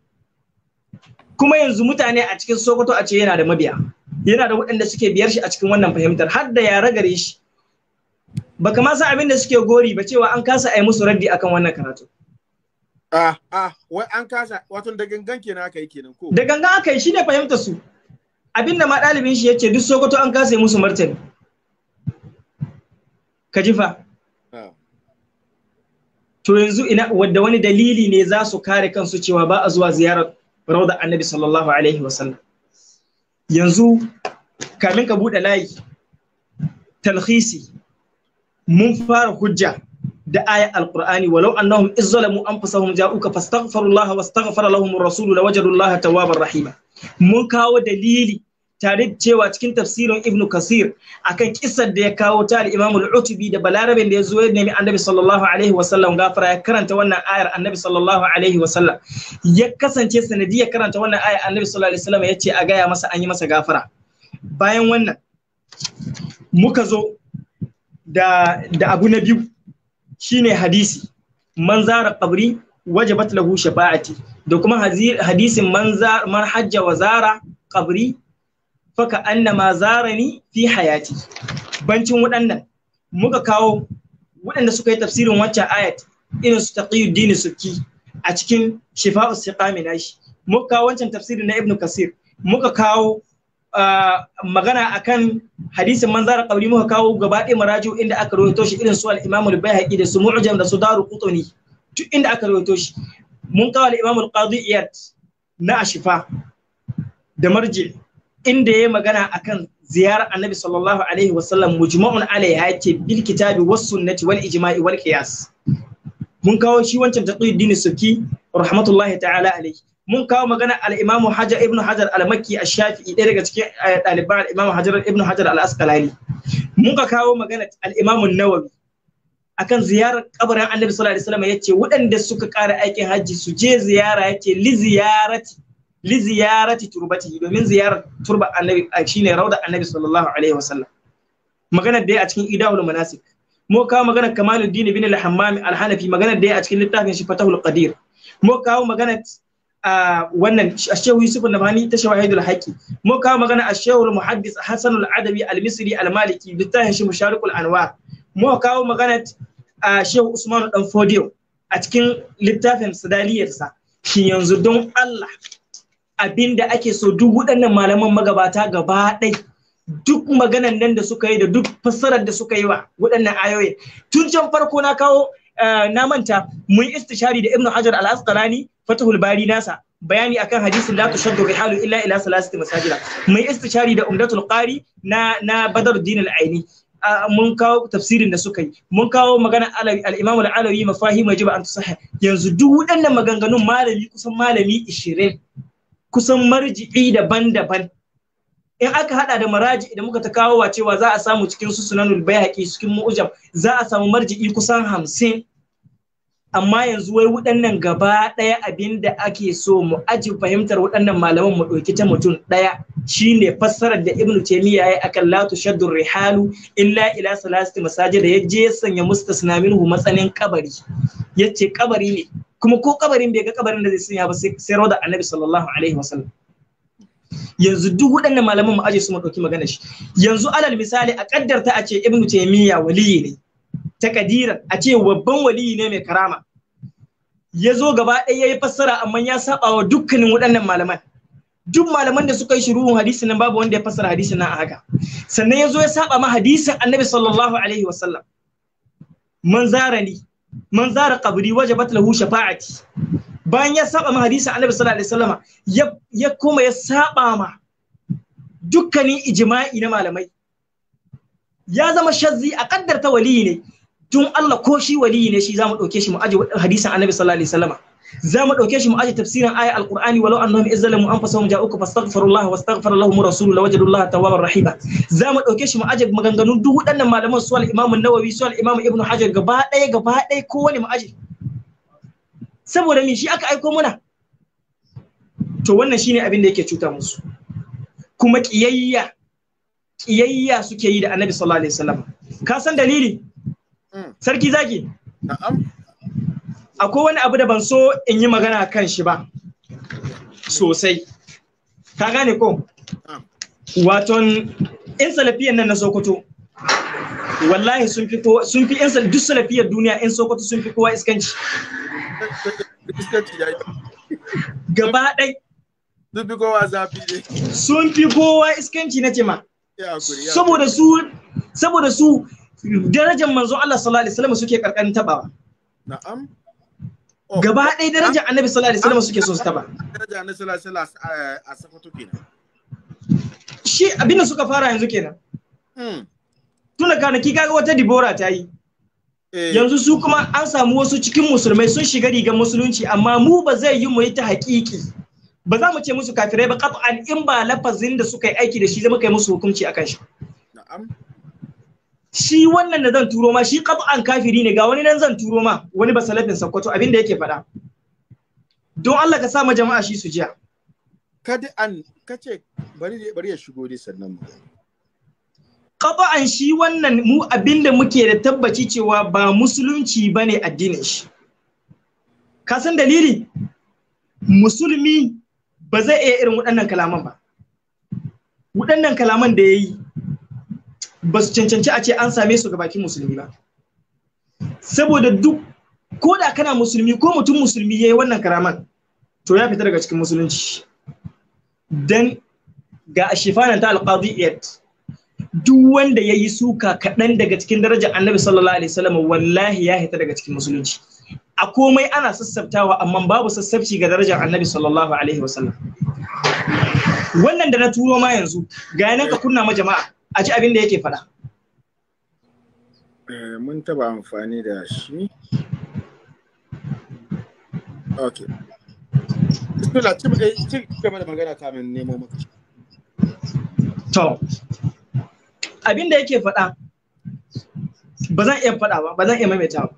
kuma yanzu mutane a cikin Sokoto a ce yana da mabiya yana da waɗanda suke biyar shi a cikin wannan fahimtar har da yara gare shi baka ma san abin da suke gori ba cewa an kasa ai musu raddi akan wannan karatu ah ah wai an kasa wato da gangan kenan aka yi kenan ko da gangan aka yi shine fahimtar su abin da ma ɗalibin shi ya ce duk sokoto an kasa musu martani ka ji fa to yanzu ina wadda wani dalili ne za su kare kansu cewa ba a zuwa ziyarar rauda annabi sallallahu alaihi wasallam yanzu kamin ka buɗe layi talhisi mun fara hujja da aya alqur'ani walau annahum izzalamu anfusahum ja'uka fastaghfirullaha wastaghfara lahum ar-rasul lawajadullaha allaha tawwabar rahima mun kawo dalili tare da cewa cikin tafsirin ibnu kasir akan kisar da ya kawo ta da imamu al-utubi da balarabin da ya zo ya nemi annabi sallallahu alaihi sallam gafara ya karanta wannan ayar annabi sallallahu alaihi sallam ya kasance sanadiyar karanta wannan ayar annabi sallallahu alaihi ya ce a gaya masa an yi masa gafara bayan wannan muka zo da da abu na biyu shine hadisi man zara qabri wajabat lahu shafa'ati da kuma hadisin man hajja wa zara kabri faka annama zarani fi hayati bancin waɗannan muka kawo waɗanda suka yi tafsirin wancan ayat irin su dini suki a cikin shifa'us siqami nashi muka kawo wancan tafsirin na ibnu kasir muka kawo ah, magana akan hadisin manzar kabri muka kawo gaba ɗaya maraju inda aka rawaito shi irin su al-imamu al da su mu'jam da su daru qutni duk inda aka rawaito shi mun kawo al-imam al-qadi iyad na ashifa da marji inda yayi magana akan ziyarar annabi sallallahu alaihi wasallam mujma'un alaiha yake bil kitabi was sunnati wal ijma'i wal qiyas mun kawo shi wancan taqiyuddin suki rahmatullahi ta'ala alaihi mun kawo magana al-imamu hajar ibn hajar al-makki ash-shafi'i ɗaya daga cikin eh, ɗaliban al-imamu hajar ibn hajar al-asqalani mun ka kawo magana al-imamu nawawi akan ziyarar kabarin annabi sallallahu alaihi wasallam yace waɗanda suka ƙara aikin hajji su je ziyara yace li ziyarati li ziyarati turbati domin ziyarar turba annabi shine rauda annabi sallallahu alaihi wasallam maganar da ya a cikin idahul manasik mu kawo maganar kamaluddin Bin al-hammami al-hanafi magana dai a cikin littafin shi fatahul qadir mu kawo maganar a wannan shehu yusuf nabhani ta shawahidul haqi mu kawo magana a shehu muhaddis hasan al-adabi al-misri al-maliki littafin shi musharikul anwar mu kawo magana a shehu Usman dan fodio a cikin littafin sadaliyarsa shi yanzu don allah abinda ake so duk waɗannan malaman magabata gaba ɗai duk maganan nan da suka yi da duk fassarar da suka yi wa waɗannan ayoyi tun can farko na kawo eh, na manta mun istishari da ibnu hajar al-asqalani fatahul bari nasa bayani akan hadisin la tushaddu rihalu illa ila salasati masajida mai istishari da umdatul qari na na badruddin al-aini mun kawo tafsirin da suka yi mun kawo magana al-imam al-alawi mafahim wajiba an yanzu duk wadannan maganganun malami kusan malami 20 kusan marji'i daban-daban in aka hada da maraji da muka ta kawo wa cewa za a samu cikin su sunanul bayhaqi cikin mu'jam za a samu marji'i kusan 50 amma yanzu wai waɗannan gaba ɗaya abin da ake so mu aji fahimtar waɗannan malaman mu ɗauki ta mutum ɗaya shine fassarar da ibnu taymiya yayi akan la tushaddu rihalu illa ila salasati Masaje da yaje sanya mustasna minhu matsanin kabari yace kabari ne kuma ko kabarin bai ga kabarin da zai sanya ba sai rawda annabi sallallahu alaihi wasallam yanzu duk waɗannan malaman mu aje su mu ɗauki magana shi yanzu alal misali a kaddarta a ce ibnu taymiya waliyi ne takadiran a ce babban waliyi ne mai karama ya zo gaba ɗaya ya yi fassara amma ya saba wa dukkanin waɗannan malaman duk malaman da suka yi shiruhun hadisin nan babu wanda ya fassara hadisin nan a haka sannan ya zo ya saba ma hadisin annabi sallallahu alaihi wasallam man zara ni man zara qabri wajabat lahu shafa'ati bayan ya saba ma hadisin annabi sallallahu alaihi wasallam ya ya kuma ya saba ma dukkanin ijma'i na malamai ya zama shazzi a ta waliyi ne tun Allah ko shi waliyi ne shi zamu dauke shi mu aje hadisin Annabi sallallahu alaihi Za zamu dauke shi mu aje tafsirin ayat alqur'ani walau annahum izzalamu anfusahum ja'uka fastaghfirullah wastaghfara lahum rasulullah wajadullaha tawwabar rahima zamu dauke shi mu aje maganganun duk waɗannan malaman su al-Imam an-Nawawi su al-Imam Ibn Hajar gaba ɗaya gaba ɗaya kowane mu aje saboda me shi aka aiko muna to wannan shine abin da yake cuta musu kuma kiyayya kiyayya suke yi da Annabi sallallahu alaihi wasallam ka san dalili sarki zaki na'am akwai wani abu da ban so in yi magana kan shi ba sosai ka gane ko waton in salafiyan nan na sokoto wallahi sun fi sun fi in duk salafiyar duniya in sokoto sun fi kowa iskanci gaba ɗai sun fi kowa zafi ne sun fi kowa iskanci na ce ma saboda su saboda su darajar manzo Allah sallallahu alaihi wasallam suke karkarin tabawa na'am oh. gaba ɗaya darajar annabi sallallahu alaihi wasallam suke so su taba darajar annabi sallallahu alaihi wasallam a safato kenan shi abin da suka fara yanzu kenan hmm. tuna kwanaki kaga wata dibora ta yi eh. yanzu su kuma an samu wasu cikin musulmai sun shiga rigar musulunci amma mu ba zai yi mu yi ta haƙiƙi ba za mu ce musu kafirai ba qat'an in ba lafazin da suka yi aiki da shi zama kai musu hukunci akan shi na'am shi wannan da zan turo ma shi qab'an kafiri ne ga wani nan zan turo ma wani basalafin sakkwato abin da yake faɗa don Allah ka sa ma jama'a shi su jiya kada an kace bari bari ya shigo dai sannan mu shi wannan mu abinda muke da tabbaci cewa ba musulunci bane addinin shi ka san dalili musulmi ba zai iya irin waɗannan kalaman ba waɗannan kalaman da ya yi ba su cancanci a ce an same su ga bakin musulmi ba saboda duk ko da kana musulmi ko mutum musulmi ya yi wannan karaman to ya fita daga cikin musulunci dan ga ashifanan ta iyat duk wanda ya yi suka kaɗan daga cikin darajar annabi sallallahu alaihi wasallam wallahi ya fita daga cikin musulunci a komai ana sassabtawa amma babu sassabci ga darajar annabi sallallahu alaihi wasallam wannan da na turo ma yanzu ga nan ka kunna ma jama'a a ci abin da yake faɗa. Eh, mun taba amfani da shi. Ok. Tula, ci da magana kamin nemo maka. To, abin da yake faɗa ba zan iya fada ba, ba zan iya maimaita ba.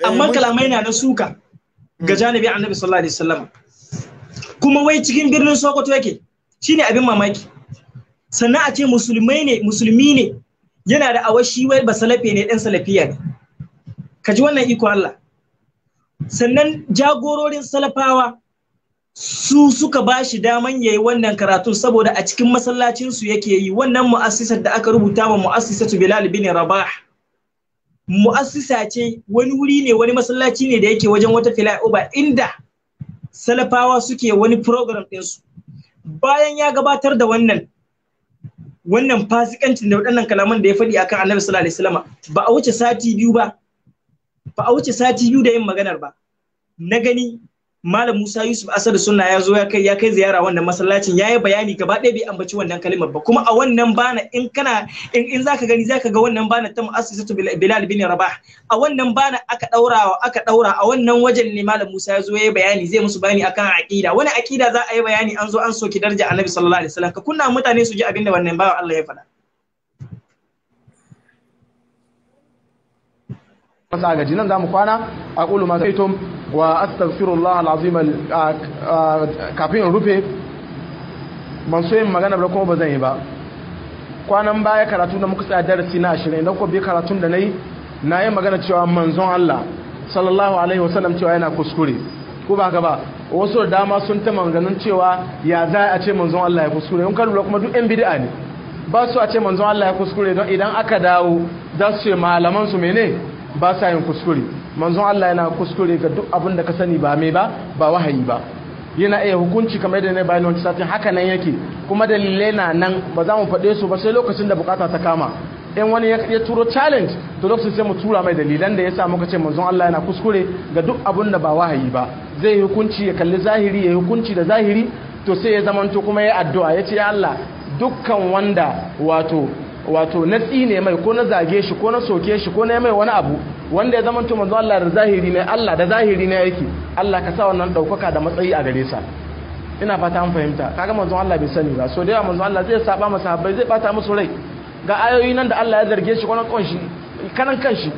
Eh, Amma kalamai na na suka ga hmm. janibi annabi sallallahu alaihi wasallam. Kuma wai cikin birnin Sokoto yake, shine abin mamaki. sannan a ce musulmai ne musulmi ne yana da awashi wai ba salafe ne ɗan salafiya ne ka ji wannan iko Allah sannan jagororin salafawa su suka ba shi daman yayi wannan karatu saboda a cikin masallacinsu su yake yi wannan mu'assisar da aka rubuta wa mu'assisatu Bilal bin Rabah mu'assisa ce wani wuri ne wani masallaci ne da yake wajen wata uba inda salafawa suke wani program ɗinsu bayan ya gabatar da wannan wannan fasikancin da waɗannan kalaman da ya faɗi akan annabi sallallahu alaihi wasallam ba a wuce sati biyu ba ba a wuce sati biyu da yin maganar ba na gani Malam Musa Yusuf Asadu Sunna ya zo ya kai ziyara wannan masallacin yayi bayani gaba ɗaya bai ambaci wannan kalimar ba kuma a wannan bana in kana in, in zaka gani ga wannan bana ta mu'assisatu Bilal bin Rabah a wannan bana aka daura aka daura a wannan wajen ne Malam Musa ya zo yayi bayani zai musu bayani akan aqida wani aqida za a yi bayani an zo an soki daraja Annabi sallallahu alaihi wasallam ka kunna mutane su ji abinda wannan bawan Allah ya faɗa masa a gaji nan za mu kwana a ƙulu masu aitom wa astaghfirullah al'azim kafin in rufe ban so yin magana ba kuma ba zan yi ba kwanan baya karatu da muka tsaya darasi na ashirin idan kuma bi karatun da na yi na yi magana cewa manzon Allah sallallahu alaihi wasallam cewa yana kuskure ko ba ba wasu da dama sun ta maganganun cewa ya za a ce manzon Allah ya kuskure in ka lura kuma duk yan bid'a ne ba su a ce manzon Allah ya kuskure don idan aka dawo za su ce malaman su mene ba sa yin kuskure manzon Allah yana kuskure ga duk abin da ka sani ba mai ba ba wahayi ba yana iya hukunci kamar da na bayan wancan satin haka nan yake kuma dalilai na nan ba za mu faɗe su ba sai lokacin da bukata ta kama in wani ya turo challenge to lokacin sai mu tura mai dalilan da ya sa muka ce manzon Allah yana kuskure ga duk abin da ba wahayi ba zai hukunci ya kalli zahiri ya hukunci da zahiri to sai ya zamanto kuma ya addu'a ya ce ya Allah dukkan wanda wato wato na tsine mai ko na zage shi ko na soke shi ko na mai wani abu wanda ya zama zamanto manzo Allah da zahiri ne Allah da zahiri ne yake Allah ka sa wannan daukaka da matsayi a gare sa ina fata an fahimta kaga manzo Allah bai sani ba so da yawa manzo Allah zai saba masa sahabbai zai bata musu rai ga ayoyi nan da Allah ya zarge shi kwanan kanshi kanan kanshi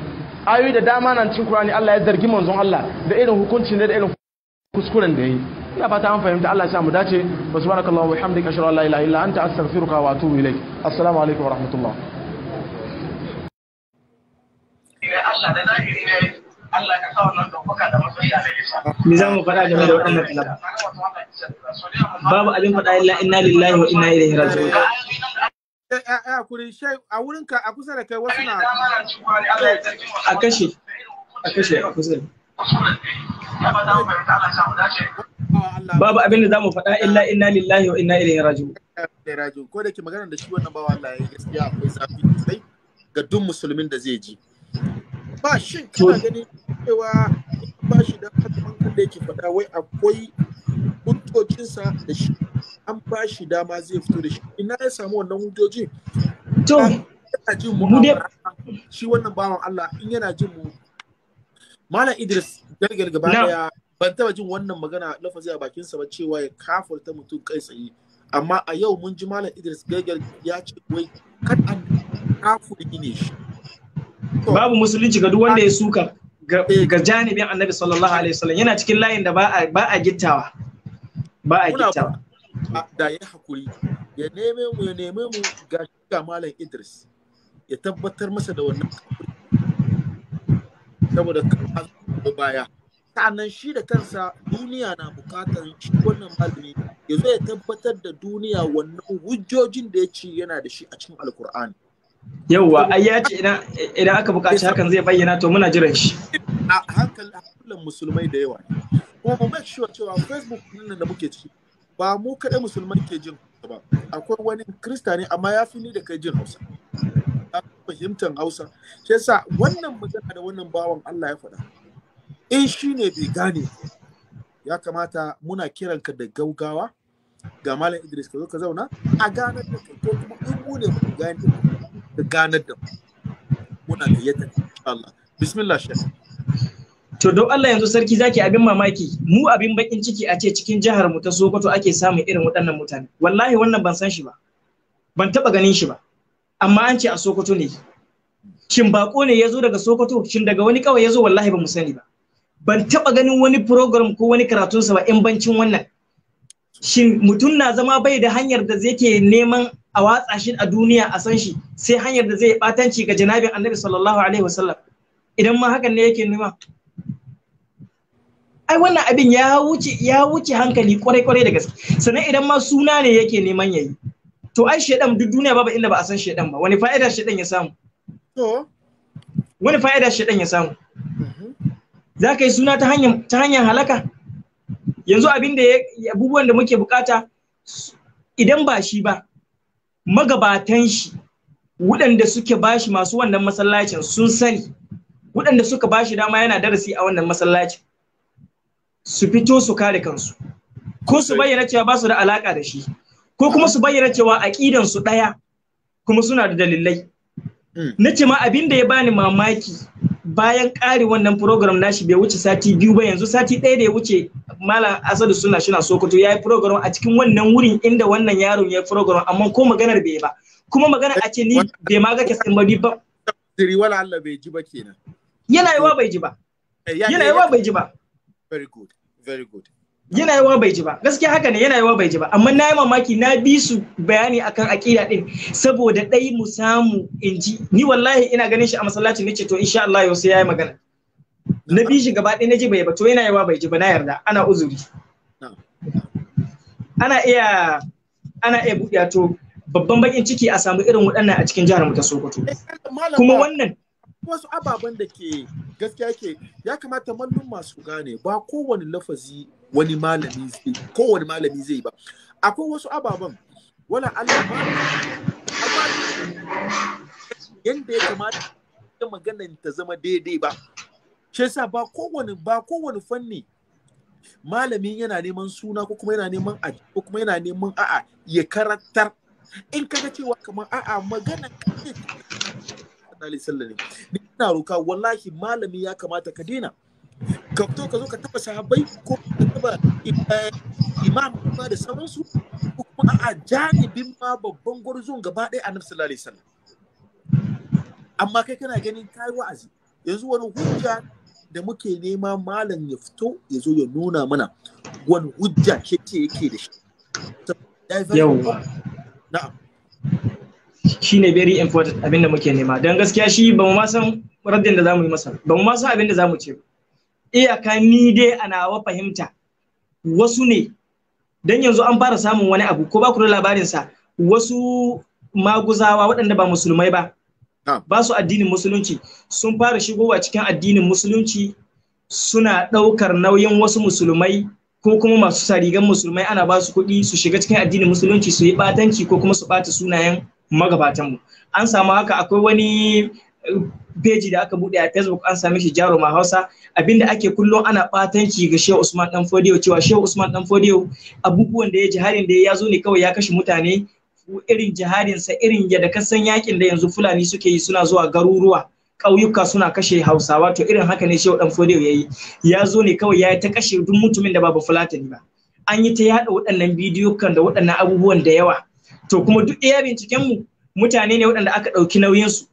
ayoyi da dama nan cikin Qur'ani Allah ya zargi manzo Allah da irin hukunci ne da irin kuskuren da yayi ina fata an fahimta Allah ya sa mu dace wa subhanakallahu wa bihamdika ashhadu an la ilaha illa anta astaghfiruka wa atubu ilaik assalamu alaikum wa rahmatullah Allah da zahiri ne Allah ka sa wannan da masoyi a lalisa ni za mu faɗa game da babu abin illa inna lillahi wa inna ilaihi raji'un a kurin shai a wurinka a kusa da kai wasu na a kashe a kashe a kusa da babu abin da zamu faɗa illa inna lillahi wa inna ilaihi raji'un ko da ke magana da shi wannan bawa Allah ya gaskiya akwai zafi sosai ga duk musulmin da zai ji ba shi kana gani cewa ba shi da hakan da yake faɗa wai akwai hujjojinsa da shi an ba shi dama zai fito da shi ina ya samu wannan hujjoji to yana jin mu shi wannan bawan Allah in yana jin mu Malam Idris gargar gaba daya ban taba jin wannan magana lafazi a bakinsa ba cewa ya kafurta mutum kai tsaye amma a yau mun ji Malam Idris gargar ya ce wai kan an kafuri ne shi. Babu musulunci ga duk wanda ya suka eh. ga janibin Annabi sallallahu alaihi wasallam yana cikin layin da ba a ba a gittawa. Ba a gittawa. Da ya hakuri ya neme mu ya neme mu ga Malam Idris ya tabbatar masa da wannan kafurta saboda ka baya sannan shi da kansa duniya na bukatar shi wannan malami ya zo ya tabbatar da duniya wannan hujjojin da ya ce yana da shi a cikin alkur'an yauwa ai ya ce idan aka bukaci hakan zai bayyana to muna jiran shi a hankalin musulmai da yawa kuma mu make sure cewa facebook nan da muke ciki ba mu kaɗai musulmai ke jin ba akwai wani kirista ne amma ya fi ni da kai jin hausa fahimtar Hausa shi yasa wannan magana da wannan bawan Allah ya faɗa in shi ne bai gane ya kamata muna kiranka da gaugawa ga Malam Idris ka zo ka zauna a ganar da kai ko kuma in mu ne mu gane da gane da mu muna yadda Allah bismillah shekara To don Allah yanzu sarki zaki abin mamaki mu abin bakin ciki a ce cikin jihar mu ta Sokoto ake samun irin waɗannan mutane. Wallahi wannan ban san shi ba. Ban taba ganin shi ba. amma an ce a Sokoto ne shin bako ne ya zo daga Sokoto shin daga wani kawai ya zo wallahi ba mu sani ba ban taɓa ganin wani program ko wani karatun sa ba in bancin wannan shin mutum na zama bai da hanyar da zai ke neman a watsa shi a duniya a san shi sai hanyar da zai batanci ga janabin annabi sallallahu alaihi wasallam idan ma hakan ne yake nema ai wannan abin ya wuce ya wuce hankali kwarai kwarai da gaske sannan idan ma suna ne yake neman yayi to ai shedan duk duniya babu inda ba a san shedan ba wani fa'ida shedan ya samu to wani fa'ida shedan ya samu mhm. za ka yi suna ta hanyar ta halaka yanzu abin da abubuwan da muke bukata idan ba shi ba magabatan shi waɗanda suke bashi masu wannan masallacin sun sani waɗanda suka bashi dama yana darasi a wannan masallacin su fito su kare kansu ko su bayyana cewa ba su da alaka da shi ko kuma su bayyana cewa aqidan su daya kuma suna da dalilai hmm. na ce ma abin da ya bani mamaki bayan ƙari wannan program nashi bai wuce sati biyu ba yanzu sati ɗaya da ya wuce malam asadu suna shina sokoto ya yi program a cikin wannan wurin inda wannan yaron ya yi program amma ko maganar bai ba kuma magana a ce ni bai ma ga kasin ba ba diri wala Allah bai ji ba kenan yana yawa bai ji ba eh, yana yawa bai ji ba very good very good yana yawa bai ji ba gaskiya haka ne yana yawa bai ji ba amma na yi mamaki na bi su bayani akan akida din saboda dai mu samu in ji ni wallahi ina ganin shi a masallaci nace to insha Allah yau sai yayi magana na bi shi gaba ɗaya naji bai ba to yana yawa bai ji ba na yarda ana uzuri ana iya ana iya buɗe to babban bakin ciki a samu irin waɗannan a cikin jihar mu ta Sokoto eh, kuma wannan wasu ababen da ke gaskiya ke ya kamata mallum masu gane ba kowane lafazi wani malami zai kowane malami zai ba akwai wasu ababen wala Allah ba yanda ya kamata da maganan ta zama daidai ba shi yasa ba kowane ba kowane fanni malamin yana neman suna ko kuma yana neman a ko kuma yana neman a'a ya karantar in kaga cewa kamar a'a maganan alaihi sallam ne ina roka wallahi malami ya kamata ka dina ka fito ka zo ka taba sahabbai ko ka taba imam ba da sauransu ko kuma a janibin ma babban gwarzon gaba ɗaya annabi sallallahu alaihi sallam amma kai kana ganin kai wa'azi yanzu wani hujja da muke nema malam ya fito ya zo ya nuna mana wani hujja ce yake da shi yawwa na'am shine very important abin da muke nema don gaskiya shi ba mu ma san raddin da zamu yi masa ba mu ma san abin da zamu ce iyaka ni dai a nawa fahimta wasu ne don yanzu an fara samun wani abu ko ba ku da labarin sa wasu maguzawa waɗanda ba musulmai ba ba su addinin musulunci sun fara shigowa cikin addinin musulunci suna ɗaukar nauyin wasu musulmai ko kuma masu sarigan musulmai ana ba su kuɗi su shiga cikin addinin musulunci su yi ɓatanci ko kuma su ɓata sunayen Magabatan mu. an samu haka akwai wani beji eh, da aka bude a facebook an sami shi jaro ma hausa abinda ake kullum ana batanci ga shehu usman dan fodiyo cewa shehu usman dan fodiyo abubuwan da ya harin da ya zo ne kawai ya kashe mutane irin jiharinsa irin yadda kasan yakin da yanzu fulani suke yi suna zuwa garuruwa ƙauyuka suna kashe hausawa to irin haka ne shehu dan fodiyo ya yi ya zo ne kawai ya ta kashe duk mutumin da babu fulatani ba an yi ta yaɗa waɗannan bidiyo kan da waɗannan abubuwan da yawa to kuma duk iya binciken mu mutane ne waɗanda aka ɗauki nauyin su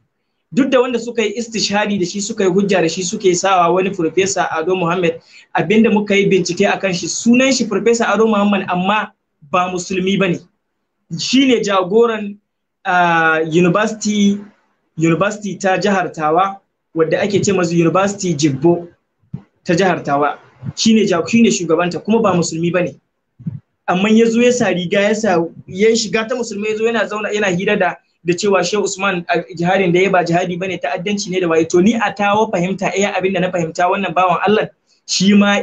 duk da wanda suka yi istishari da shi suka yi hujja da shi suke sawa wani farfesa Ado Muhammad abinda muka yi bincike akan shi sunan shi farfesa Ado Muhammad amma ba musulmi bane ne, jagoran uh, university university ta jihar Tawa wadda ake ce masu university Jibbo ta jihar Tawa shine shugabanta kuma ba musulmi bane amma ya zo ya sa riga ya sa ya shiga ta musulmai ya zo yana zauna yana hira da da cewa Shehu Usman jihadin da ya ba jihadi bane ta'addanci ne da waye to ni a tawo fahimta eh abin da na fahimta wannan bawan Allah shi ma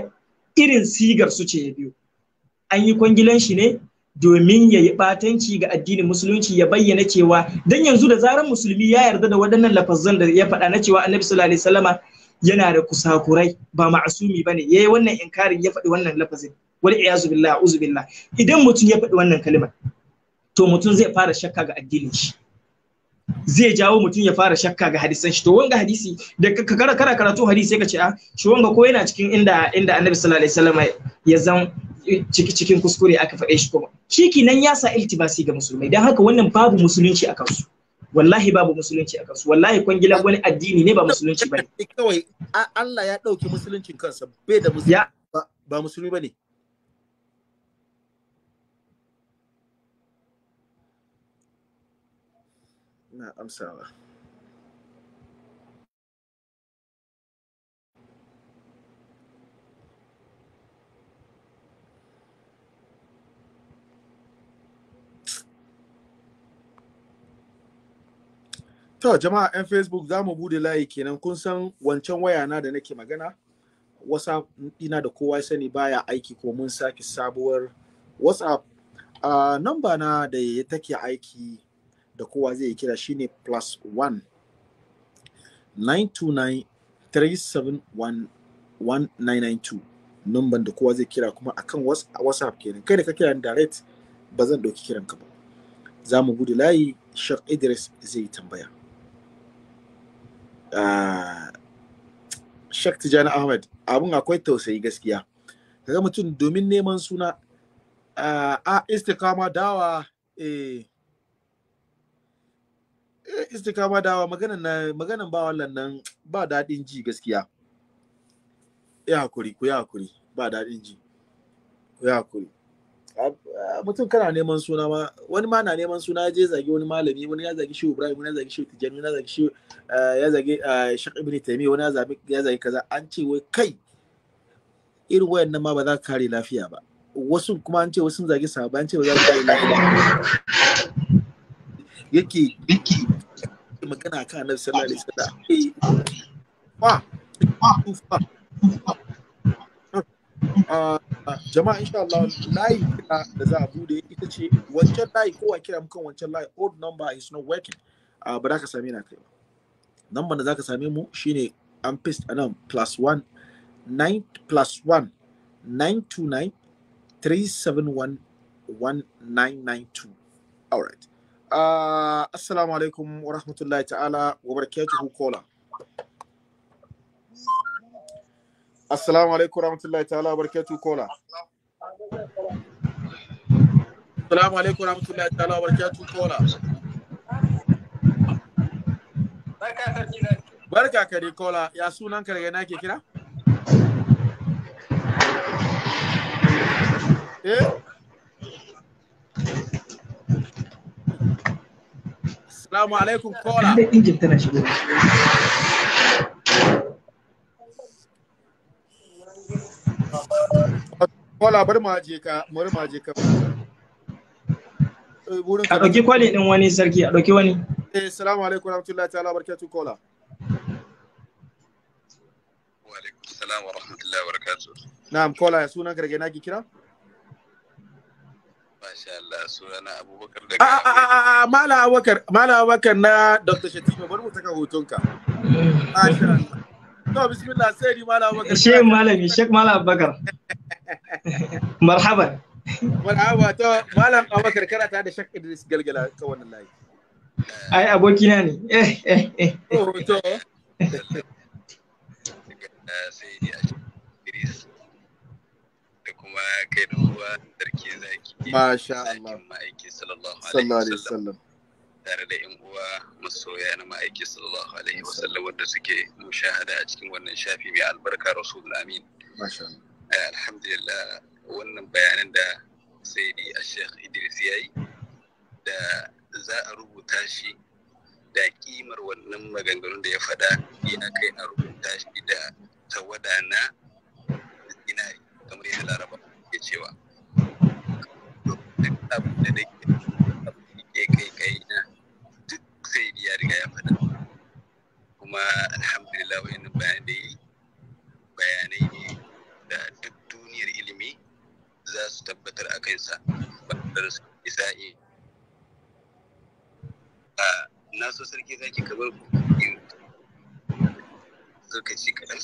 irin sigar su ce ya biyo an yi kwangilan shi ne domin ya yi batanci ga addinin musulunci ya bayyana cewa dan yanzu da zaran musulmi ya yarda da waɗannan lafazzan da ya faɗa na cewa Annabi sallallahu alaihi wasallama yana da kusakurai ba ma'asumi bane yayi wannan inkarin ya faɗi wannan lafazin wal iyazu billah a'udhu billah idan mutum ya faɗi wannan kalimar to mutum zai fara shakka ga addinin shi zai jawo mutum ya fara shakka ga hadisan shi to wanga hadisi da ka kara kara karatu hadisi ka ce a ah, shi wanga ko yana cikin inda inda annabi sallallahu alaihi wasallam ya zan ciki cikin kuskure aka faɗe shi kuma nan ya sa iltibasi ga musulmai dan haka wannan babu musulunci a kansu wallahi babu musulunci a kansu wallahi kwangila wani addini ne ba musulunci bane kawai Allah ya dauki musuluncin kansa bai da musulunci ba musulmi bane ina amsawa To jama'a 'yan Facebook za mu bude layi kenan kun san wancan waya na da nake magana WhatsApp ina da kowa sani baya aiki ko mun sake sabuwar WhatsApp uh, namba na da take aiki da kowa zai yi kira shine plus 1 929 371 numban da kowa zai kira kuma akan whatsapp kenan kai da ka kira direct ba zan ɗauki kiran ka ba za mu gudu layi shak idris zai yi tambaya ah, shak tijani ahmed abin akwai tausayi gaskiya ga mutum domin neman suna ah, a istikama dawa eh Eh, istikama dawa maganan nan maganan ba wallan nan ba daɗin ji gaskiya ya hakuri ku ya hakuri ba daɗin ji ku ya hakuri eh, mutum kana neman suna ma wani ma na neman suna je zage wani malami wani ya zage shehu ibrahim wani ya zage shehu tijjani wani ya zage shehu eh, ya zage shaq ibn taymiya wani ya zage kaza an ce wai kai irin wayannan ma ba za ka kare lafiya ba wasu kuma an ce wasu zage sahabbai an ce ba za ka kare lafiya yake magana ka annabi sallallahu fa fa ah, ah, jama'a insha Allah layi kira da za a bude ita ce wancan layi kowa kira muka wancan layi old number is not working uh, ba za ka same na kai ba number da za ka same mu shine an paste a nan plus 1 nine plus one all right Uh, assalamu alaikum wa rahmatullahi ta'ala wa barakatuhu kola. Assalamu alaikum wa rahmatullahi ta'ala wa barakatuhu kola. Assalamu alaikum wa rahmatullahi ta'ala wa barakatuhu kola. Barka ka dai kola, ya sunan ka daga na ke kira? Eh? Assalamu alaikum kola. Da injin tana shigo. Kola bar ma je ka, bar ma je ka. A ɗauki kwali ɗin wani sarki, a ɗauki wani. Eh, salamu alaikum wa rahmatullahi ta'ala barakatuh kola. Wa alaikum salam wa rahmatullahi wa barakatuh. Na'am kola ya sunan gargaɗi na ki kira? Mala Abubakar, Mala Abubakar na Dr. Shatima, bari mu saka hotonka. To bismillah sai ni Mala Abubakar. Sheikh Malami, shek Mala Abubakar. Marhaban. Marhaba to Malam Abubakar kana ta da shek Idris Galgala ta wannan layi. Ai abokina ne. Eh eh eh. Oh, to to. Eh, sai kuma kai na uwa sarki zaki masha Allah aiki, sallallahu alaihi wasallam tare da yan uwa masoya na ma aiki, sallallahu alaihi wasallam wanda suke mushahada a cikin wannan shafi mai albarka rasulul amin masha Allah eh, alhamdulillah wannan bayanan da sayyidi ashekh idris yayi da za a rubuta shi da kimar wannan maganganun da ya faɗa ya kai a rubuta shi da tawada na ina kamar yadda laraba ke cewa abin da na ke ke kai kai na duk sai ya riga ya faɗa kuma alhamdulillah wani bayan da yi bayanai ne da duk duniyar ilimi za su tabbatar a kansa ba da su isa'i na so sarki zaki kamar ku lokaci kaɗan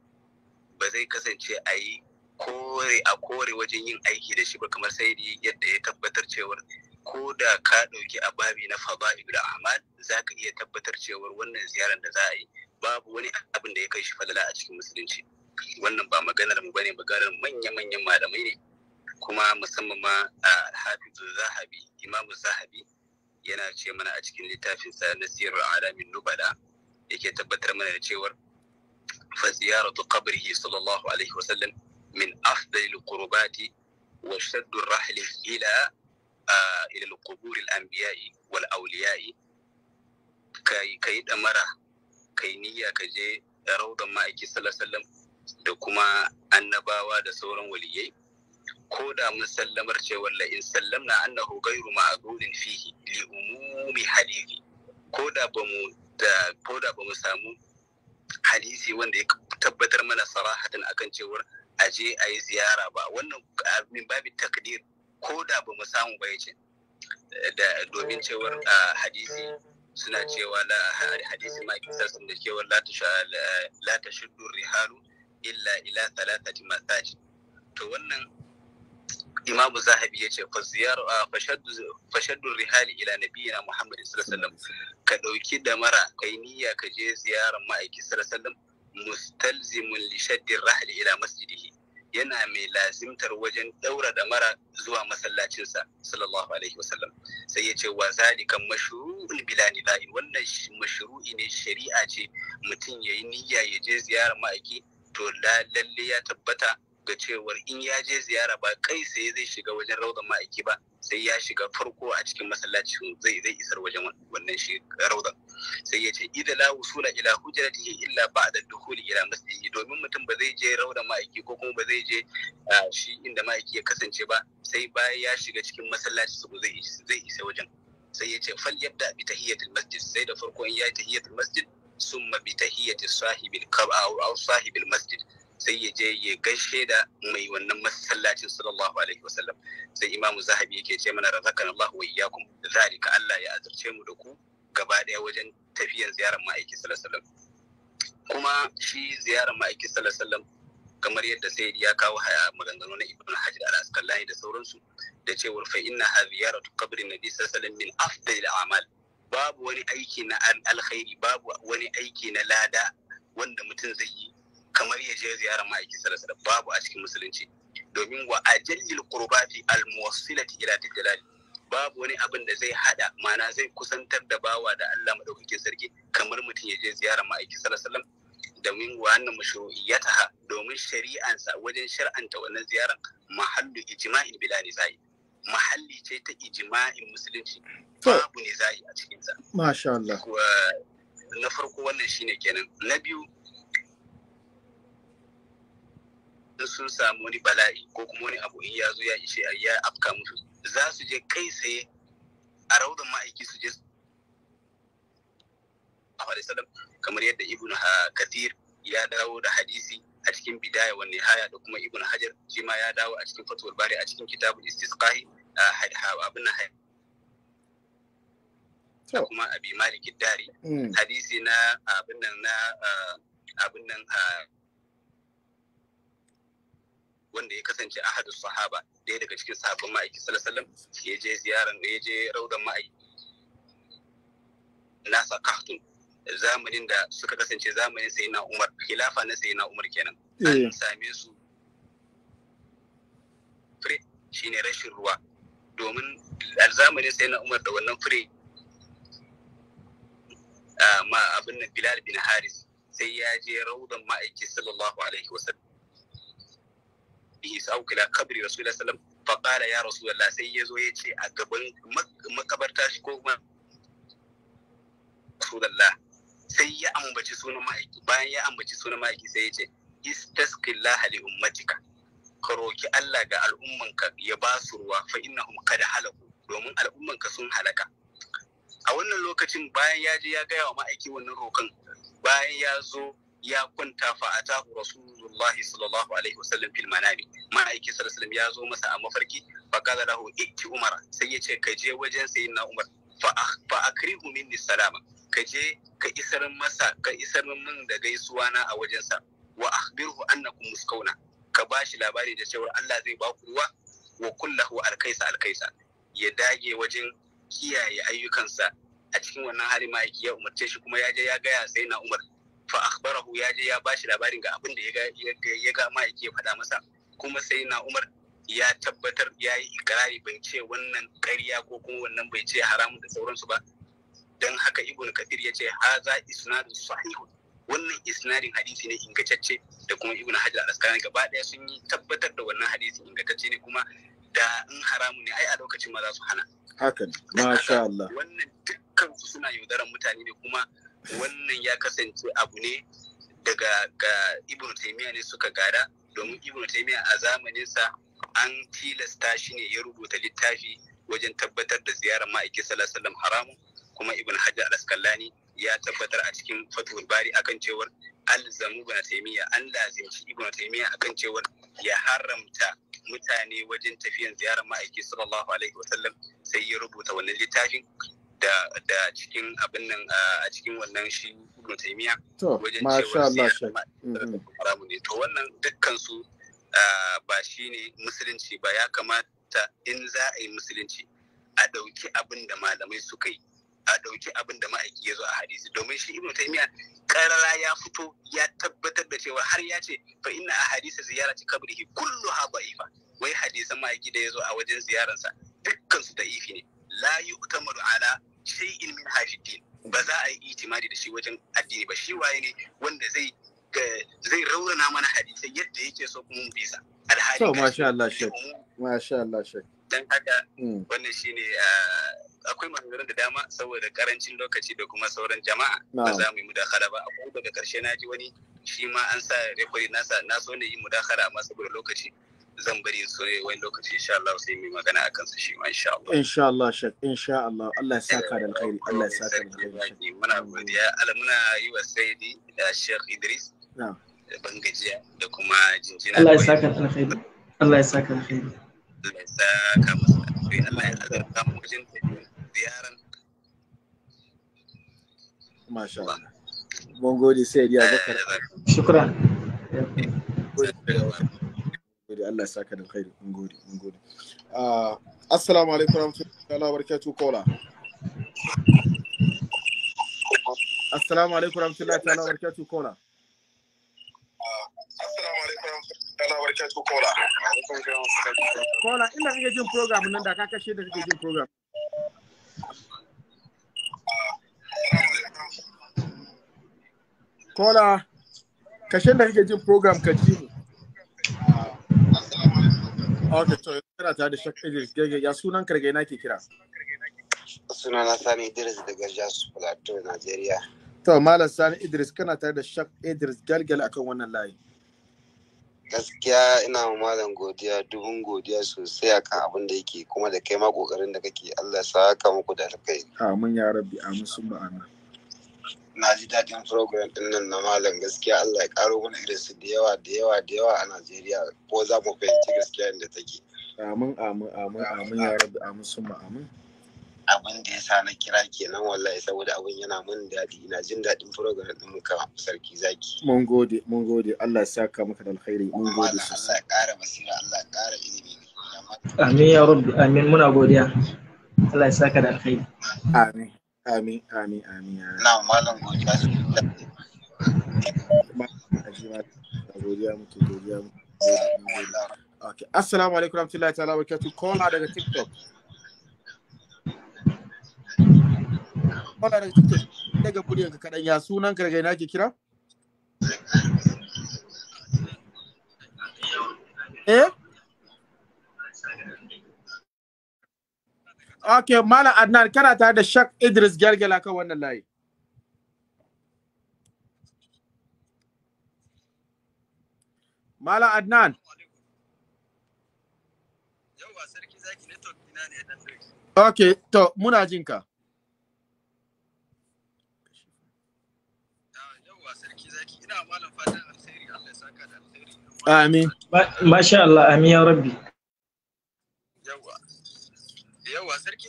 ba zai kasance a yi kore a kore wajen yin aiki da shi ba kamar sai yadda ya tabbatar cewar ko da ka ɗauki a babi na ibra ahmad za ka iya tabbatar cewar wannan ziyarar da za a yi babu wani abin da ya kai shi falala a cikin musulunci wannan ba maganar mu bane maganar manya-manyan malamai ne kuma musamman ma a hafizu zahabi imamu zahabi yana ce mana a cikin littafinsa na sirar alamin nubala yake tabbatar mana da cewar فزيارة قبره صلى الله عليه وسلم من أفضل القربات وشد الرحل إلى آه، إلى القبور الأنبياء والأولياء كي كي أمرا كي نيا كجي روضا ما إكي صلى الله عليه وسلم دكما النباوة دسورا وليي كودا من سلم رشي ولا إن سلمنا أنه غير معقول فيه لأموم حديثي كودا بمو كودا بمسامو hadisi wanda ya tabbatar mana sarahatan akan cewar a je a yi ziyara ba wannan min babi takdir ko da ba mu samu ba yace da domin cewar hadisi suna cewa la hadisi ma kisa sun da cewar la ta shuddu rihalu illa ila thalathati masajid to wannan imamu zahabi ya ce fashaddun ah, rihali ila nabiyina muhammadin sallallahu ka ɗauki mara kai niyya ka je ziyarar ma'aiki sallallahu mustalzimun li shaddin rahali ila masjidihi yana mai lazimtar wajen daura mara zuwa masallacinsa sallallahu alaihi wasallam sai ya ce wa zalika mashru'un bila nida'i wannan mashru'i ne shari'a ce mutum yayi niyya ya je ziyarar ma'aiki to lalle ya tabbata ga cewar in ya je ziyara ba kai sai zai shiga wajen raudan ma'aiki ba sai ya shiga farko a cikin masallaci zai zai isar wajen wannan shi raudan sai ya ce idan la wusula ila hujratihi illa ba'da dukhuli ila masjidihi domin mutum ba zai je raudan ma'aiki ko kuma ba zai je shi inda ma'aiki ya kasance ba sai bayan ya shiga cikin masallaci su zai zai isa wajen sai ya ce fal yabda bi tahiyatul masjid sai da farko in ya yi tahiyatul masjid summa bi tahiyati sahibil qabr aw sahibil masjid sai ya je ya gaishe da mai wannan masallacin sallallahu alaihi wasallam sai imamu zahabi yake ce mana razakan Allah wa iyyakum zalika Allah ya azurce mu da ku gaba daya wajen tafiyan ziyarar ma'aiki sallallahu alaihi wasallam kuma shi ziyarar ma'aiki sallallahu alaihi wasallam kamar yadda sai ya kawo haya maganganu na ibnu hajar al askalani da sauransu da cewa fa inna ha ziyaratu qabrin nabi sallallahu alaihi wasallam min afdalil a'mal babu wani aiki na alkhairi babu wani aiki na lada wanda mutum zai yi kamar ya je ziyarar ma'aiki sarasara babu a cikin musulunci domin wa ajallil qurbati al muwassilati ila jalali babu wani abin da zai hada mana zai kusantar da bawa da Allah madaukakin sarki kamar mutum ya je ziyarar ma'aiki sallallahu domin wa wannan mashru'iyyata domin shari'ansa wajen shar'anta wannan ziyarar mahallu ijma'in bila nizai mahalli ce ta ijma'in musulunci babu nizai a cikinsa masha Allah na farko wannan shine kenan na biyu in sun samu wani bala'i ko kuma wani abu in ya zo ya ishe a ya afka musu za su je kai sai a raudan ma'aiki su je a Salam kamar yadda ibn kathir ya dawo da hadisi a cikin bidaya wani haya da kuma ibn hajar shi ma ya dawo a cikin fatuwar bari a cikin kitabu istisqahi abin na haya. kuma abi malik dari mm. hadisi na abin nan na abin nan wanda ya kasance ahadu sahaba ɗaya daga cikin sahabban ma'aiki sallallahu ya je ziyaran ya je raudan ma'aiki nasa kahtun zamanin da suka kasance zamanin sayyidina Umar khilafa na sayyidina Umar kenan eh. an same su fure shine rashin ruwa domin zamanin sayyidina Umar da wannan fure ah, ma abin Bilal bin Haris sai ya je raudan ma'aiki sallallahu alaihi wasallam bihi sa'u ila kabri rasulullahi sallam fa qala ya rasulullah sai ya zo ya ce a gaban makabarta shi ko kuma rasulullah sai ya ambaci sunan ma'aiki bayan ya ambaci sunan ma'aiki sai ya ce li ummatika ka roki Allah ga al'ummanka ya ba su ruwa fa innahum qad halaku domin al'ummanka sun halaka a wannan lokacin bayan ya je ya gaya wa ma'aiki wannan rokan bayan ya zo ya kwanta fa tahu rasulullahi sallallahu alaihi wasallam fil manami ma'aikin sallallahu ya zo masa a mafarki fa kaza lahu ikki umara sai ya ce ka je wajen sayyidina umar fa akrihu minni salama ka je ka isar masa ka isar min da gaisuwa na a wajensa wa akhbirhu annakum muskauna ka bashi labari da cewar Allah zai ba ku ruwa wa kullahu alkaisa alkaisa ya dage wajen kiyaye ayyukansa a cikin wannan hali ma ya umarce shi kuma ya je ya gaya sai na umar fa akhbarahu ya je ya bashi labarin ga abin da ya ga ma yake faɗa masa kuma sai na umar ya tabbatar ya yi ikirari bai ce wannan ƙarya ko kuma wannan bai ce haramun da sauransu ba don haka ibn kathir ya ce haza isnadin sahihu wannan isnadin hadisi ne ingantacce da kuma ibn hajar al-asqalani gaba ɗaya sun yi tabbatar da wannan hadisin ingantacce ne kuma da in haramu ne ai a lokacin ma za su hana haka ne masha Allah wannan dukkan suna yaudaran mutane ne kuma wannan ya kasance abu ne daga ga Ibn taimiya ne suka gada domin Ibn taimiya a zamaninsa an tilasta shi ne ya rubuta littafi wajen tabbatar da ziyarar ma'aiki sallallahu haramun kuma ibn hajar al ya tabbatar a cikin fatul bari akan cewar alzamu ibn taimiya an lazimci ibn a akan cewar ya haramta mutane wajen tafiyan ziyarar ma'aiki sallallahu alaihi wasallam sai ya rubuta wannan littafin da cikin abin nan a cikin wannan shi ibn taymiya wajen cewa mm-hmm. haramu ne to wannan dukkan su ba shi ne musulunci ba ya kamata in za a yi musulunci a ɗauki abin da malamai suka yi a ɗauki abin da ma'aiki ya zo a hadisi domin shi ibn taymiya karara ya fito ya tabbatar da cewa har ya ce fa inna a hadisa ziyara ci kabrihi kullu ha ba'ifa wai hadisan ma'aiki da ya zo a wajen ziyararsa dukkan su da'ifi ne la yu'tamaru ala Sai min hafiddin ba za a yi itimadi da shi wajen addini ba shi waye ne wanda zai zai raurana mana hadisai yadda yake so kuma mu bisa alhali to masha Allah shek masha Allah shek dan haka hmm. wannan shine akwai maganganun da dama saboda karancin lokaci da kuma sauran jama'a ba za mu yi mudakala ba akwai daga karshe na ji wani shi ma an sa rekodi nasa na so ne yi mudakara amma saboda lokaci zan bari soyayya wani lokaci insha Allah sai mu magana akan su shi ma insha Allah insha Allah shek insha Allah Allah ya saka da alkhairi eh, Allah ya eh, saka da alkhairi muna godiya Allah muna yi wa Saidi da Sheikh Idris na'am bangajiya da kuma jinjina Allah ya saka da alkhairi Allah ya saka da alkhairi Allah ya saka musu alkhairi Allah ya azurta mu wajen ziyaran Masha Allah. Mun gode sai ya bakar. Eh, Shukran. Gode gode Allah ya saka da khairi mun gode mun gode ah, assalamu alaikum warahmatullahi wabarakatuh kola assalamu alaikum warahmatullahi wabarakatuh kola Kola, ina kake jin program nan da ka kashe da kake jin program. Kola, kashe da kake jin program ka ji mu. Okay, to kira ta da Shek Idris Gege ya sunan karge na ke kira. Sunan na Sani Idris daga Jasu Plateau, Najeriya. To Malam Sani Idris kana tare da Shek Idris Galgal akan wannan layi. Gaskiya ina ma malam godiya dubun godiya sosai akan abin da yake kuma da kai ma kokarin da kake Allah sa ka muku da alkai. Amin ya rabbi amin sun ba'ana. na ji daɗin program ɗin nan na malam gaskiya Allah ya ƙaro mana irin su da yawa da yawa da yawa a Najeriya ko za mu fahimci gaskiya inda take. Amin amin amin amin ya rabu amin sun amin. Abin da ya sa na kira kenan wallahi saboda abin yana mun daɗi ina jin daɗin program ɗin muka sarki zaki. Mun gode mun gode Allah ya saka maka da alkhairi mun gode sosai. Allah ya ƙara basira Allah ya ƙara ilimi. Amin ya rabu amin muna godiya. Allah ya saka da alkhairi. Amin. Amin, amin, amin. Na malam godiya. Godiya muke, godiya muke. Assalamu alaikum warahmatullahi ta'ala barakatuh. Kola daga TikTok. Kola daga TikTok. Daga kudi yanka kadan ya sunan ka daga ina ke kira? Eh? Ok, malam Adnan kana tare da Shak Idris Gergela kan wannan layi Mala Adnan. Ok, to muna jin ka. Ah, amin. Masha Allah, amin ya rabbi.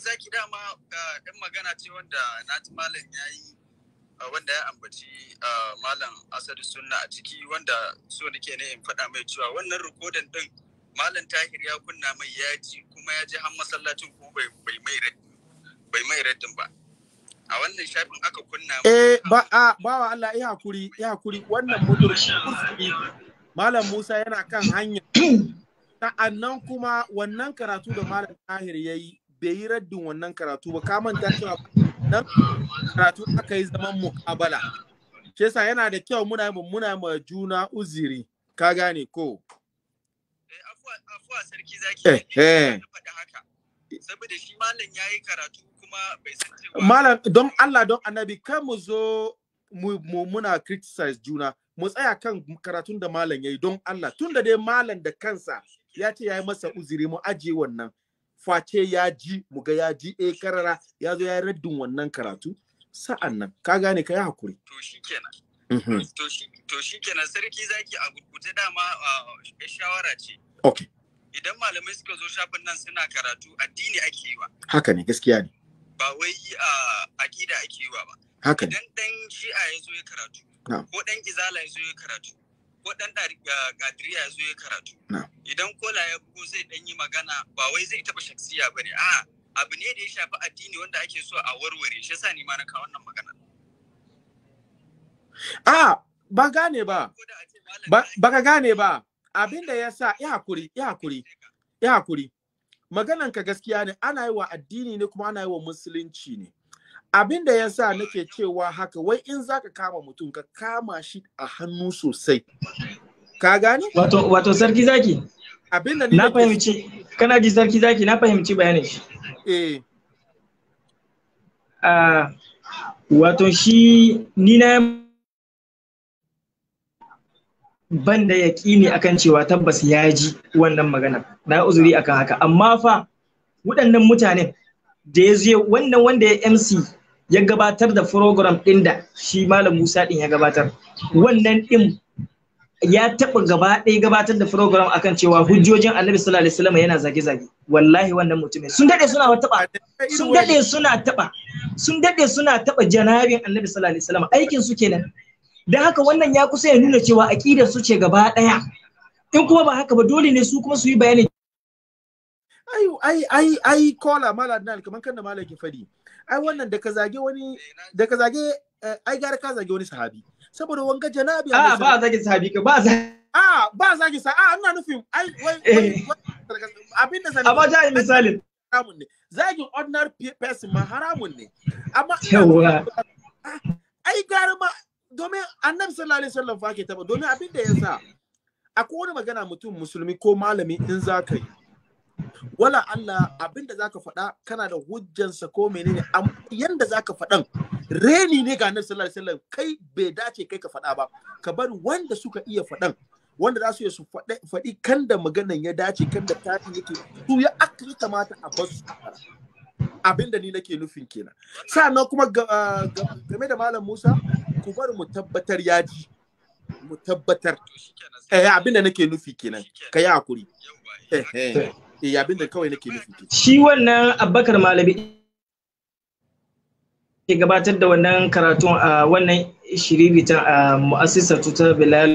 zaki dama ɗan magana ce wanda na malam ya yi wanda ya ambaci malam asadu sunna a ciki wanda so nake ne in faɗa mai cewa wannan rikodin ɗin malam tahir ya kunna mai ya ji kuma ya ji har masallacin ko bai mai raddin ba a wannan shafin aka kunna eh ba a wa Allah ya hakuri ya hakuri wannan mudurci malam Musa yana kan hanya sa'annan kuma wannan karatu da malam tahir yayi bai yi raddin wannan karatu ba ka manta cewa nan karatu aka yi zaman muqabala shi yasa yana da kyau muna muna ma juna uziri ka gane ko eh, afuwa sarki zaki eh eh saboda shi malam yayi karatu kuma bai san cewa malam don Allah don annabi kan mu zo mu muna criticize juna mu tsaya kan karatun da malam yayi don Allah tunda dai malam da kansa ya ce yayi masa uziri mu aje wannan face ya ji mu ga ya ji eh karara ya zo ya raddin wannan karatu sa'an nan ka gane ka yi hakuri to shikenan mhm. to shikenan sarki zaki a gurguje dama shawara ce okay idan malamai suka zo shafin nan suna karatu addini ake yi wa haka ne gaskiya ne ba wai a akida ake yi ba haka ne idan dan shi'a ya zo ya karatu ko dan izala ya zo ya karatu ko dan gadiriya ya zo ya karatu idan kola ya bugo zai dan yi magana ba wai zai taba shaksiya bane a abu ne da ya shafi addini wanda ake so a warware shi yasa ni ma na kawo wannan magana a ba gane ba ba ka gane ba abin da ya sa ya hakuri ya hakuri ya hakuri maganan ka gaskiya ne ana yi wa addini ne kuma ana yi wa musulunci ne abin da ya sa nake cewa haka wai in za ka kama mutum ka kama shi a hannu sosai ka gane wato wato sarki zaki abin da na fahimci kana ji sarki zaki na fahimci bayanin shi eh uh, wato shi ni na ban da yaƙini akan cewa tabbas ya ji wannan magana na uzuri akan haka amma fa waɗannan mutanen da ya zo wannan wanda ya MC ya gabatar da program ɗin da shi malam musa ɗin ya gabatar wannan ɗin ya taɓa gaba ɗaya gabatar da program akan cewa hujjojin annabi sallallahu alaihi wasallam yana zage-zage wallahi wannan mutumin sun daɗe suna taɓa sun daɗe suna taɓa sun daɗe suna taɓa janabin annabi sallallahu alaihi wasallam aikin su kenan dan haka wannan ya kusa ya nuna cewa aqidar su ce gaba ɗaya in kuma ba haka ba dole ne su kuma su yi bayanin ai ai ai ai kola mala na kamar kan da mala ke fadi ai wannan da ka zage wani da ka zage eh, ai gara ka zage wani sahabi saboda wanga janabi a ba zage sahabi ka ba zage a ba zage sa a ina nufin ai wai eh. abinda sanin amma ja misali haramun ne zagin ordinary person ma haramun ne amma ai gara ma domin annabi sallallahu alaihi wasallam fa ke taba domin ya yasa akwai wani magana mutum musulmi ko malami in za ka yi wala Allah abinda zaka faɗa kana da hujjansa ko menene amma yanda zaka faɗan reni ne ga Annabi sallallahu alaihi wasallam kai bai dace kai ka faɗa ba ka bar wanda suka iya faɗan wanda za su iya su faɗi kan da maganan ya dace kan da tafi yake su ya akli kamata a basu abinda ni nake nufin kenan sannan kuma ah, game da malam Musa ku bar mu tabbatar yaji mu tabbatar eh abinda nake nufi kenan kai hakuri eh eh, eh. eh abin da kawai nake nufi shi wannan abbakar malami ke gabatar da wannan karatun a wannan shiriritan a mu'assisar tutar bilal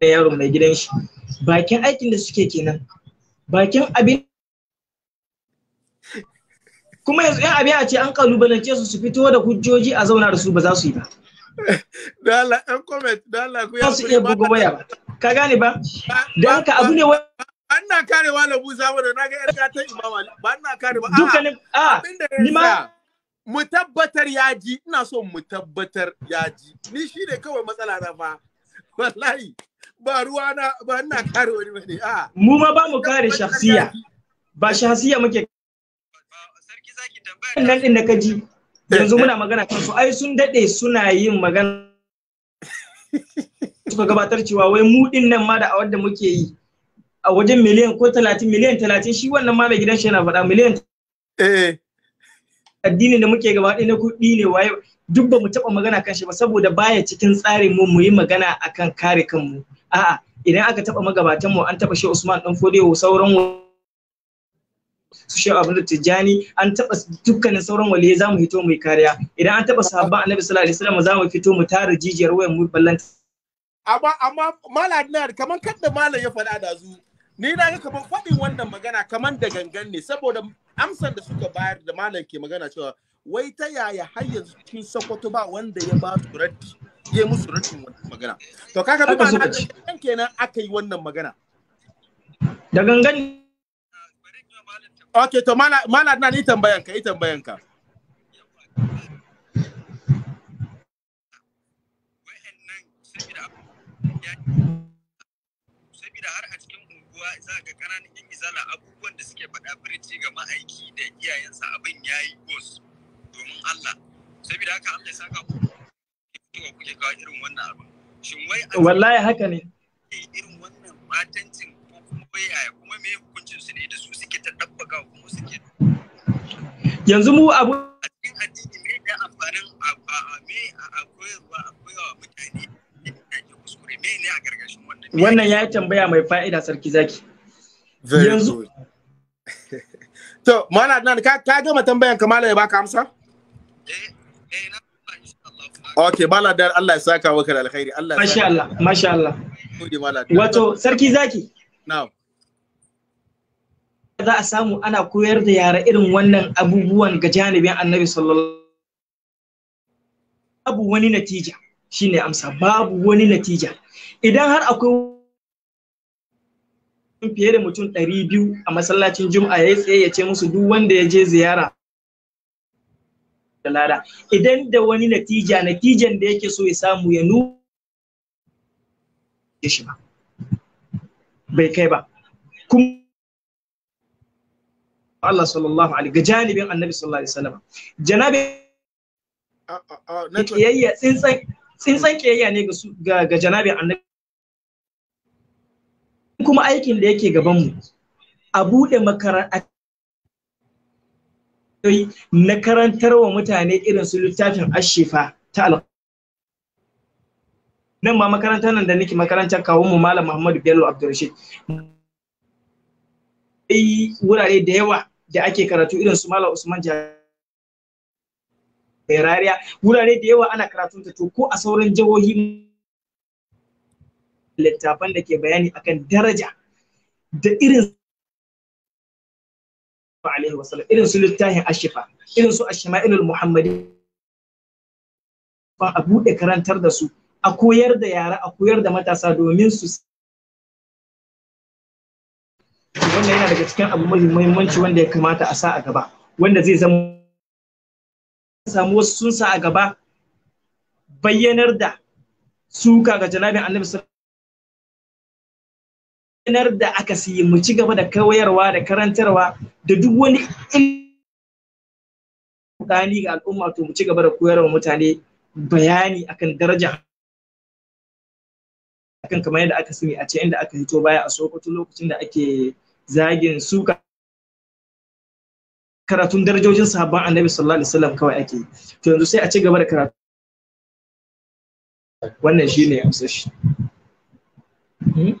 da yaro mai gidan shi bakin aikin da suke kenan bakin abin kuma yanzu yan abin a ce an kalubalance su su fito da hujjoji a zauna da su ba za su yi ba dala an comment dala ku ya su iya buga waya ba ka gane ba don ka abu ne wani an na karewa labu saboda da naga yarda ta imama ba na kare ba dukkanin a ni ma mu tabbatar ya ji ina so mu tabbatar ya ji ni shi ne kawai matsala na fa wallahi ba ruwa na ba ina kare wani ba ne. mu ma ba mu kare shahsiya, ba shahsiya muke sarki zaki tambaya nan din da ka ji yanzu eh, eh. muna magana kan su. ai sun dade suna yin magana suka gabatar cewa wai mu din nan ma da awar da muke yi a wajen miliyan ko talatin miliyan talatin shi wannan ma mai gidan shi yana faɗa miliyan eh addinin da muke gaba ɗaya na kuɗi ne waye duk ba mu taɓa magana kan shi ba saboda baya cikin tsarin mu mu yi magana akan kare kanmu a'a idan aka taɓa magabatan mu an taɓa shi Usman dan wa sauran su shi abin da tijjani an taɓa dukkanin sauran waliyai za mu hito mu kariya idan an taɓa sahabban annabi sallallahu alaihi wasallam za mu fito mu tara jijiyar wayan mu ballanta amma amma malam kamar kadda malam ya faɗa da zu ni na ga kamar faɗin wannan magana kamar da gangan ne saboda amsar da suka bayar da malam ke magana cewa wai ta yaya har yanzu cikin Sokoto ba wanda ya ba su raddi ya musu raddin wannan magana to kaga ba na kan kenan aka yi wannan magana da gangan Okay, to mala mala na ni tambayanka, ni tambayanka. ƙananan yin izala abubuwan da suke faɗa birci ga ma'aiki da iyayensa abin ya yi gos domin Allah saboda haka Allah ya saka ku kuke kawo irin wannan abin shin wai wallahi haka ne irin wannan matancin ko kuma yaya kuma me hukuncin su ne da su suke ta dabbaka kuma suke yanzu mu abu a cikin addini me da amfanin me a koyarwa a koyawa mutane da kuskure me ne a wannan wannan ya tambaya mai fa'ida sarki zaki yanzu to mana nan ka ka gama tambayan kamala ya baka amsa eh, eh, Okay, mala da Allah ya saka maka da alkhairi. Allah Masha Allah, masha Allah. Wato sarki zaki. Na'am. Za a samu ana koyar da yara irin wannan abubuwan ga janibin Annabi sallallahu babu wani natija shine amsa babu wani natija idan har akwai fiye da mutum ɗari biyu a masallacin juma'a ya tsaye ya ce musu duk wanda ya je ziyara da lada idan da wani natija natijan da yake so ya samu ya nuna shi ba bai kai ba kuma Allah sallallahu alaihi ga janibin annabi sallallahu alaihi wasallam janabi kiyayya tsintsan tsintsan kiyayya ne ga ga janabin annabi kuma aikin da yake gaban mu a buɗe makaranta na karantar wa mutane irin su littafin ashifa ta al nan ma makarantar nan da nake makarantar kawo mu malam Muhammadu Bello abdurrashid ai wurare da yawa da ake karatu irin su malam Usman Jairariya wurare da yawa ana karatun ta to ko a sauran jihohi littafan da ke bayani akan daraja da irin alaihi wasallam irin su littafin ashifa irin su ashma'ilul muhammadi ba a buɗe karantar da su a koyar da yara a koyar da matasa domin su wannan yana daga cikin abu mai muhimmanci wanda ya kamata a sa a gaba wanda zai zama samu wasu sun sa a gaba bayyanar da suka ga janabin annabi sallallahu bayyanar da aka siyi mu ci gaba da kawayarwa da karantarwa da duk wani tsani ga al'umma to mu ci gaba da koyarwa mutane bayani akan daraja akan kamar yadda aka sani a ce inda aka hito baya a sokoto lokacin da ake zagin suka karatun darajojin sahabban annabi sallallahu alaihi wasallam kawai ake to yanzu sai a ci gaba da karatu wannan shine amsar shi hmm?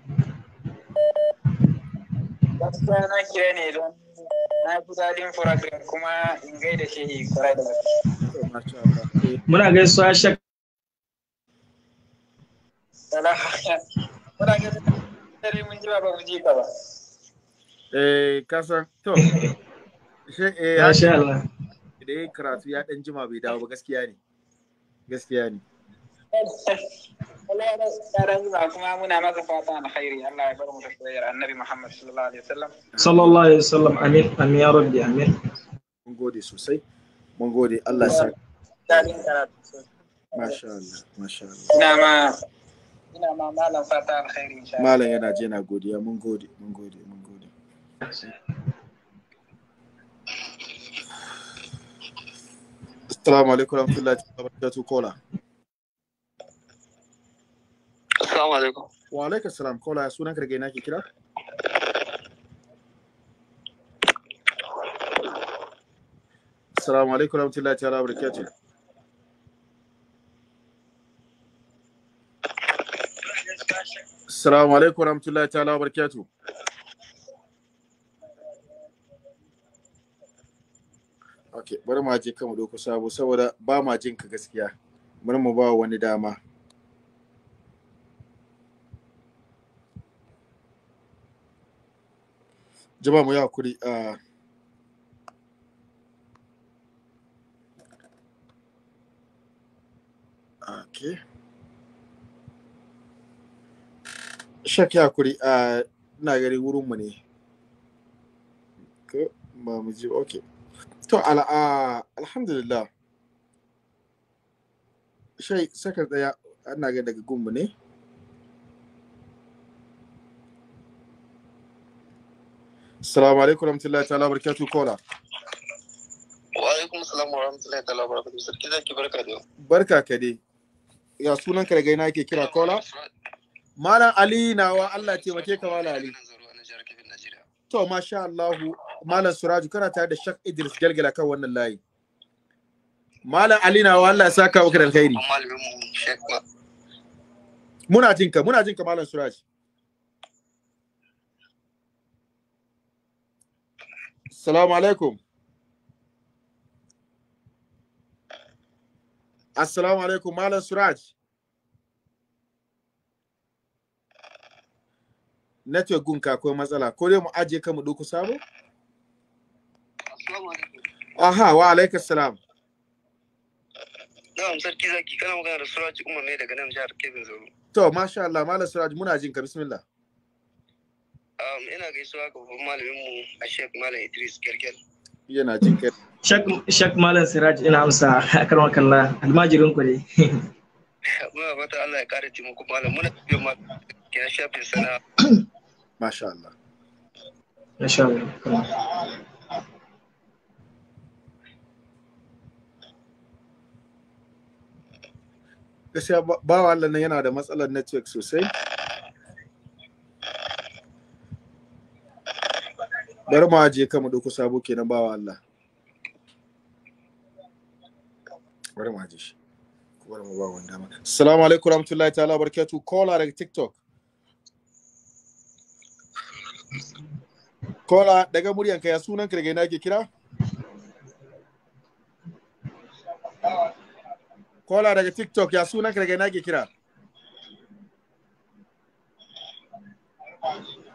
gaskiya na kira ne don na fi daɗin program kuma in gaida shi kwarai da gaske. Muna gaisuwa shak. Muna gaisuwa dare mun ji ba mu ji ka ba. Eh kasa to. She eh ya sha Allah. Da yin karatu ya ɗan jima bai dawo ba gaskiya ne. Gaskiya ne. صلى الله عليه وسلم امين امين يا ربي امين من غودي سوسي من غودي الله يسلمك ما شاء الله ما شاء الله نعم ما لا فاتان خير ان شاء الله ما لا ينا جينا من غودي من غودي من غودي السلام عليكم ورحمه الله وبركاته كولا Assalamu alaikum. Wa alaikum salam. Kola sunan karge na ke kira? Assalamu alaikum warahmatullahi ta'ala barakatuh. Assalamu alaikum warahmatullahi ta'ala barakatuh. Okay, bari ma je kan mu doko sabo saboda ba ma jin ka gaskiya. Bari mu ba wani dama. jama'a mu a ya kuri a ah. ah, na gari wurinmu ne. Ba mu ji ok. To ah, alhamdulillah. Shai saka tsaya ana gari daga gunmu ne. Assalamu alaikum wa warahmatullahi ta'ala barakatuh kola. Wa alaikum salam wa rahmatullahi ta'ala barakatuh sarki zaki barka da Barka ka dai. Ya sunan ka daga ina yake kira kola? Malam Ali na wa Allah ce mace ka Malam Ali. To masha Allah Malam Suraju kana tare da Shak Idris Galgala kan wannan layi. Malam Ali na wa Allah ya saka maka da alkhairi. Muna jinka muna jinka Malam Suraju. Assalamu alaikum. Assalamu alaikum, Malam Suraj. Network gunka akwai matsala, ko dai mu aje ka mu ɗauku sabo? Aha, wa alaika salam. Na'am, sarki zaki kana magana da Suraj Umar ne daga nan jihar Kebbi Zauro. To, masha Allah, Malam Suraj muna jin ka bismillah. Um, ina gaisuwa ga babban malaminmu a Sheikh Malam Idris Gergel. Yana jin Sheikh Malam Siraj ina amsa a akan Kalla, almajirin ku ne. Muna fata Allah ya kare taimako malam muna tafiya ma ya shafin sana. Masha Allah. Masha Allah. Gaskiya bawa Allah nan yana da matsalar network sosai. bari mu ajiye kan mu ɗauko sabo kenan bawa Allah bari mu ajiye shi bari mu ba wani dama assalamu alaikum warahmatullahi ta'ala barakatuh kola daga tiktok kola daga ka ya sunan ka daga ina ke kira kola daga tiktok ya sunan ka daga ina ke kira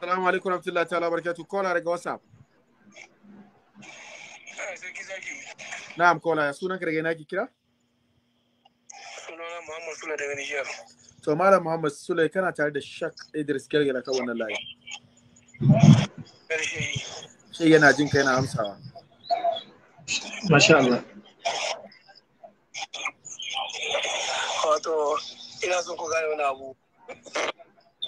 Salamu alaikum warahmatullahi ta'ala barakatuh. Kola daga WhatsApp. Ah, Na'am kola, sunan ka daga ina ki kira? Sunana Muhammad Sule daga Nijar. To Malam Muhammad Sule kana tare da Shak Idris Gelgela kan wannan layi. Shi yana jin ka yana amsawa. Masha Allah. Wato ina son ku gane wani abu.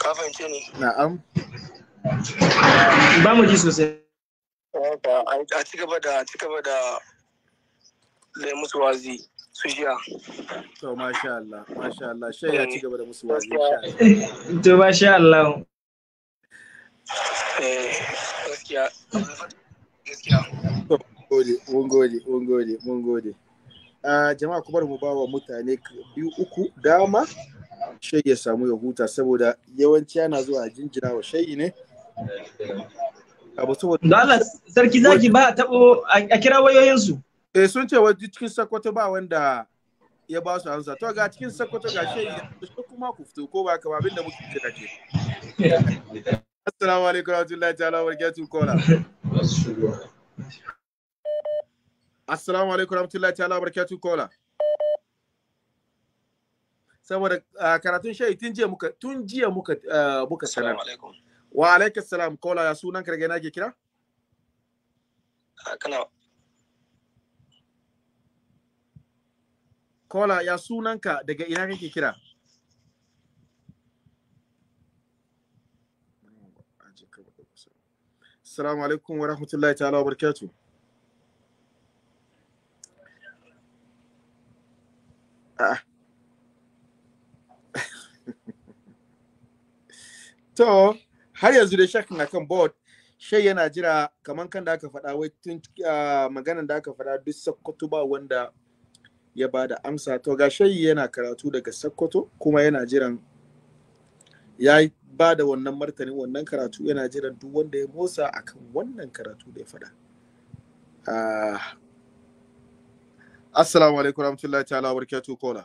Ka fahimce ni? Na'am. Ba mu ji sosai. A ci gaba da ci gaba da zai musu wazi su jiya. To masha Allah, masha Allah, shai ya ci gaba da musu wazi. To masha Allah. Eh, gaskiya. Gaskiya. Mun gode, mun gode, mun gode. Uh, jama'a kuma mu bawa mutane biyu uku dama shai ya samu ya huta saboda yawanci yana zuwa jinjina wa shayi ne abu saboda dala sarki zaki ba tabo a kira wayoyinsu eh sun ce wajen cikin sakwato ba wanda ya ba su amsa to ga cikin sakwato ga shayi da kuma ku fito ko ba ka ba abinda muke kira ke assalamu alaikum warahmatullahi ta'ala wa barakatuh kola Assalamu alaikum rahmatullahi ta'ala barakatuh kola. Saboda uh, karatun shayi tun jiya muka tun jiya muka uh, muka sanar. Wa alaikum salam kola ya sunan karge na ke kira? Uh, kana Kola ya sunanka daga ina kake kira? Assalamu alaikum wa rahmatullahi ta'ala wa barakatuh. to har yanzu da shak na kan board shai yana jira kamar kan da aka faɗa wai tun ah, maganan da aka faɗa duk sakkwato ba wanda ya ba da amsa to ga shayi yana karatu daga sakkwato kuma yana jiran ya ba da wannan martani wannan karatu yana jiran duk wanda ya motsa akan wannan karatu da ya faɗa ah, Assalamu alaikum warahmatullahi ta'ala wa barakatuh kola.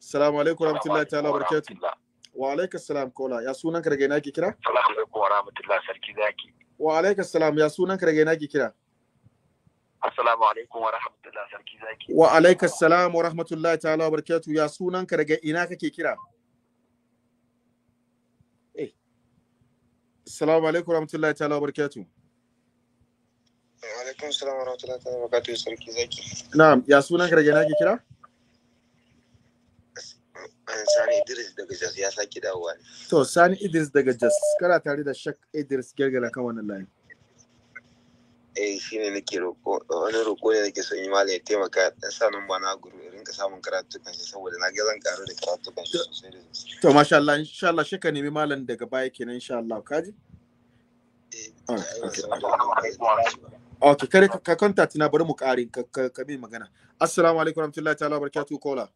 Assalamu alaikum warahmatullahi ta'ala wa barakatuh. Wa alaikum salam kola. Ya sunan ka rage naki kira? Assalamu alaikum warahmatullahi sarki zaki. Wa alaikum salam ya sunan ka rage naki kira? Assalamu alaikum warahmatullahi sarki zaki. Wa alaikum salam rahmatullahi ta'ala wa barakatuh ya sunan ka rage ina kake kira? Eh. Assalamu alaikum warahmatullahi ta'ala wa barakatuh. Alaikum salam wa rahmatullahi wa barakatuhu sarki zaki. Na'am, ya sunan ka daga ke kira? Eh, Sani Idris daga Jos ya sake dawowa ne. To, Sani Idris daga Jos, kana tare da Shak Idris kan wannan layi. Eh, shi ne nake roko. wani roko ne nake son yi malam ya taimaka ɗan sa nan na guru in ka samun karatu kan shi saboda na ga zan karu da karatu kan shi sosai sosai. To, masha Allah, insha Allah shi ka nemi malam daga baya kenan insha Allah, kaji? Eh, okay. Okay, kare ka kanta tina bari mu ƙarin ka bi magana. Assalamu alaikum warahmatullahi ta'ala barakatuhu kola.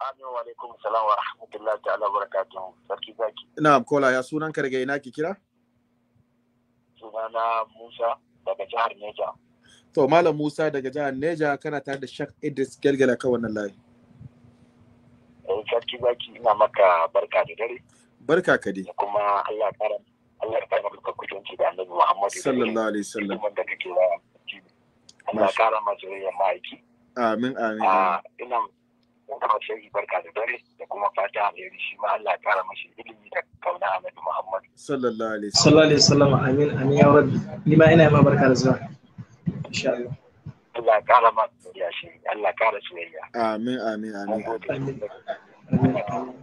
Amin wa alaikum salam wa rahmatullahi ta'ala barakatuhu. Sarki zaki. Na'am kola ya sunan ka daga ina ki kira? Sunana Musa daga jihar Neja. To Malam Musa daga jihar Neja kana tare da Sheikh Idris Galgala ka wannan layi. Eh, sarki zaki ina maka barka da dare. Barka ka dai. Kuma Allah ya Allah ya kara maka kudanci da Annabi Muhammad sallallahu alaihi wasallam da kake wa Allah ya kara ma'aiki amin amin ah, ina kuma sai barka da dare da kuma fata alheri shi ma Allah ya kara mashi ilimi da kauna Annabi Muhammadu. sallallahu alaihi wasallam sallallahu alaihi wasallam amin amin ya rabbi ni ma ina ma barka da zuwa insha Allah Allah ya kara shi Allah ya kara soyayya amin amin amin amin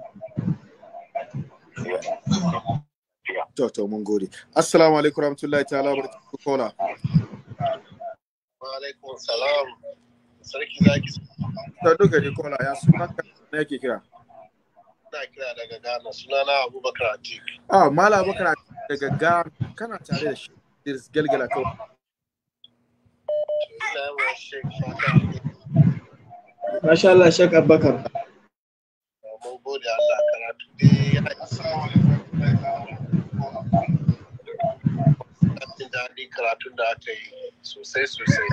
Yeah. lafiya to to mun gode assalamu alaikum warahmatullahi ta'ala barakatuh kola wa alaikum salam sarki zaki ta duka ni kola ya suna ka ne yake kira ina kira daga Ghana sunana Abubakar Atik ah mala Abubakar daga Ghana kana tare da shi galgala kawai Masha Allah Sheikh Abubakar. Mun gode Allah karatu dai ya isa daɗi karatun da aka yi sosai sosai.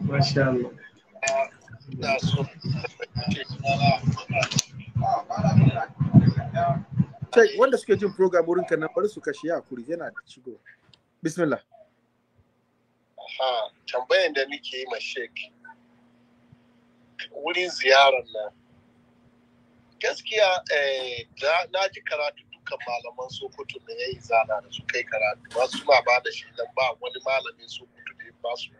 Masha Allah. wanda suke jin program wurin nan bari su kashe ya kuri yana shigo. Bismillah. Ha, tambayan da nike yi ma Sheikh. Wurin ziyarar nan. Gaskiya eh, na ji karatu dukkan malaman sokoto da ya yi zana da su kai karatu ba suna ba da shaidan ba wani malamin sokoto da ya ba su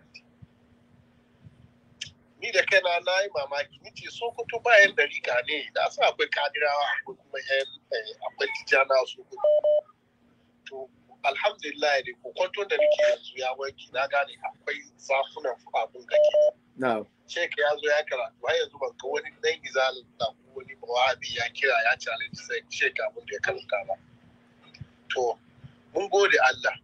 ni da kaina na yi mamaki ni ce sokoto ba yan ka ne da su akwai kadirawa akwai kuma yan eh, akwai tijjana sokoto alhamdulillah ne ko da nake yanzu ya wanki na gane akwai safunan abun da ke sheka ya zo ya karatu ba yanzu ban ga wani dan izalin da ko wani bawabi ya kira ya challenge sai sheka abun da ya karanta ba to mun gode Allah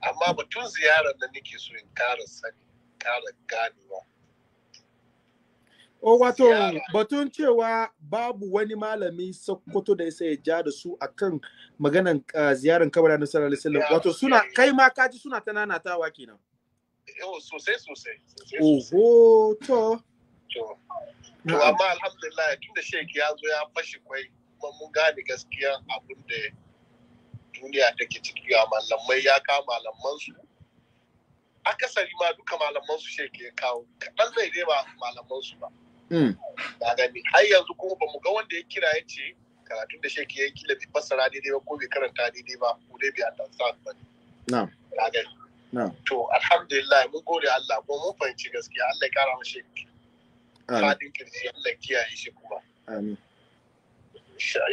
amma batun ziyarar da nake so in kara sani kara ganewa O oh, wato batun cewa babu wani malami Sokoto da ya ja da su akan maganan uh, ziyarar kabarin na sallallahu alaihi wasallam. Wato suna kai ma kaji suna ta nanatawa kenan. Yau sosai sosai. Oho to. To amma alhamdulillah da shek ya zo ya fashi kwai kuma mun gane gaskiya abun da duniya take ciki a malamai ya kama malaman su. Akasari ma duka malaman su shek ya kawo kaɗan zai dai ba malaman su ba. na hmm. gani har yanzu kuma ba mu ga wanda ya kira ya ce karatun da sheki ya kila bi fassara daidai ba ko bai karanta daidai ba ko dai bai understand ba na na gani to alhamdulillah mun gode Allah ko mun fahimci gaskiya Allah ya kara mu sheki fadin kirji Allah ya kiyaye shi kuma amin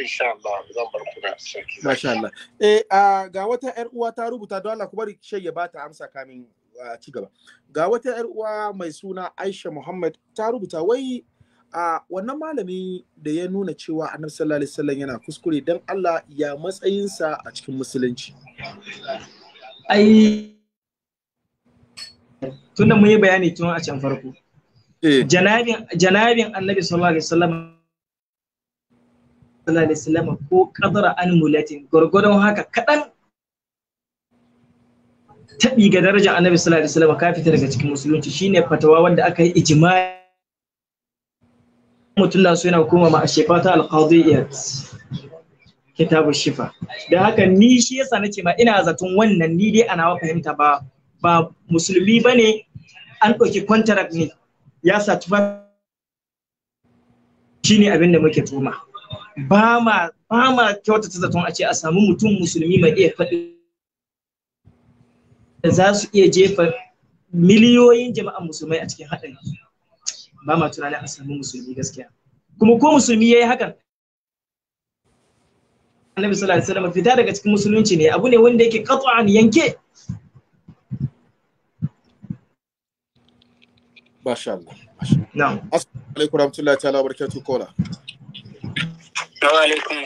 insha Allah zan bar ku sarki masha Allah eh ga wata yar uwa ta rubuta don Allah ku bari ya ba ta amsa kamin ci gaba ga wata yar uwa mai suna Aisha Muhammad ta rubuta wai a wannan malami da ya nuna cewa annabi sallallahu alaihi wasallam yana kuskure dan Allah ya matsayinsa a cikin musulunci ai tunda mun yi bayani tun a can farko eh. janabin janabin annabi sallallahu alaihi wasallam sallallahu alaihi wasallam ko qadara an mulatin gurgurdan haka kadan tabi ga darajar annabi sallallahu alaihi wasallam ka fita daga cikin musulunci shine fatawa wanda aka yi ijma'i mutum su yana koma ma a shefa ta alqadiyat kitabu shifa da haka ni shi yasa nace ma ina zaton wannan ni dai ana fahimta ba ba musulmi bane an ɗauki contract ne ya sa tufa shine abin da muke tuma ba ma ba ma kyautata zaton a ce a samu mutum musulmi mai iya faɗi za su iya jefa miliyoyin jama'an musulmai a cikin haɗari ba ma tunanin a samu musulmi gaskiya kuma ko musulmi yayi hakan annabi sallallahu alaihi wasallam fita daga cikin musulunci ne abu ne wanda yake qat'an yanke Masha Allah. Na'am. alaikum warahmatullahi ta'ala kola. alaikum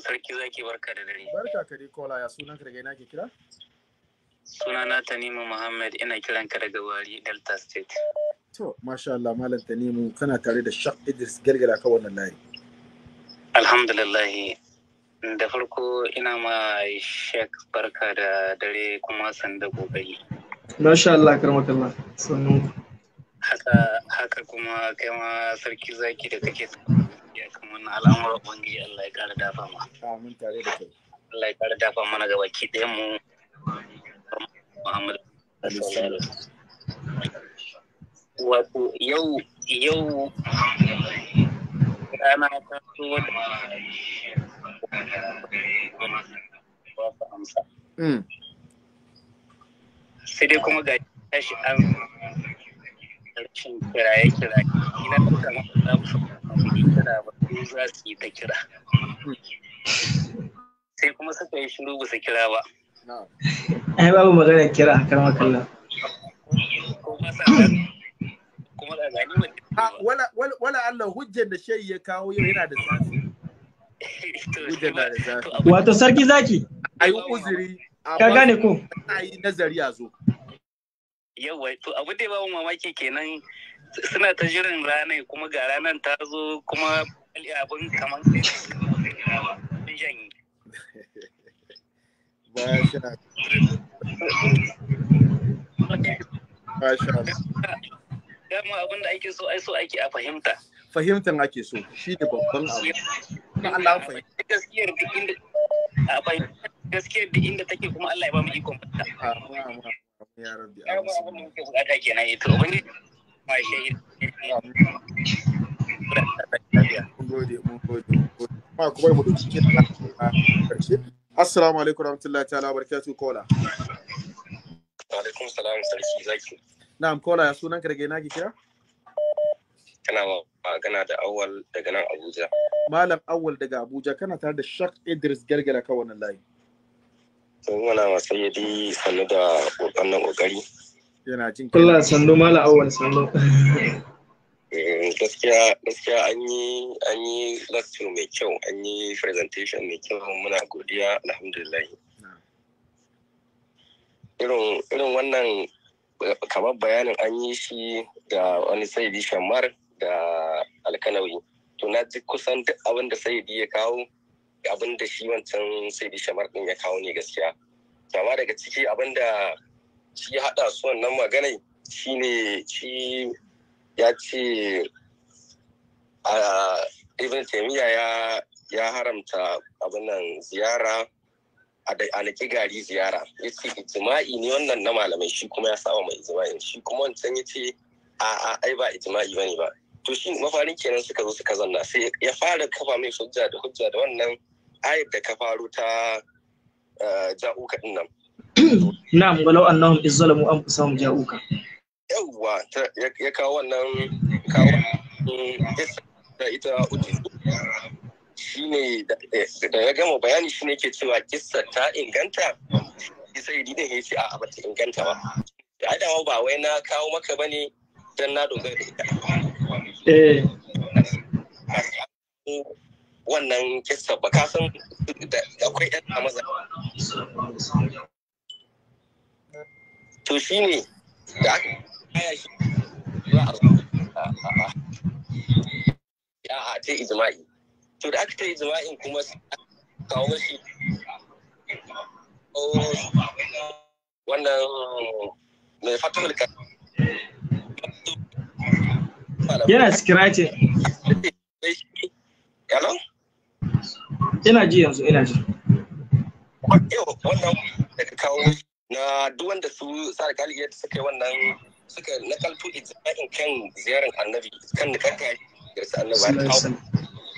sarki zaki barka da dare. Barka ka dai kola ya sunan ka daga ina ke kira? Sunana Tanimu Muhammad ina kiran ka daga Wari Delta State. To, masha Allah, Malam Tanimu, kana tare da Shak Idris gargara ka wannan layi. Alhamdulillah, da farko ina ma Shek barka da dare kuma sanda kokari. Masha Allah, karmakallah, sannu. Haka, haka kuma kai ma sarki zaki da kake ya kamar al'amuran bangi Allah ya kara dafa ma. Amin tare da kai. Allah ya kara dafa mana gaba ki ɗayan mu. Muhammadu. wato yau yau rana ta so da ba su amsa sai dai kuma ga tashi an rashin kiraye kiraye ina kuka su zafi kira ba su za su yi ta kira sai kuma suka yi shiru ba su kira ba ai babu maganar kira kan makalla ko ba kuma da wala Allah hujjar da shayi ya kawo yana da zafi wato sarki zaki ayi uzuri ka gane ko ayi nazari a zo yawa to abu da mamaki kenan suna ta jiran ranar kuma ga ranar ta zo kuma abin kamar sai dama abin da ake so ai so ake a fahimta fahimtan ake so shi ne babban abu kuma Allah fahimta gaskiyar duk inda a fahimta gaskiyar duk inda take kuma Allah ya ba mu ikon ya rabbi eh assalamu alaikum warahmatullahi ta'ala barakatuh kola alaikum salam sarki zaki na'am kola ya sunan ka daga ina ki kira kana magana da awal daga nan abuja malam awal daga abuja kana tare da shak idris gargara ka wannan layi sun wana masu yadi sannu da wannan kokari yana jin kullum sannu malam awal sannu eh, gaskiya gaskiya an yi an yi lecture mai kyau an yi presentation mai kyau muna godiya alhamdulillah irin wannan kamar bayanin an yi shi da wani sayidi shamar da alkanawi to na ji kusan duk abin da sayidi ya kawo abin da shi wancan sayidi shammar din ya kawo ne gaskiya amma daga ciki abin da shi haɗa su wannan maganai ne shi ya ce a ibn taimiyya ya haramta abin nan ziyara a laƙi gari ziyara ya ce ijima'i ne wannan na malamai shi kuma ya saba mai ijima'in shi kuma wancan ya ce a ai ba ijima'i ne ba to shi mafarin kenan suka zo suka zanna sai ya fara kafa mai hujja da hujja da wannan ayar da ka faru ta eh, ja'uka din nan na'am walau annahum izzalamu anfusahum ja'uka yawwa ya kawo wannan kawo eh, ita ita shine da ya gama bayani shine ke cewa kissa ta inganta sai didin ya ce a ta inganta ba da adama ba wai na kawo maka ba ne don na dogara da ita wannan kissa ba ka san akwai yan maza to shine da aka kaya shi ya a ce ijma'i to da aka yi zawa'in kuma kawo mashi wannan mai ka yana scratching hello ina ji yanzu ina ji wannan daga na duk wanda su sa suka yi wannan suka nakalto ijma'in kan ziyarar annabi kan da kanka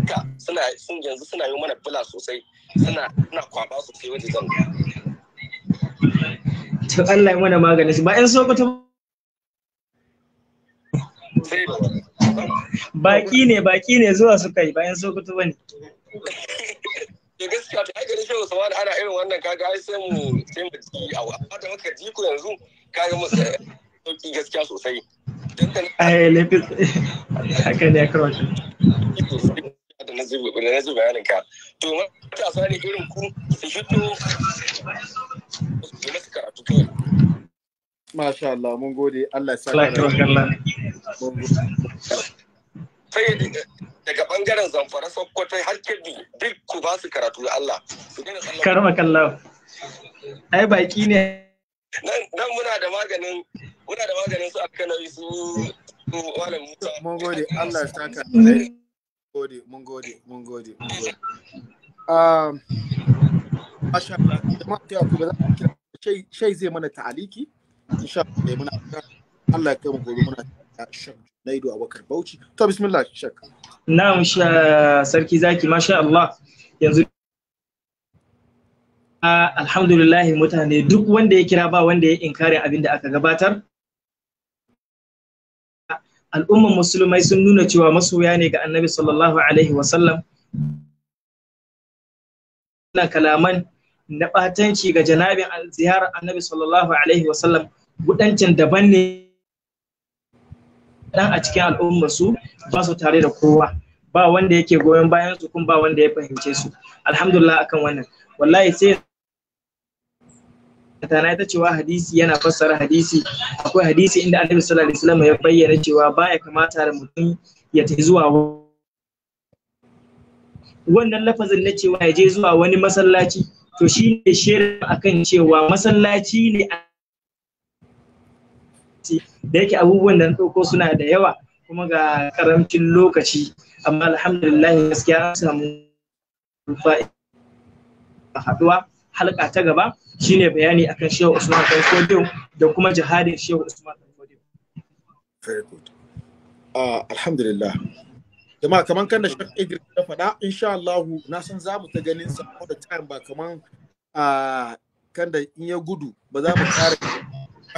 duka suna sun yanzu suna yi mana bula sosai suna na kwaba sosai wani zan to Allah ya mana magani ba so sokoto baki ne baki ne zuwa suka yi bayan sokoto ba ne da gaskiya to ai garin shehu sawa ana irin wannan kaga ai sai mu sai mu ji a wata maka jiko yanzu kaga mu sauki gaskiya sosai ai lafi haka ne ya na zuba ka to matasa ne irin ku su fito su masu karatu kawai Masha Allah, mun gode Allah sa Sai daga bangaren zamfara sokoto har duk ku ba su karatu da Allah. Karma kallon. Ai baki ne. Nan muna da maganin muna da maganin su a su Mun gode Allah sa ka gode, mun gode, mun gode, mun gode. Um, masha Allah, jama'a ta yaku ba za a kira shai zai mana ta'aliki, insha Allah muna Allah ya kai mu gobe muna shan Naidu Abubakar Bauchi. To bismillah shak. Na sha sarki zaki masha Allah. Yanzu ah, alhamdulillah mutane duk wanda ya kira ba wanda ya inkari abin da aka gabatar al'umman musulmai sun nuna cewa masoya ne ga annabi sallallahu alaihi wasallam na kalaman na ɓatanci ga janabin ziyarar annabi sallallahu alaihi wasallam gudancin daban ne dan a cikin al'ummar su ba su tare da kowa ba wanda yake goyon bayan su kuma ba wanda ya fahimce su alhamdulillah akan wannan wallahi sai tana ita cewa hadisi yana fassara hadisi akwai hadisi inda annabi sallallahu alaihi wasallam ya bayyana cewa baya kamata da mutum ya tafi zuwa wannan lafazin na cewa ya je zuwa wani masallaci to shi ne shirin akan cewa masallaci ne da yake abubuwan da na ɗauko suna da yawa kuma ga karamcin lokaci amma alhamdulillah gaskiya an samu haɗuwa halka ta gaba shine bayani akan Shehu Usman Danfodiyo da kuma jihadin Shehu Usman Danfodiyo. Very good. Uh, alhamdulillah. Jama'a kaman kan da Sheikh Idris ya faɗa insha Allah na san za mu ta ganin sa all the time ba kaman uh, kan da in ya gudu ba za mu kare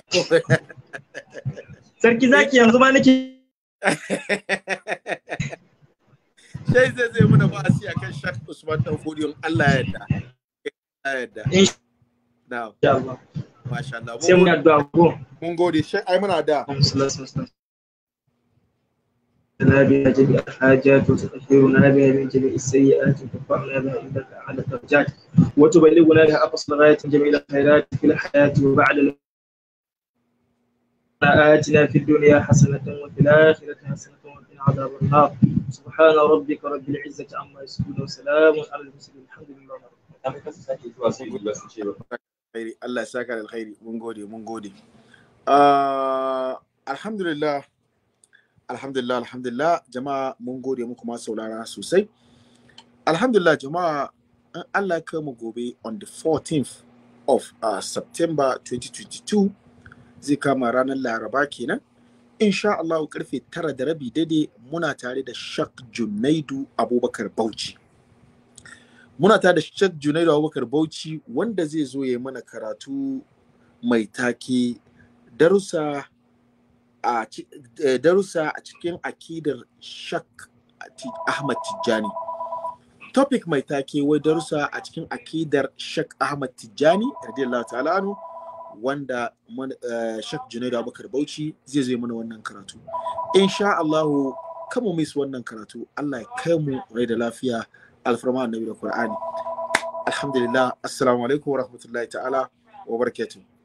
Sarki zaki yanzu ma nake Shai zai zai muna ba a kan Sheikh Usman Danfodiyo Allah ya yarda. in sha Allah masha Allah sai mun addu'a ko mun gode shi ai وتبلغنا بها اقصى غايه جميع الخيرات في الحياه وبعد آتنا في الدنيا حسنة وفي الآخرة حسنة وقنا عذاب النار سبحان ربك رب العزة عما يصفون وسلام على المرسلين الحمد لله Allah ya saka alkhairi mun gode mun gode ah, alhamdulillah alhamdulillah alhamdulillah jama'a mun gode muku ma saurara sosai alhamdulillah jama'a in Allah ka mu gobe on the 14th of uh, September 2022 zai kama ranar laraba kenan insha Allah karfe tara da rabi daidai muna tare da Shak Junaidu Abubakar Bauchi muna ta da Shek Junaidu Abubakar Bauchi wanda zai zo ya mana karatu mai take darussa a eh, darussa a cikin akidar Shak Ahmad Tijjani. Topic mai take wai darussa a cikin akidar Shak Ahmad Tijjani radiyallahu ta'ala anhu wanda uh, eh, Shak Junaidu Abubakar Bauchi zai zo mana wannan karatu. Insha Allah kamu mis wannan karatu Allah ya kai mu rai da lafiya. alfarma annabi da qur'ani alhamdulillah assalamu alaikum wa ta'ala wa barakatuh